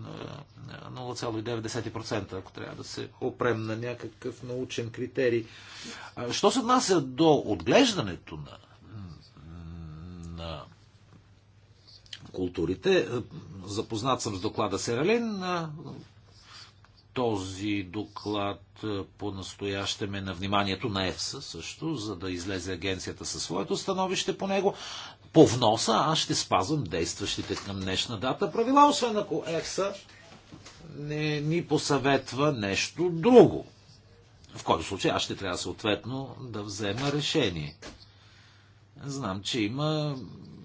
0,9%, ако трябва да се опрем на някакъв научен критерий. Що се отнася до отглеждането на, на културите, запознат съм с доклада Сералин, този доклад по-настоящем е на вниманието на ЕФСА също, за да излезе агенцията със своето становище по него по вноса, аз ще спазвам действащите към днешна дата правила, освен ако ЕФСА не ни посъветва нещо друго. В който случай аз ще трябва съответно да взема решение. Знам, че има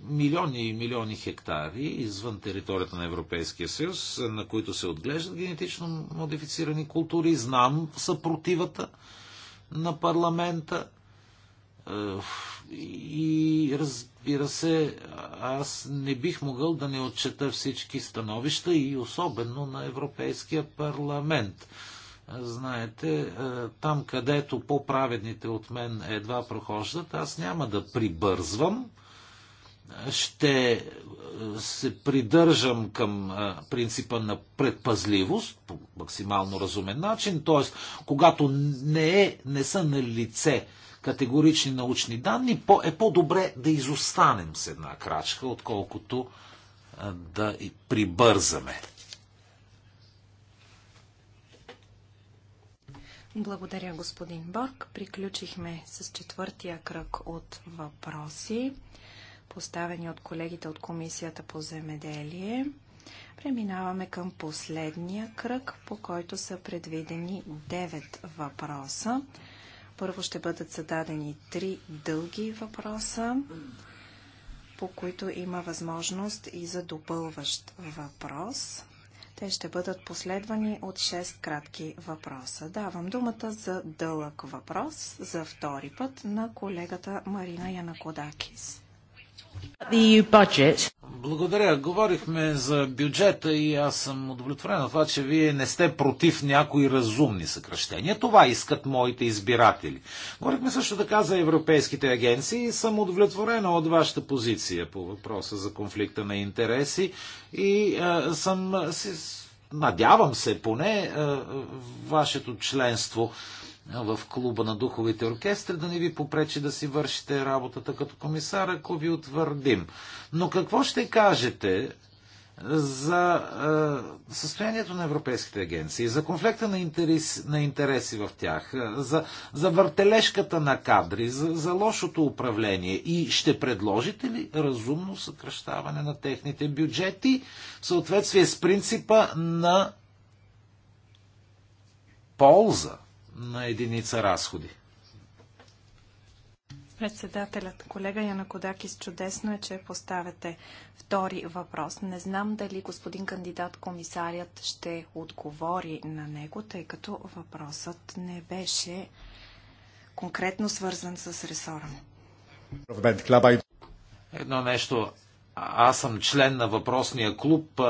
милиони и милиони хектари извън територията на Европейския съюз, на които се отглеждат генетично модифицирани култури. Знам съпротивата на парламента. И разбира се, аз не бих могъл да не отчета всички становища и особено на Европейския парламент. Знаете, е, там където по-праведните от мен едва прохождат, аз няма да прибързвам. Ще е, се придържам към е, принципа на предпазливост по максимално разумен начин, т.е. когато не, е, не са на лице категорични научни данни, е по-добре да изостанем с една крачка, отколкото да прибързаме. Благодаря, господин Борг. Приключихме с четвъртия кръг от въпроси, поставени от колегите от Комисията по земеделие. Преминаваме към последния кръг, по който са предвидени 9 въпроса. Първо ще бъдат зададени три дълги въпроса, по които има възможност и за допълващ въпрос. Те ще бъдат последвани от 6 кратки въпроса. Давам думата за дълъг въпрос за втори път на колегата Марина Янакодакис. Благодаря. Говорихме за бюджета и аз съм удовлетворен от това, че вие не сте против някои разумни съкръщения. Това искат моите избиратели. Говорихме също така за европейските агенции и съм удовлетворена от вашата позиция по въпроса за конфликта на интереси и а, съм, си, надявам се, поне а, вашето членство в клуба на духовите оркестри, да не ви попречи да си вършите работата като комисар, ако ви утвърдим. Но какво ще кажете за е, състоянието на европейските агенции, за конфликта на, интерес, на интереси в тях, е, за, за въртележката на кадри, за, за лошото управление и ще предложите ли разумно съкръщаване на техните бюджети в съответствие с принципа на полза на единица разходи. Председателят, колега Янакодакис, чудесно е, че поставяте втори въпрос. Не знам дали господин кандидат комисарият ще отговори на него, тъй като въпросът не беше конкретно свързан с ресора му. Едно нещо. Аз съм член на въпросния клуб.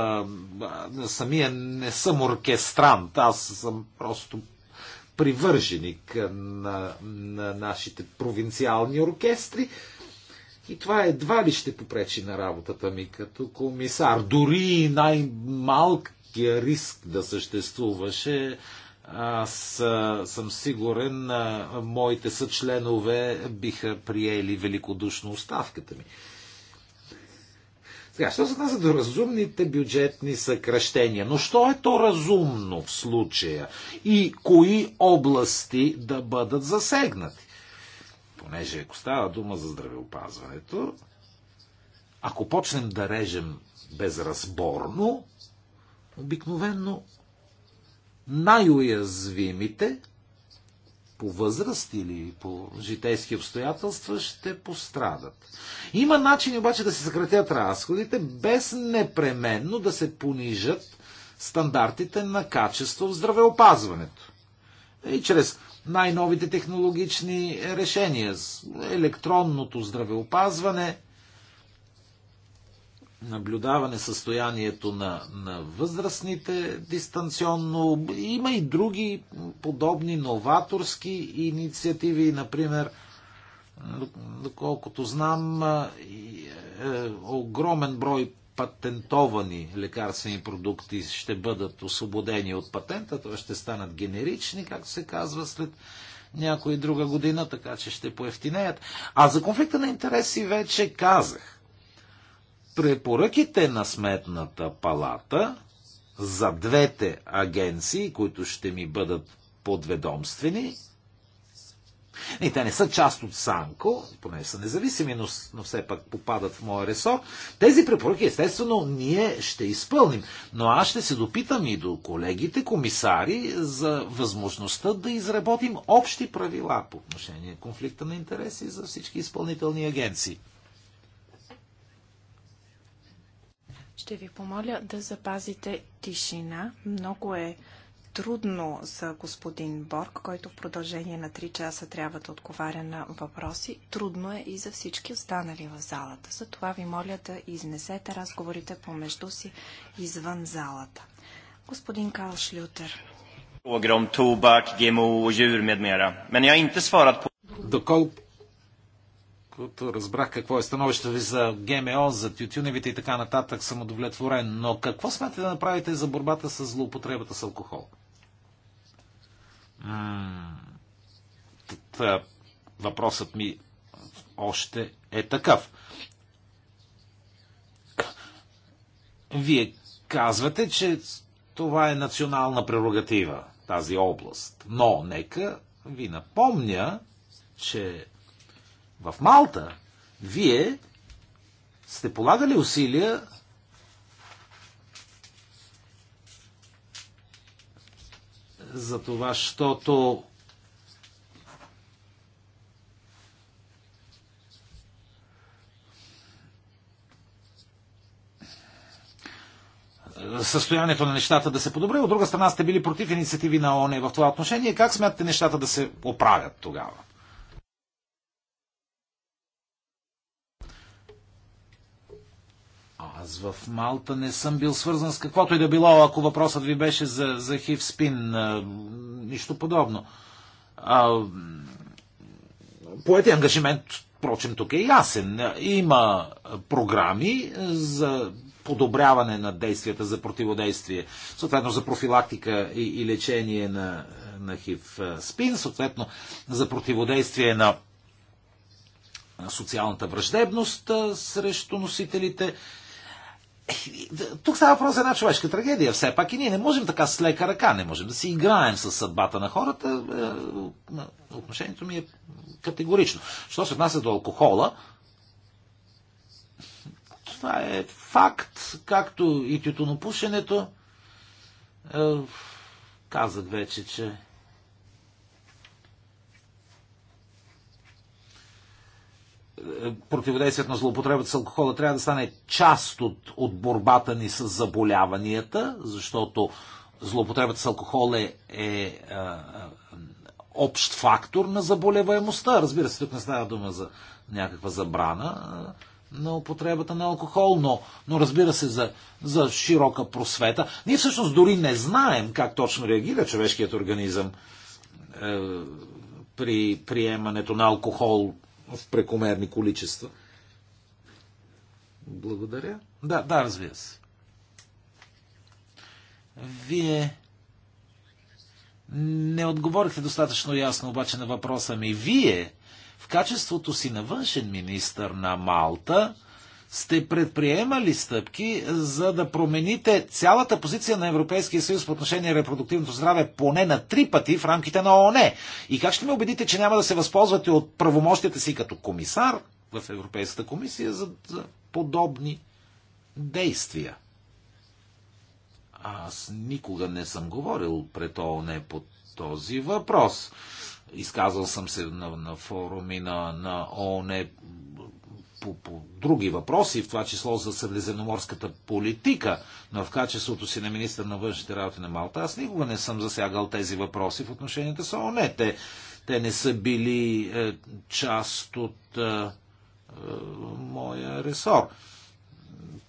Самия не съм оркестрант. Аз съм просто привърженик на, на нашите провинциални оркестри. И това едва ли ще попречи на работата ми като комисар. Дори най-малкия риск да съществуваше, аз съм сигурен, моите съчленове биха приели великодушно оставката ми. Сега, що се отнася до разумните бюджетни съкръщения? Но що е то разумно в случая? И кои области да бъдат засегнати? Понеже ако става дума за здравеопазването, ако почнем да режем безразборно, обикновенно най-уязвимите по възраст или по житейски обстоятелства ще пострадат. Има начин, обаче да се съкратят разходите, без непременно да се понижат стандартите на качество в здравеопазването. И чрез най-новите технологични решения, електронното здравеопазване, наблюдаване състоянието на, на възрастните дистанционно. Има и други подобни новаторски инициативи, например, доколкото знам, е, огромен брой патентовани лекарствени продукти ще бъдат освободени от патента, т.е. ще станат генерични, както се казва, след някоя друга година, така че ще поевтинеят. А за конфликта на интереси вече казах препоръките на Сметната палата за двете агенции, които ще ми бъдат подведомствени, и те не са част от Санко, поне са независими, но, но все пак попадат в моя ресор. Тези препоръки, естествено, ние ще изпълним. Но аз ще се допитам и до колегите комисари за възможността да изработим общи правила по отношение конфликта на интереси за всички изпълнителни агенции. Ще ви помоля да запазите тишина. Много е трудно за господин Борг, който в продължение на 3 часа трябва да отговаря на въпроси. Трудно е и за всички останали в залата. Затова ви моля да изнесете разговорите помежду си извън залата. Господин Карл Шлютер. Доколко като разбрах какво е становището ви за ГМО, за тютюневите и така нататък, съм удовлетворен. Но какво смятате да направите за борбата с злоупотребата с алкохол? въпросът ми още е такъв. Вие казвате, че това е национална прерогатива, тази област. Но нека ви напомня, че в Малта вие сте полагали усилия за това, защото състоянието на нещата да се подобри. От друга страна сте били против инициативи на ОНЕ в това отношение. Как смятате нещата да се оправят тогава? Аз в Малта не съм бил свързан с каквото и да било, ако въпросът ви беше за, за хив спин. А, нищо подобно. А, поети ангажимент, впрочем, тук е ясен. Има програми за подобряване на действията за противодействие, съответно за профилактика и, и лечение на, на хив спин, съответно за противодействие на социалната враждебност срещу носителите тук става въпрос за една човешка трагедия. Все пак и ние не можем така с лека ръка, не можем да си играем с съдбата на хората. Е, отношението ми е категорично. Що се отнася до алкохола, това е факт, както и тютюнопушенето. Е, казах вече, че противодействието на злоупотребата с алкохола трябва да стане част от, от борбата ни с заболяванията, защото злоупотребата с алкохол е, е, е общ фактор на заболеваемостта. Разбира се, тук не става дума за някаква забрана на употребата на алкохол, но, но разбира се за, за широка просвета. Ние всъщност дори не знаем как точно реагира човешкият организъм е, при приемането на алкохол в прекомерни количества. Благодаря. Да, да, разбира се. Вие не отговорихте достатъчно ясно обаче на въпроса ми. Вие, в качеството си на външен министр на Малта, сте предприемали стъпки, за да промените цялата позиция на Европейския съюз по отношение на репродуктивното здраве поне на три пъти в рамките на ООН? И как ще ме убедите, че няма да се възползвате от правомощите си като комисар в Европейската комисия за, за подобни действия? Аз никога не съм говорил пред ООН по този въпрос. Изказал съм се на, на форуми на, на ООН по, по други въпроси, в това число за средиземноморската политика, но в качеството си на министър на външните работи на Малта, аз никога не съм засягал тези въпроси в отношенията с ООН. Те, те не са били е, част от е, е, моя ресор.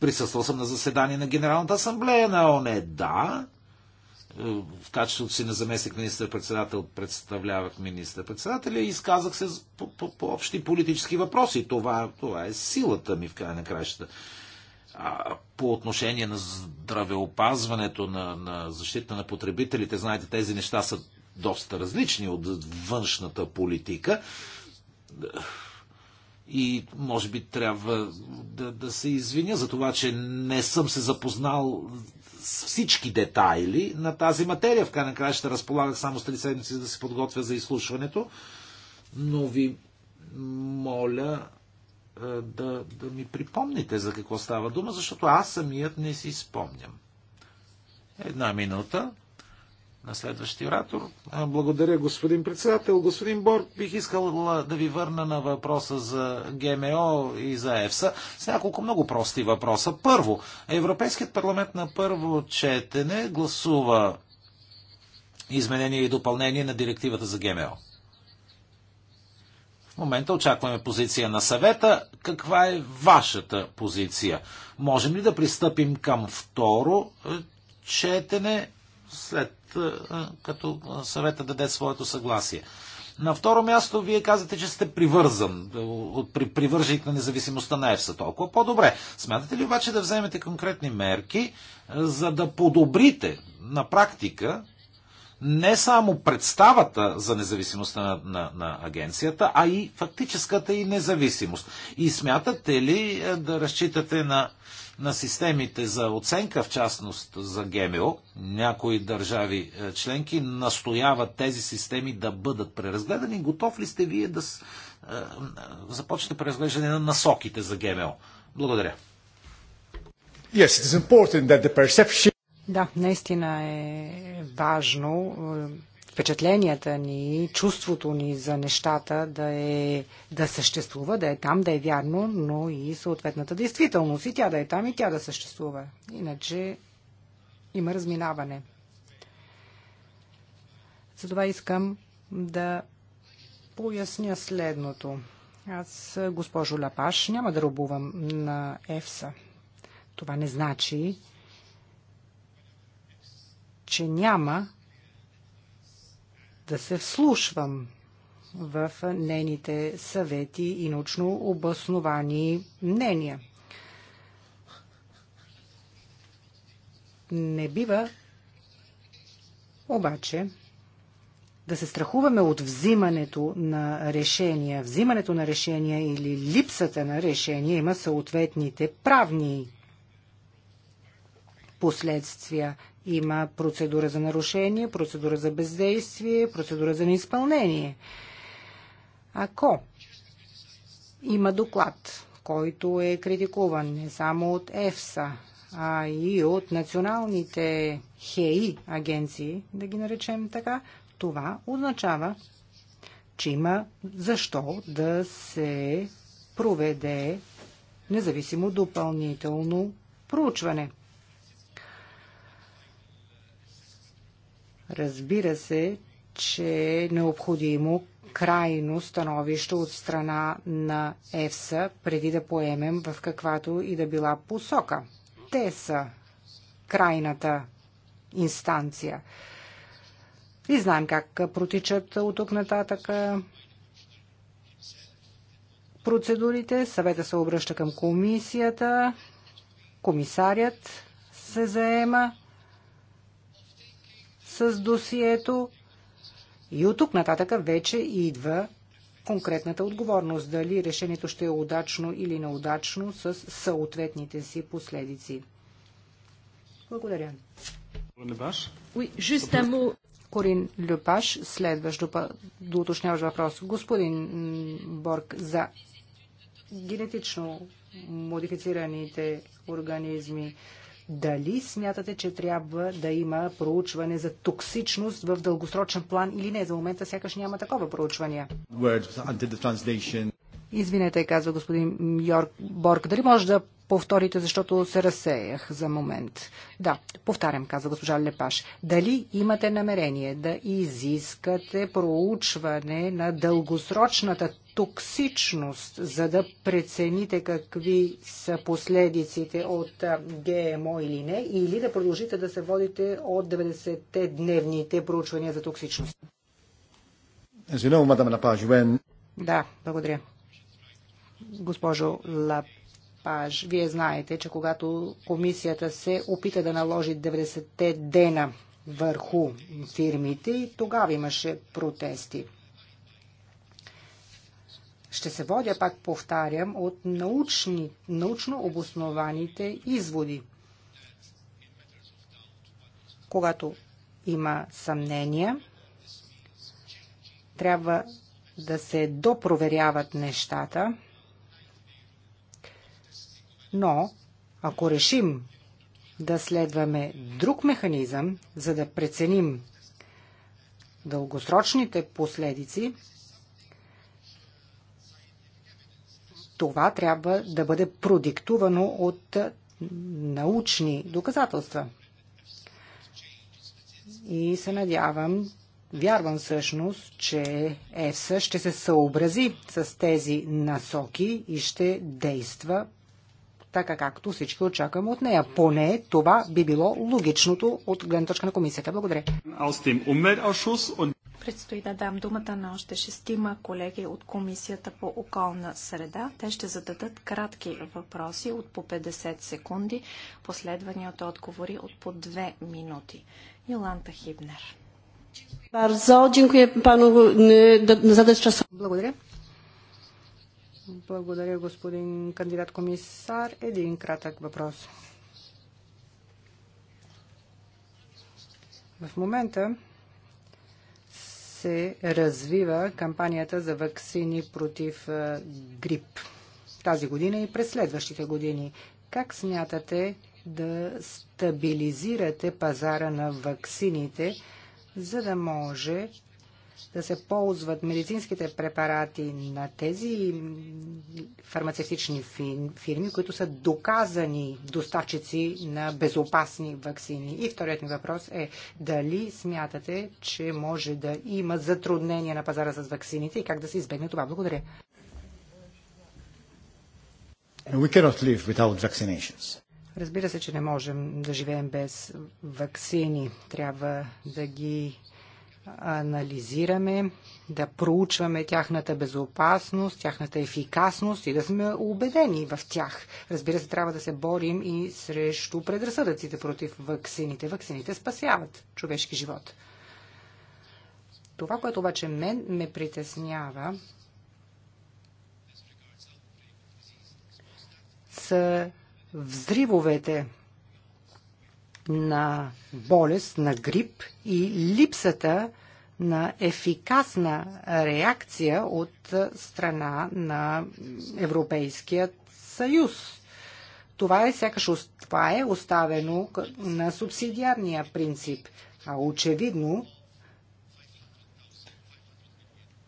Присъствал съм на заседание на Генералната асамблея на ОНЕ, да, в качеството си на заместник министър-председател представлявах министър-председателя и изказах се по, по, по общи политически въпроси. Това, това е силата ми в край на краищата. А, по отношение на здравеопазването, на, на защита на потребителите, знаете, тези неща са доста различни от външната политика. И може би трябва да, да се извиня за това, че не съм се запознал всички детайли на тази материя. В крайна края ще разполагах само с три седмици да се подготвя за изслушването, но ви моля е, да, да ми припомните за какво става дума, защото аз самият не си спомням. Една минута на следващия оратор. Благодаря, господин председател. Господин Борг, бих искал да ви върна на въпроса за ГМО и за ЕФСА с няколко много прости въпроса. Първо, Европейският парламент на първо четене гласува изменение и допълнение на директивата за ГМО. В момента очакваме позиция на съвета. Каква е вашата позиция? Можем ли да пристъпим към второ е, четене след е, като съвета даде своето съгласие. На второ място, вие казвате, че сте привързан, е, при, на независимостта на ЕФСА. Толкова по-добре. Смятате ли обаче да вземете конкретни мерки, е, за да подобрите на практика не само представата за независимостта на, на, на агенцията, а и фактическата и независимост. И смятате ли е, да разчитате на, на системите за оценка, в частност за ГМО, някои държави е, членки настояват тези системи да бъдат преразгледани. Готов ли сте вие да е, започнете преразглеждане на насоките за ГМО? Благодаря. Yes, it is important that the perception да, наистина е важно е, впечатленията ни, чувството ни за нещата да, е, да съществува, да е там, да е вярно, но и съответната действителност. И тя да е там, и тя да съществува. Иначе има разминаване. Затова искам да поясня следното. Аз, госпожо Лапаш, няма да рубувам на ЕФСА. Това не значи, че няма да се вслушвам в нейните съвети и научно обосновани мнения. Не бива обаче да се страхуваме от взимането на решения. Взимането на решения или липсата на решения има съответните правни последствия. Има процедура за нарушение, процедура за бездействие, процедура за неизпълнение. Ако има доклад, който е критикуван не само от ЕФСА, а и от националните ХЕИ агенции, да ги наречем така, това означава, че има защо да се проведе независимо допълнително проучване. Разбира се, че е необходимо крайно становище от страна на ЕФСА, преди да поемем в каквато и да била посока. Те са крайната инстанция. И знаем как протичат от тук нататък процедурите. Съвета се обръща към комисията, комисарят се заема с досието и от тук нататъка вече идва конкретната отговорност, дали решението ще е удачно или неудачно с съответните си последици. Благодаря. Корин Люпаш, следващ доуточняваш въпрос. Господин Борг, за генетично модифицираните организми. Дали смятате, че трябва да има проучване за токсичност в дългосрочен план или не? За момента сякаш няма такова проучване. Извинете, казва господин Йорк Борг. Дали може да повторите, защото се разсеях за момент. Да, повтарям, казва госпожа Лепаш. Дали имате намерение да изискате проучване на дългосрочната токсичност, за да прецените какви са последиците от ГМО или не, или да продължите да се водите от 90-те дневните проучвания за токсичност? Да, благодаря. Госпожо Лапаж, вие знаете, че когато комисията се опита да наложи 90-те дена върху фирмите, и тогава имаше протести. Ще се водя, пак повтарям, от научни, научно обоснованите изводи. Когато има съмнения, трябва да се допроверяват нещата – но ако решим да следваме друг механизъм, за да преценим дългосрочните последици, това трябва да бъде продиктувано от научни доказателства. И се надявам, вярвам всъщност, че ЕФСА ще се съобрази с тези насоки и ще действа така както всички очакваме от нея. Поне това би било логичното от гледна точка на комисията. Благодаря. Предстои да дам думата на още шестима колеги от Комисията по околна среда. Те ще зададат кратки въпроси от по 50 секунди, последвани от отговори от по 2 минути. Йоланта Хибнер. Благодаря. Благодаря, господин кандидат комисар. Един кратък въпрос. В момента се развива кампанията за вакцини против грип тази година и през следващите години. Как смятате да стабилизирате пазара на ваксините, за да може да се ползват медицинските препарати на тези фармацевтични фирми, които са доказани доставчици на безопасни вакцини. И вторият ми въпрос е дали смятате, че може да има затруднения на пазара с вакцините и как да се избегне това? Благодаря. We cannot live without vaccinations. Разбира се, че не можем да живеем без вакцини. Трябва да ги анализираме, да проучваме тяхната безопасност, тяхната ефикасност и да сме убедени в тях. Разбира се, трябва да се борим и срещу предразсъдъците против ваксините. Ваксините спасяват човешки живот. Това, което обаче мен ме притеснява, са взривовете на болест, на грип и липсата на ефикасна реакция от страна на Европейският съюз. Това е сякаш това е оставено на субсидиарния принцип. А очевидно,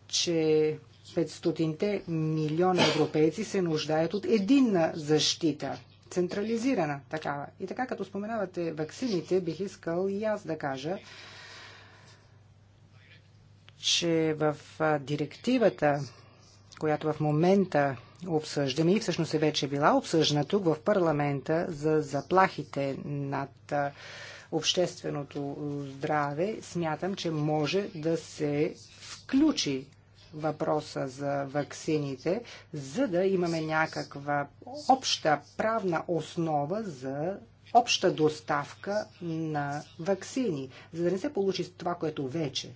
че 500 милиона европейци се нуждаят от единна защита – централизирана такава. И така, като споменавате ваксините, бих искал и аз да кажа, че в директивата, която в момента обсъждаме и всъщност е вече била обсъждана тук в парламента за заплахите над общественото здраве, смятам, че може да се включи въпроса за ваксините, за да имаме някаква обща правна основа за обща доставка на ваксини, за да не се получи това, което вече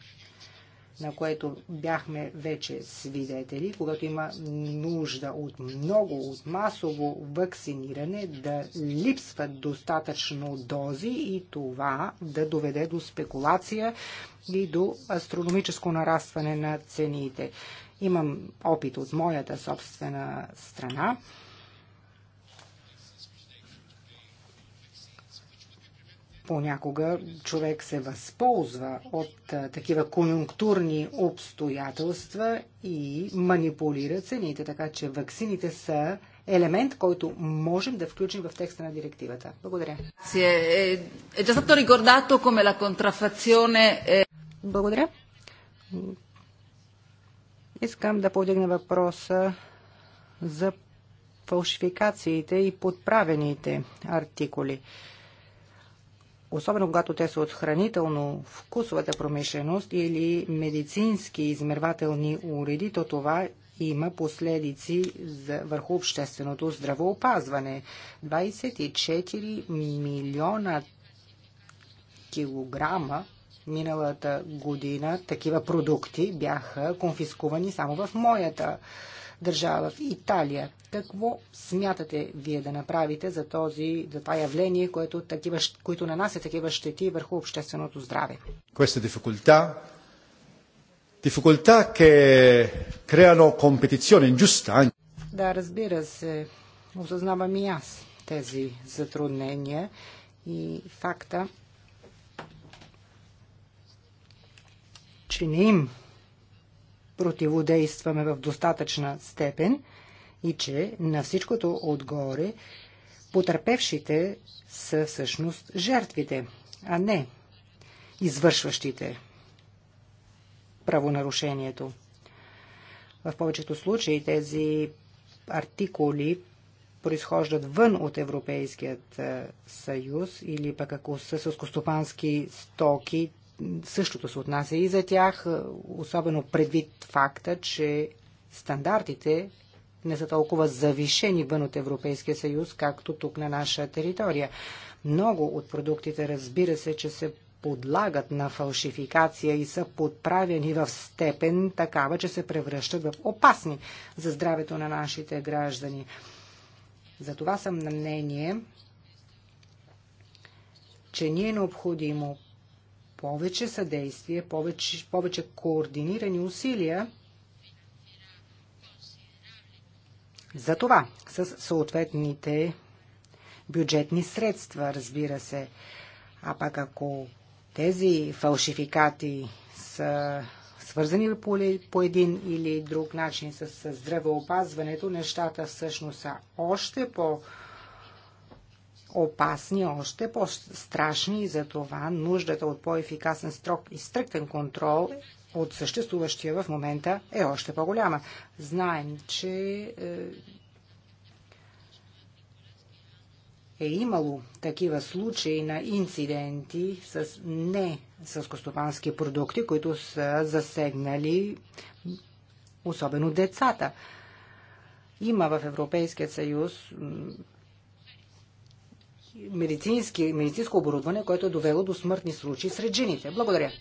на което бяхме вече свидетели, когато има нужда от много, от масово вакциниране, да липсват достатъчно дози и това да доведе до спекулация и до астрономическо нарастване на цените. Имам опит от моята собствена страна Понякога човек се възползва от а, такива конюнктурни обстоятелства и манипулира цените, така че ваксините са елемент, който можем да включим в текста на директивата. Благодаря. Е, е, е, Благодаря. Искам да подигна въпроса за фалшификациите и подправените артикули особено когато те са от хранително-вкусовата промишленост или медицински измервателни уреди, то това има последици за, върху общественото здравоопазване. 24 милиона килограма миналата година такива продукти бяха конфискувани само в моята държава, в Италия. Какво смятате вие да направите за, този, за това явление, което, такива, които нанася такива щети върху общественото здраве? Queste difficoltà, difficoltà che креано competizione ingiusta. Да, разбира се, осъзнавам и аз тези затруднения и факта, че не им противодействаме в достатъчна степен и че на всичкото отгоре потърпевшите са всъщност жертвите, а не извършващите правонарушението. В повечето случаи тези артикули произхождат вън от Европейският съюз или пък ако са сълскостопански стоки, Същото се отнася и за тях, е, особено предвид факта, че стандартите не са толкова завишени вън от Европейския съюз, както тук на наша територия. Много от продуктите, разбира се, че се подлагат на фалшификация и са подправени в степен такава, че се превръщат в опасни за здравето на нашите граждани. Затова съм на мнение, че ни е необходимо повече съдействие, повече, повече координирани усилия за това с съответните бюджетни средства, разбира се. А пък ако тези фалшификати са свързани по, по един или друг начин с, с здравеопазването, нещата всъщност са още по- опасни, още по-страшни и за това нуждата от по-ефикасен строк и стриктен контрол от съществуващия в момента е още по-голяма. Знаем, че е, е имало такива случаи на инциденти с не сълскостопански продукти, които са засегнали особено децата. Има в Европейския съюз медицински, медицинско оборудване, което е довело до смъртни случаи сред жените. Благодаря.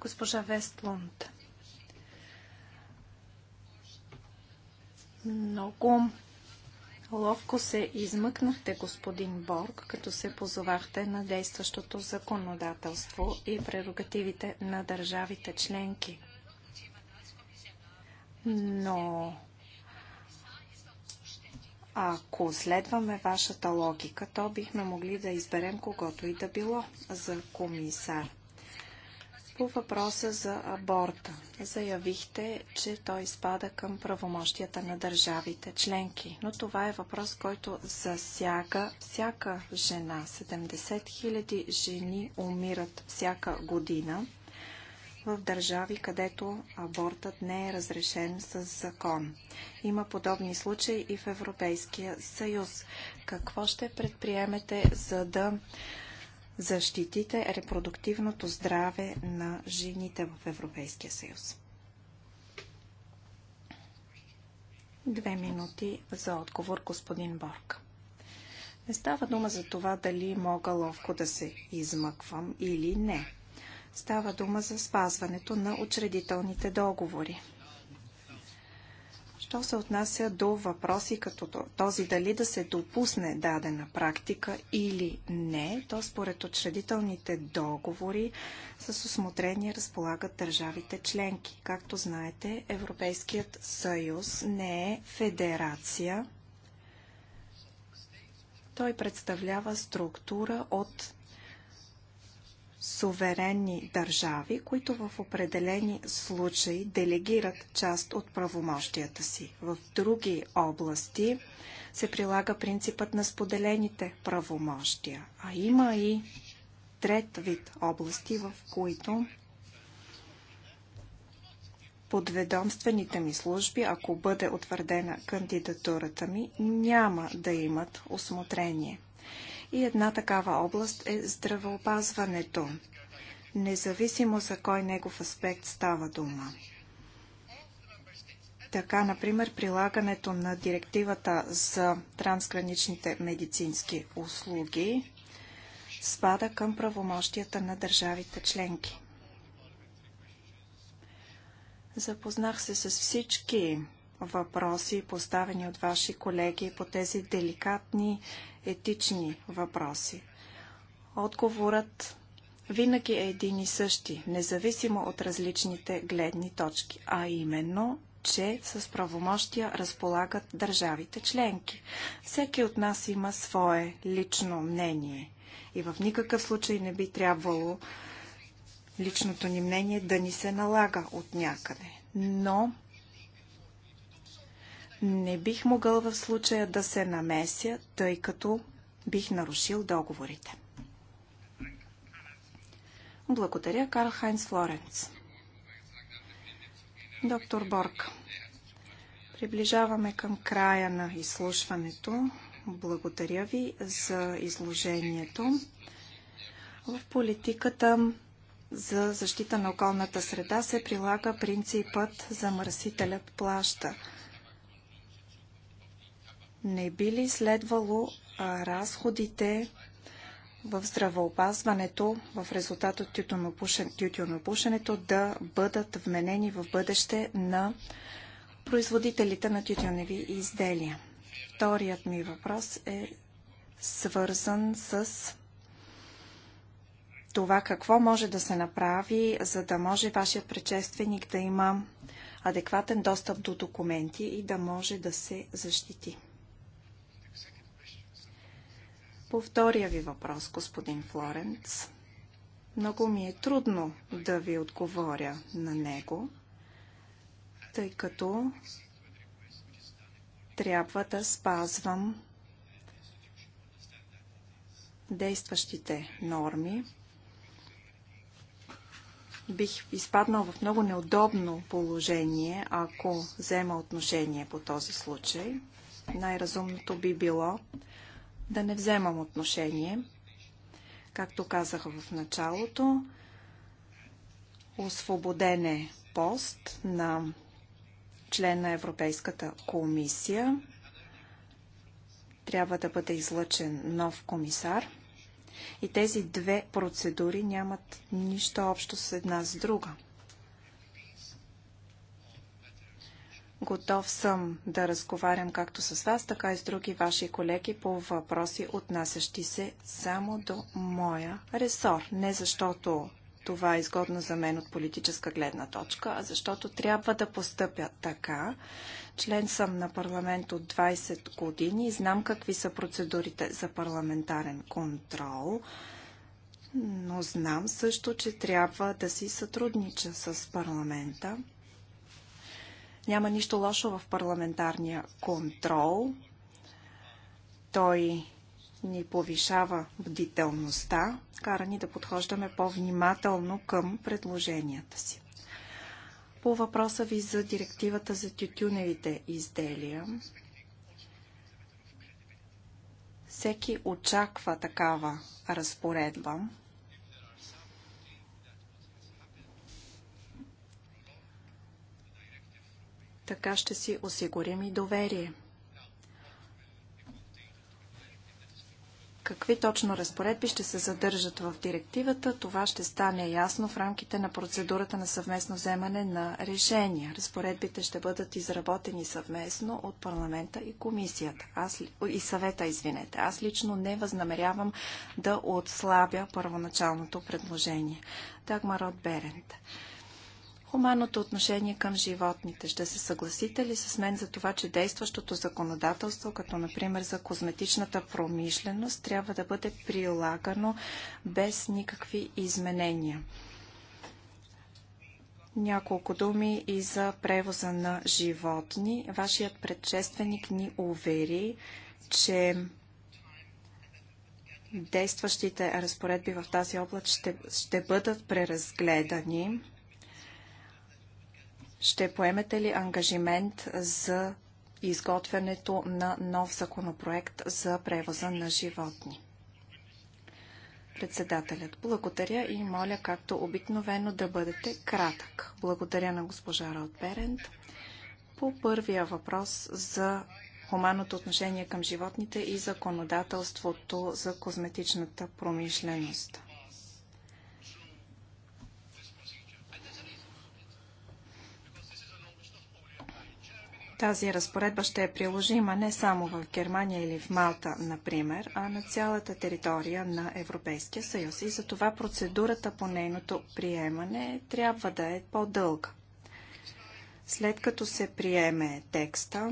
Госпожа Вестлунд. Много ловко се измъкнахте, господин Борг, като се позовахте на действащото законодателство и прерогативите на държавите членки. Но ако следваме вашата логика, то бихме могли да изберем когото и да било за комисар. По въпроса за аборта, заявихте, че той спада към правомощията на държавите членки, но това е въпрос, който засяга всяка жена. 70 000 жени умират всяка година в държави, където абортът не е разрешен с закон. Има подобни случаи и в Европейския съюз. Какво ще предприемете, за да защитите репродуктивното здраве на жените в Европейския съюз? Две минути за отговор, господин Борг. Не става дума за това дали мога ловко да се измъквам или не. Става дума за спазването на учредителните договори. Що се отнася до въпроси като този дали да се допусне дадена практика или не, то според учредителните договори с осмотрение разполагат държавите членки. Както знаете, Европейският съюз не е федерация. Той представлява структура от суверенни държави, които в определени случаи делегират част от правомощията си. В други области се прилага принципът на споделените правомощия, а има и трет вид области, в които подведомствените ми служби, ако бъде утвърдена кандидатурата ми, няма да имат осмотрение. И една такава област е здравеопазването, независимо за кой негов аспект става дума. Така, например, прилагането на директивата за трансграничните медицински услуги спада към правомощията на държавите членки. Запознах се с всички въпроси, поставени от ваши колеги по тези деликатни етични въпроси. Отговорът винаги е един и същи, независимо от различните гледни точки, а именно, че с правомощия разполагат държавите членки. Всеки от нас има свое лично мнение и в никакъв случай не би трябвало личното ни мнение да ни се налага от някъде. Но не бих могъл в случая да се намеся, тъй като бих нарушил договорите. Благодаря, Карл Хайнс Флоренц. Доктор Борг, приближаваме към края на изслушването. Благодаря ви за изложението. В политиката за защита на околната среда се прилага принципът за мърсителят плаща. Не би ли следвало разходите в здравеопазването в резултат от тютюнопушенето да бъдат вменени в бъдеще на производителите на тютюневи изделия? Вторият ми въпрос е свързан с това какво може да се направи, за да може вашият предшественик да има адекватен достъп до документи и да може да се защити. По втория ви въпрос, господин Флоренц, много ми е трудно да ви отговоря на него, тъй като трябва да спазвам действащите норми. Бих изпаднал в много неудобно положение, ако взема отношение по този случай. Най-разумното би било да не вземам отношение. Както казах в началото, освободен е пост на член на Европейската комисия. Трябва да бъде излъчен нов комисар. И тези две процедури нямат нищо общо с една с друга. Готов съм да разговарям както с вас, така и с други ваши колеги по въпроси, отнасящи се само до моя ресор. Не защото това е изгодно за мен от политическа гледна точка, а защото трябва да постъпя така. Член съм на парламент от 20 години и знам какви са процедурите за парламентарен контрол, но знам също, че трябва да си сътруднича с парламента няма нищо лошо в парламентарния контрол. Той ни повишава бдителността, кара ни да подхождаме по-внимателно към предложенията си. По въпроса ви за директивата за тютюневите изделия, всеки очаква такава разпоредба. Така ще си осигурим и доверие. Какви точно разпоредби ще се задържат в директивата, това ще стане ясно в рамките на процедурата на съвместно вземане на решения. Разпоредбите ще бъдат изработени съвместно от парламента и комисията. Аз, и съвета, извинете. Аз лично не възнамерявам да отслабя първоначалното предложение. Дагмар от Берент хуманното отношение към животните. Ще се съгласите ли с мен за това, че действащото законодателство, като например за козметичната промишленост, трябва да бъде прилагано без никакви изменения? Няколко думи и за превоза на животни. Вашият предшественик ни увери, че действащите разпоредби в тази област ще, ще бъдат преразгледани ще поемете ли ангажимент за изготвянето на нов законопроект за превоза на животни? Председателят, благодаря и моля, както обикновено, да бъдете кратък. Благодаря на госпожа Род Берент. По първия въпрос за хуманното отношение към животните и законодателството за козметичната промишленост. Тази разпоредба ще е приложима не само в Германия или в Малта, например, а на цялата територия на Европейския съюз и затова процедурата по нейното приемане трябва да е по-дълга. След като се приеме текста,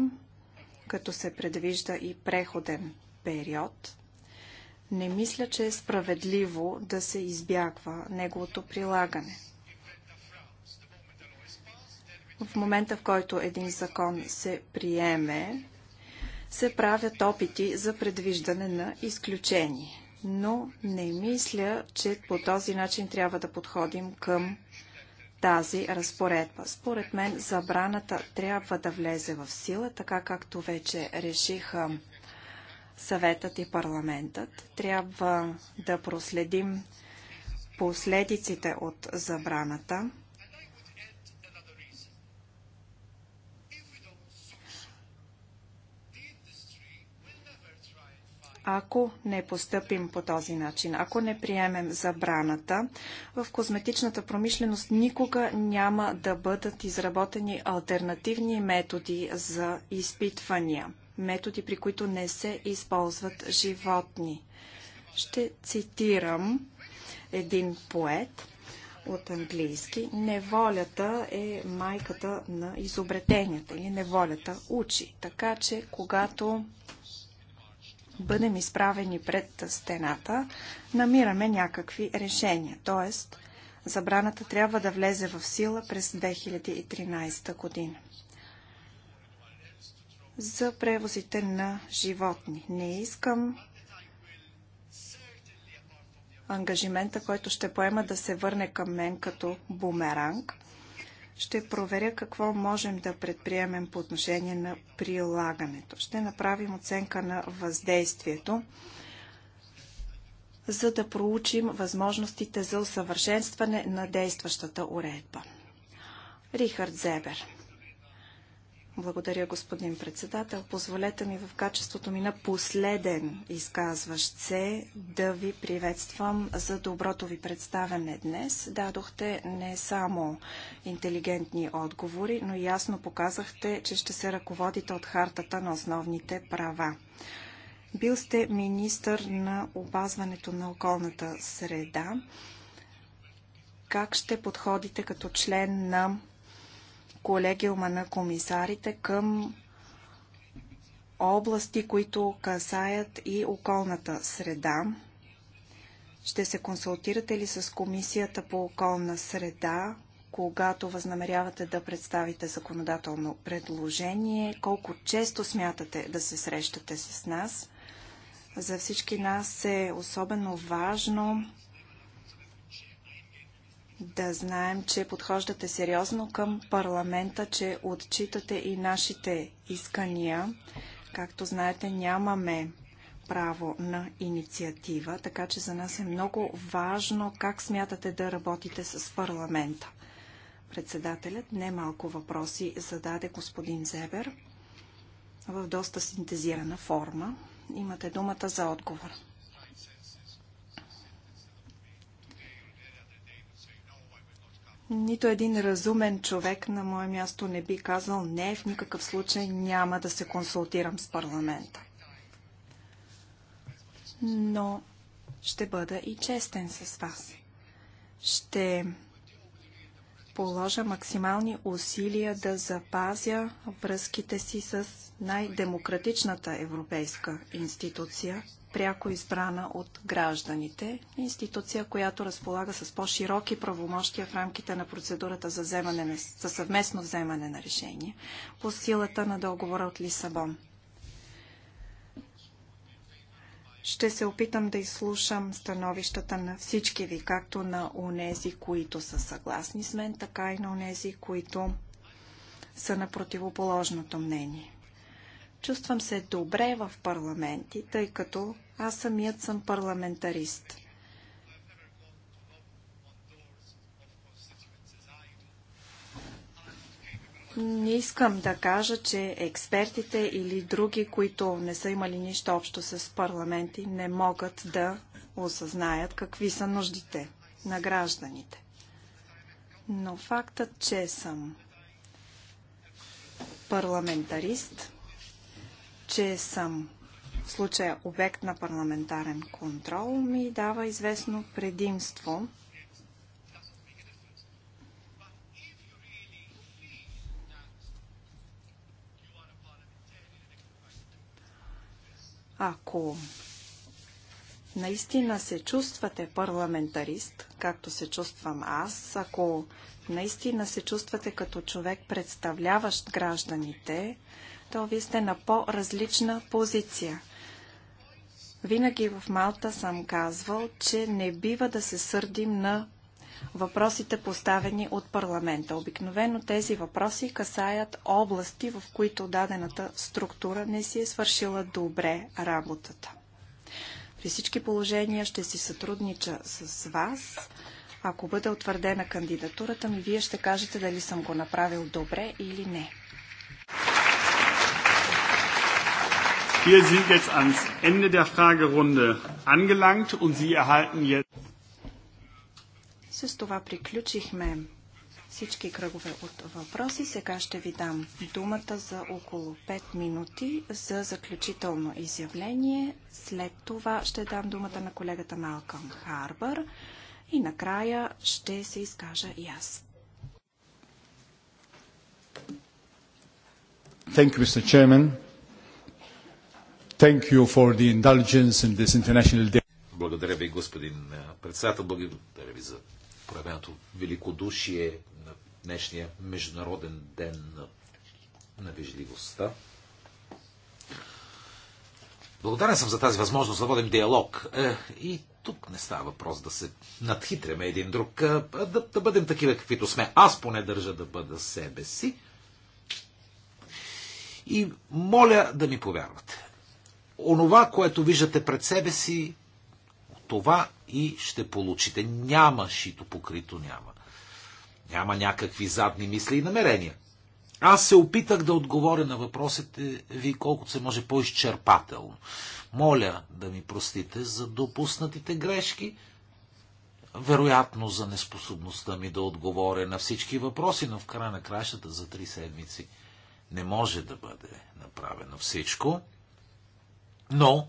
като се предвижда и преходен период, не мисля, че е справедливо да се избягва неговото прилагане – в момента, в който един закон се приеме, се правят опити за предвиждане на изключение. Но не мисля, че по този начин трябва да подходим към тази разпоредба. Според мен забраната трябва да влезе в сила, така както вече решиха съветът и парламентът. Трябва да проследим последиците от забраната Ако не постъпим по този начин, ако не приемем забраната, в козметичната промишленост никога няма да бъдат изработени альтернативни методи за изпитвания. Методи, при които не се използват животни. Ще цитирам един поет от английски. Неволята е майката на изобретенията или неволята учи. Така че, когато бъдем изправени пред стената, намираме някакви решения. Тоест, забраната трябва да влезе в сила през 2013 година. За превозите на животни. Не искам ангажимента, който ще поема да се върне към мен като бумеранг – ще проверя какво можем да предприемем по отношение на прилагането. Ще направим оценка на въздействието, за да проучим възможностите за усъвършенстване на действащата уредба. Рихард Зебер благодаря, господин председател. Позволете ми в качеството ми на последен изказващ се да ви приветствам за доброто ви представяне днес. Дадохте не само интелигентни отговори, но ясно показахте, че ще се ръководите от хартата на основните права. Бил сте министър на опазването на околната среда. Как ще подходите като член на колегиума на комисарите към области, които касаят и околната среда. Ще се консултирате ли с Комисията по околна среда, когато възнамерявате да представите законодателно предложение? Колко често смятате да се срещате с нас? За всички нас е особено важно да знаем, че подхождате сериозно към парламента, че отчитате и нашите искания. Както знаете, нямаме право на инициатива, така че за нас е много важно как смятате да работите с парламента. Председателят немалко въпроси зададе господин Зебер в доста синтезирана форма. Имате думата за отговор. Нито един разумен човек на мое място не би казал не, в никакъв случай няма да се консултирам с парламента. Но ще бъда и честен с вас. Ще положа максимални усилия да запазя връзките си с най-демократичната европейска институция, пряко избрана от гражданите, институция, която разполага с по-широки правомощия в рамките на процедурата за, вземане за съвместно вземане на решение по силата на договора от Лисабон. Ще се опитам да изслушам становищата на всички ви, както на онези, които са съгласни с мен, така и на онези, които са на противоположното мнение. Чувствам се добре в парламенти, тъй като аз самият съм парламентарист. Не искам да кажа, че експертите или други, които не са имали нищо общо с парламенти, не могат да осъзнаят какви са нуждите на гражданите. Но фактът, че съм парламентарист, че съм в случая обект на парламентарен контрол, ми дава известно предимство. Ако наистина се чувствате парламентарист, както се чувствам аз, ако наистина се чувствате като човек, представляващ гражданите, то ви сте на по-различна позиция. Винаги в Малта съм казвал, че не бива да се сърдим на въпросите поставени от парламента. Обикновено тези въпроси касаят области, в които дадената структура не си е свършила добре работата. При всички положения ще си сътруднича с вас. Ако бъде утвърдена кандидатурата ми, вие ще кажете дали съм го направил добре или не. Wir sind jetzt ans Ende der Fragerunde angelangt und Sie erhalten jetzt. С това приключихме всички кръгове от въпроси. Сега ще ви дам думата за около 5 минути за заключително изявление. След това ще дам думата на колегата Малкам Харбър и накрая ще се изкажа и аз. Thank you, Mr. Chairman. Thank you for the indulgence in this international day. Благодаря ви, господин председател. Благодаря ви за проявеното великодушие на днешния Международен ден на, на вежливостта. Благодарен съм за тази възможност да водим диалог. Е, и тук не става въпрос да се надхитряме един друг, а да, да бъдем такива каквито сме. Аз поне държа да бъда себе си. И моля да ми повярвате онова, което виждате пред себе си, това и ще получите. Няма шито покрито, няма. Няма някакви задни мисли и намерения. Аз се опитах да отговоря на въпросите ви колкото се може по-изчерпателно. Моля да ми простите за допуснатите грешки, вероятно за неспособността ми да отговоря на всички въпроси, но в края на кращата за три седмици не може да бъде направено всичко. Но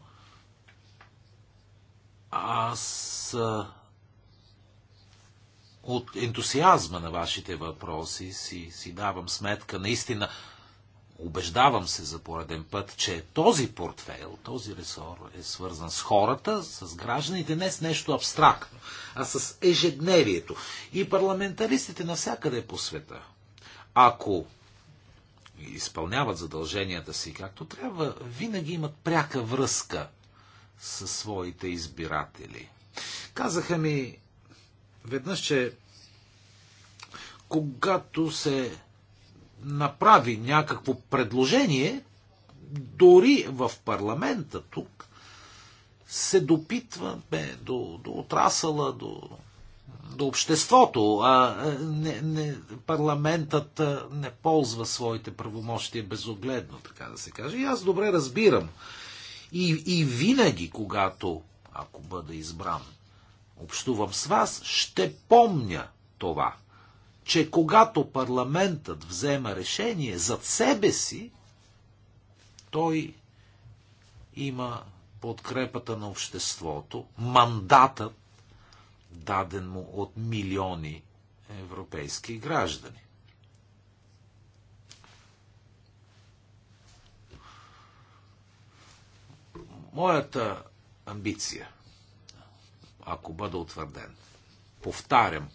аз от ентусиазма на вашите въпроси си, си давам сметка, наистина убеждавам се за пореден път, че този портфейл, този ресор е свързан с хората, с гражданите, не с нещо абстрактно, а с ежедневието. И парламентаристите навсякъде по света, ако изпълняват задълженията си както трябва, винаги имат пряка връзка със своите избиратели. Казаха ми веднъж, че когато се направи някакво предложение, дори в парламента тук, се допитваме до, до отрасъла, до до обществото. А, не, не, парламентът не ползва своите правомощия безогледно, така да се каже. И аз добре разбирам. И, и винаги, когато, ако бъда избран, общувам с вас, ще помня това, че когато парламентът взема решение зад себе си, той има подкрепата на обществото, мандатът даден му от милиони европейски граждани. Моята амбиция, ако бъда утвърден, повтарям,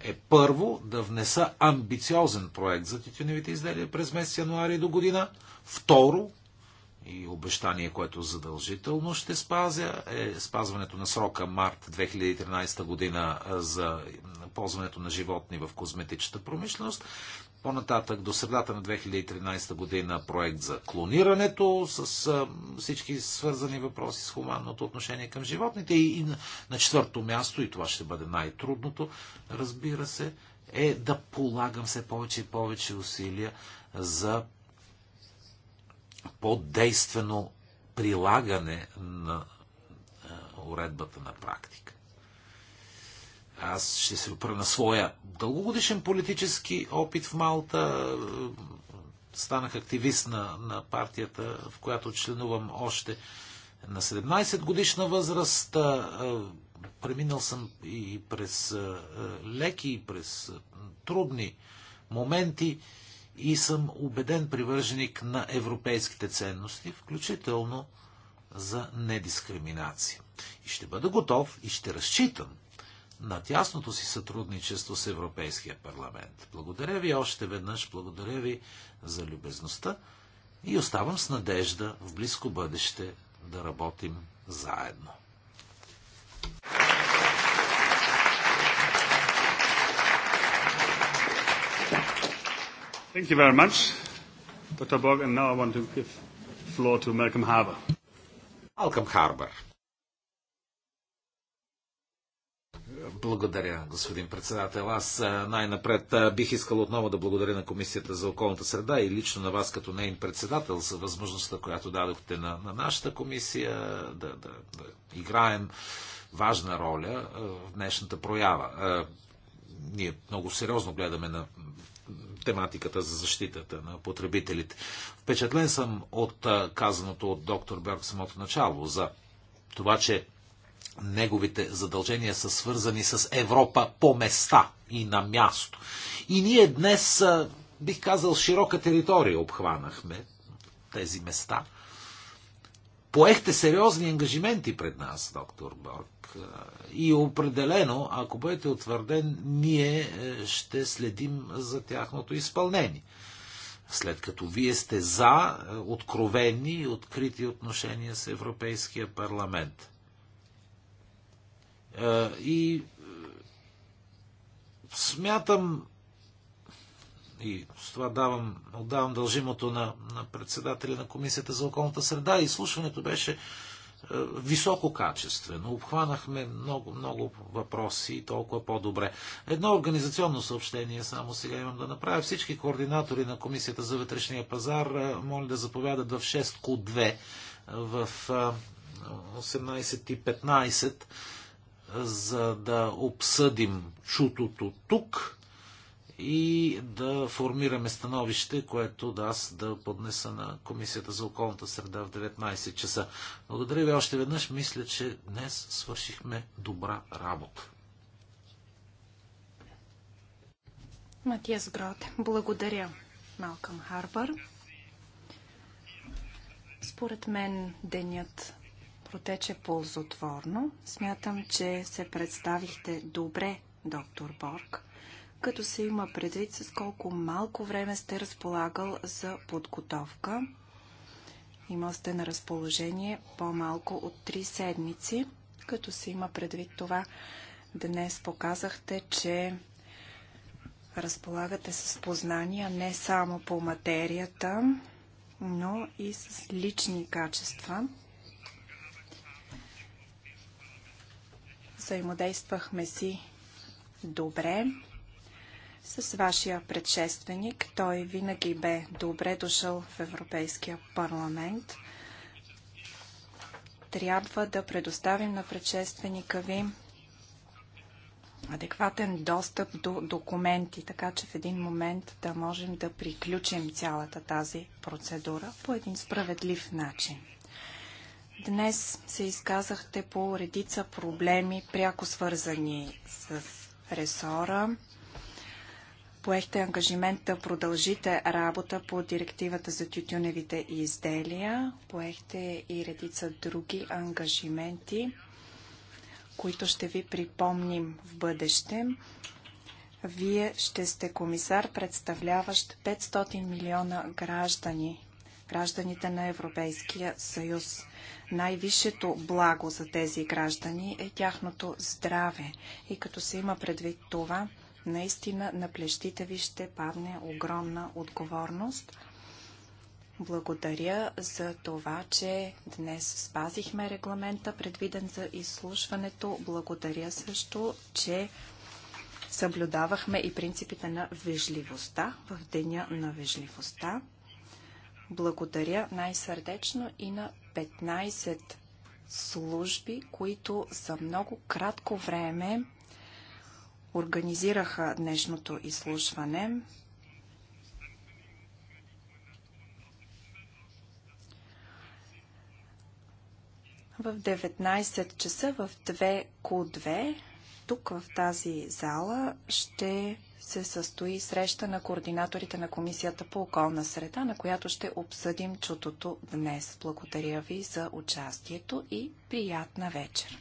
е първо да внеса амбициозен проект за титюневите изделия през месец януари до година, второ и обещание, което задължително ще спазя, е спазването на срока март 2013 година за ползването на животни в козметичната промишленост. По-нататък до средата на 2013 година проект за клонирането с всички свързани въпроси с хуманното отношение към животните и на четвърто място, и това ще бъде най-трудното, разбира се, е да полагам все повече и повече усилия за по-действено прилагане на уредбата на практика. Аз ще се опра на своя дългогодишен политически опит в Малта. Станах активист на, на партията, в която членувам още на 17 годишна възраст. Преминал съм и през леки, и през трудни моменти и съм убеден привърженик на европейските ценности, включително за недискриминация. И ще бъда готов и ще разчитам на тясното си сътрудничество с Европейския парламент. Благодаря ви още веднъж, благодаря ви за любезността и оставам с надежда в близко бъдеще да работим заедно. Thank you very much, Dr. Borg, and now I want to give floor to Malcolm Harbour. Malcolm Harbour. Благодаря, господин председател. Аз най-напред бих искал отново да благодаря на Комисията за околната среда и лично на вас като нейн председател за възможността, която дадохте на, на нашата комисия да, да, да играем важна роля в днешната проява. Ние много сериозно гледаме на, тематиката за защитата на потребителите. Впечатлен съм от казаното от доктор Берг в самото начало за това, че неговите задължения са свързани с Европа по места и на място. И ние днес, бих казал, широка територия обхванахме тези места поехте сериозни ангажименти пред нас, доктор Борг. Е, и определено, ако бъдете утвърден, ние е, ще следим за тяхното изпълнение. След като вие сте за е, откровени и открити отношения с Европейския парламент. И смятам, и с това давам, отдавам дължимото на, на председателя на Комисията за околната среда, изслушването беше е, високо качествено. Обхванахме много, много въпроси и толкова по-добре. Едно организационно съобщение само сега имам да направя. Всички координатори на Комисията за вътрешния пазар е, моля да заповядат в 6 ко 2 е, в е, 18.15 е, за да обсъдим чутото тук и да формираме становище, което да аз да поднеса на Комисията за околната среда в 19 часа. Благодаря ви още веднъж. Мисля, че днес свършихме добра работа. Матиас Грот, благодаря, Малкам Харбър. Според мен денят протече ползотворно. Смятам, че се представихте добре, доктор Борг като се има предвид с колко малко време сте разполагал за подготовка. Имал сте на разположение по-малко от 3 седмици, като се има предвид това. Днес показахте, че разполагате с познания не само по материята, но и с лични качества. Взаимодействахме си добре с вашия предшественик. Той винаги бе добре дошъл в Европейския парламент. Трябва да предоставим на предшественика ви адекватен достъп до документи, така че в един момент да можем да приключим цялата тази процедура по един справедлив начин. Днес се изказахте по редица проблеми, пряко свързани с ресора поехте ангажимент да продължите работа по директивата за тютюневите изделия, поехте и редица други ангажименти, които ще ви припомним в бъдеще. Вие ще сте комисар, представляващ 500 милиона граждани, гражданите на Европейския съюз. Най-висшето благо за тези граждани е тяхното здраве. И като се има предвид това, Наистина на плещите ви ще падне огромна отговорност. Благодаря за това, че днес спазихме регламента, предвиден за изслушването. Благодаря също, че съблюдавахме и принципите на вежливостта в деня на вежливостта. Благодаря най-сърдечно и на 15 служби, които за много кратко време организираха днешното изслушване. В 19 часа в 2 ку 2 тук в тази зала ще се състои среща на координаторите на Комисията по околна среда, на която ще обсъдим чутото днес. Благодаря ви за участието и приятна вечер!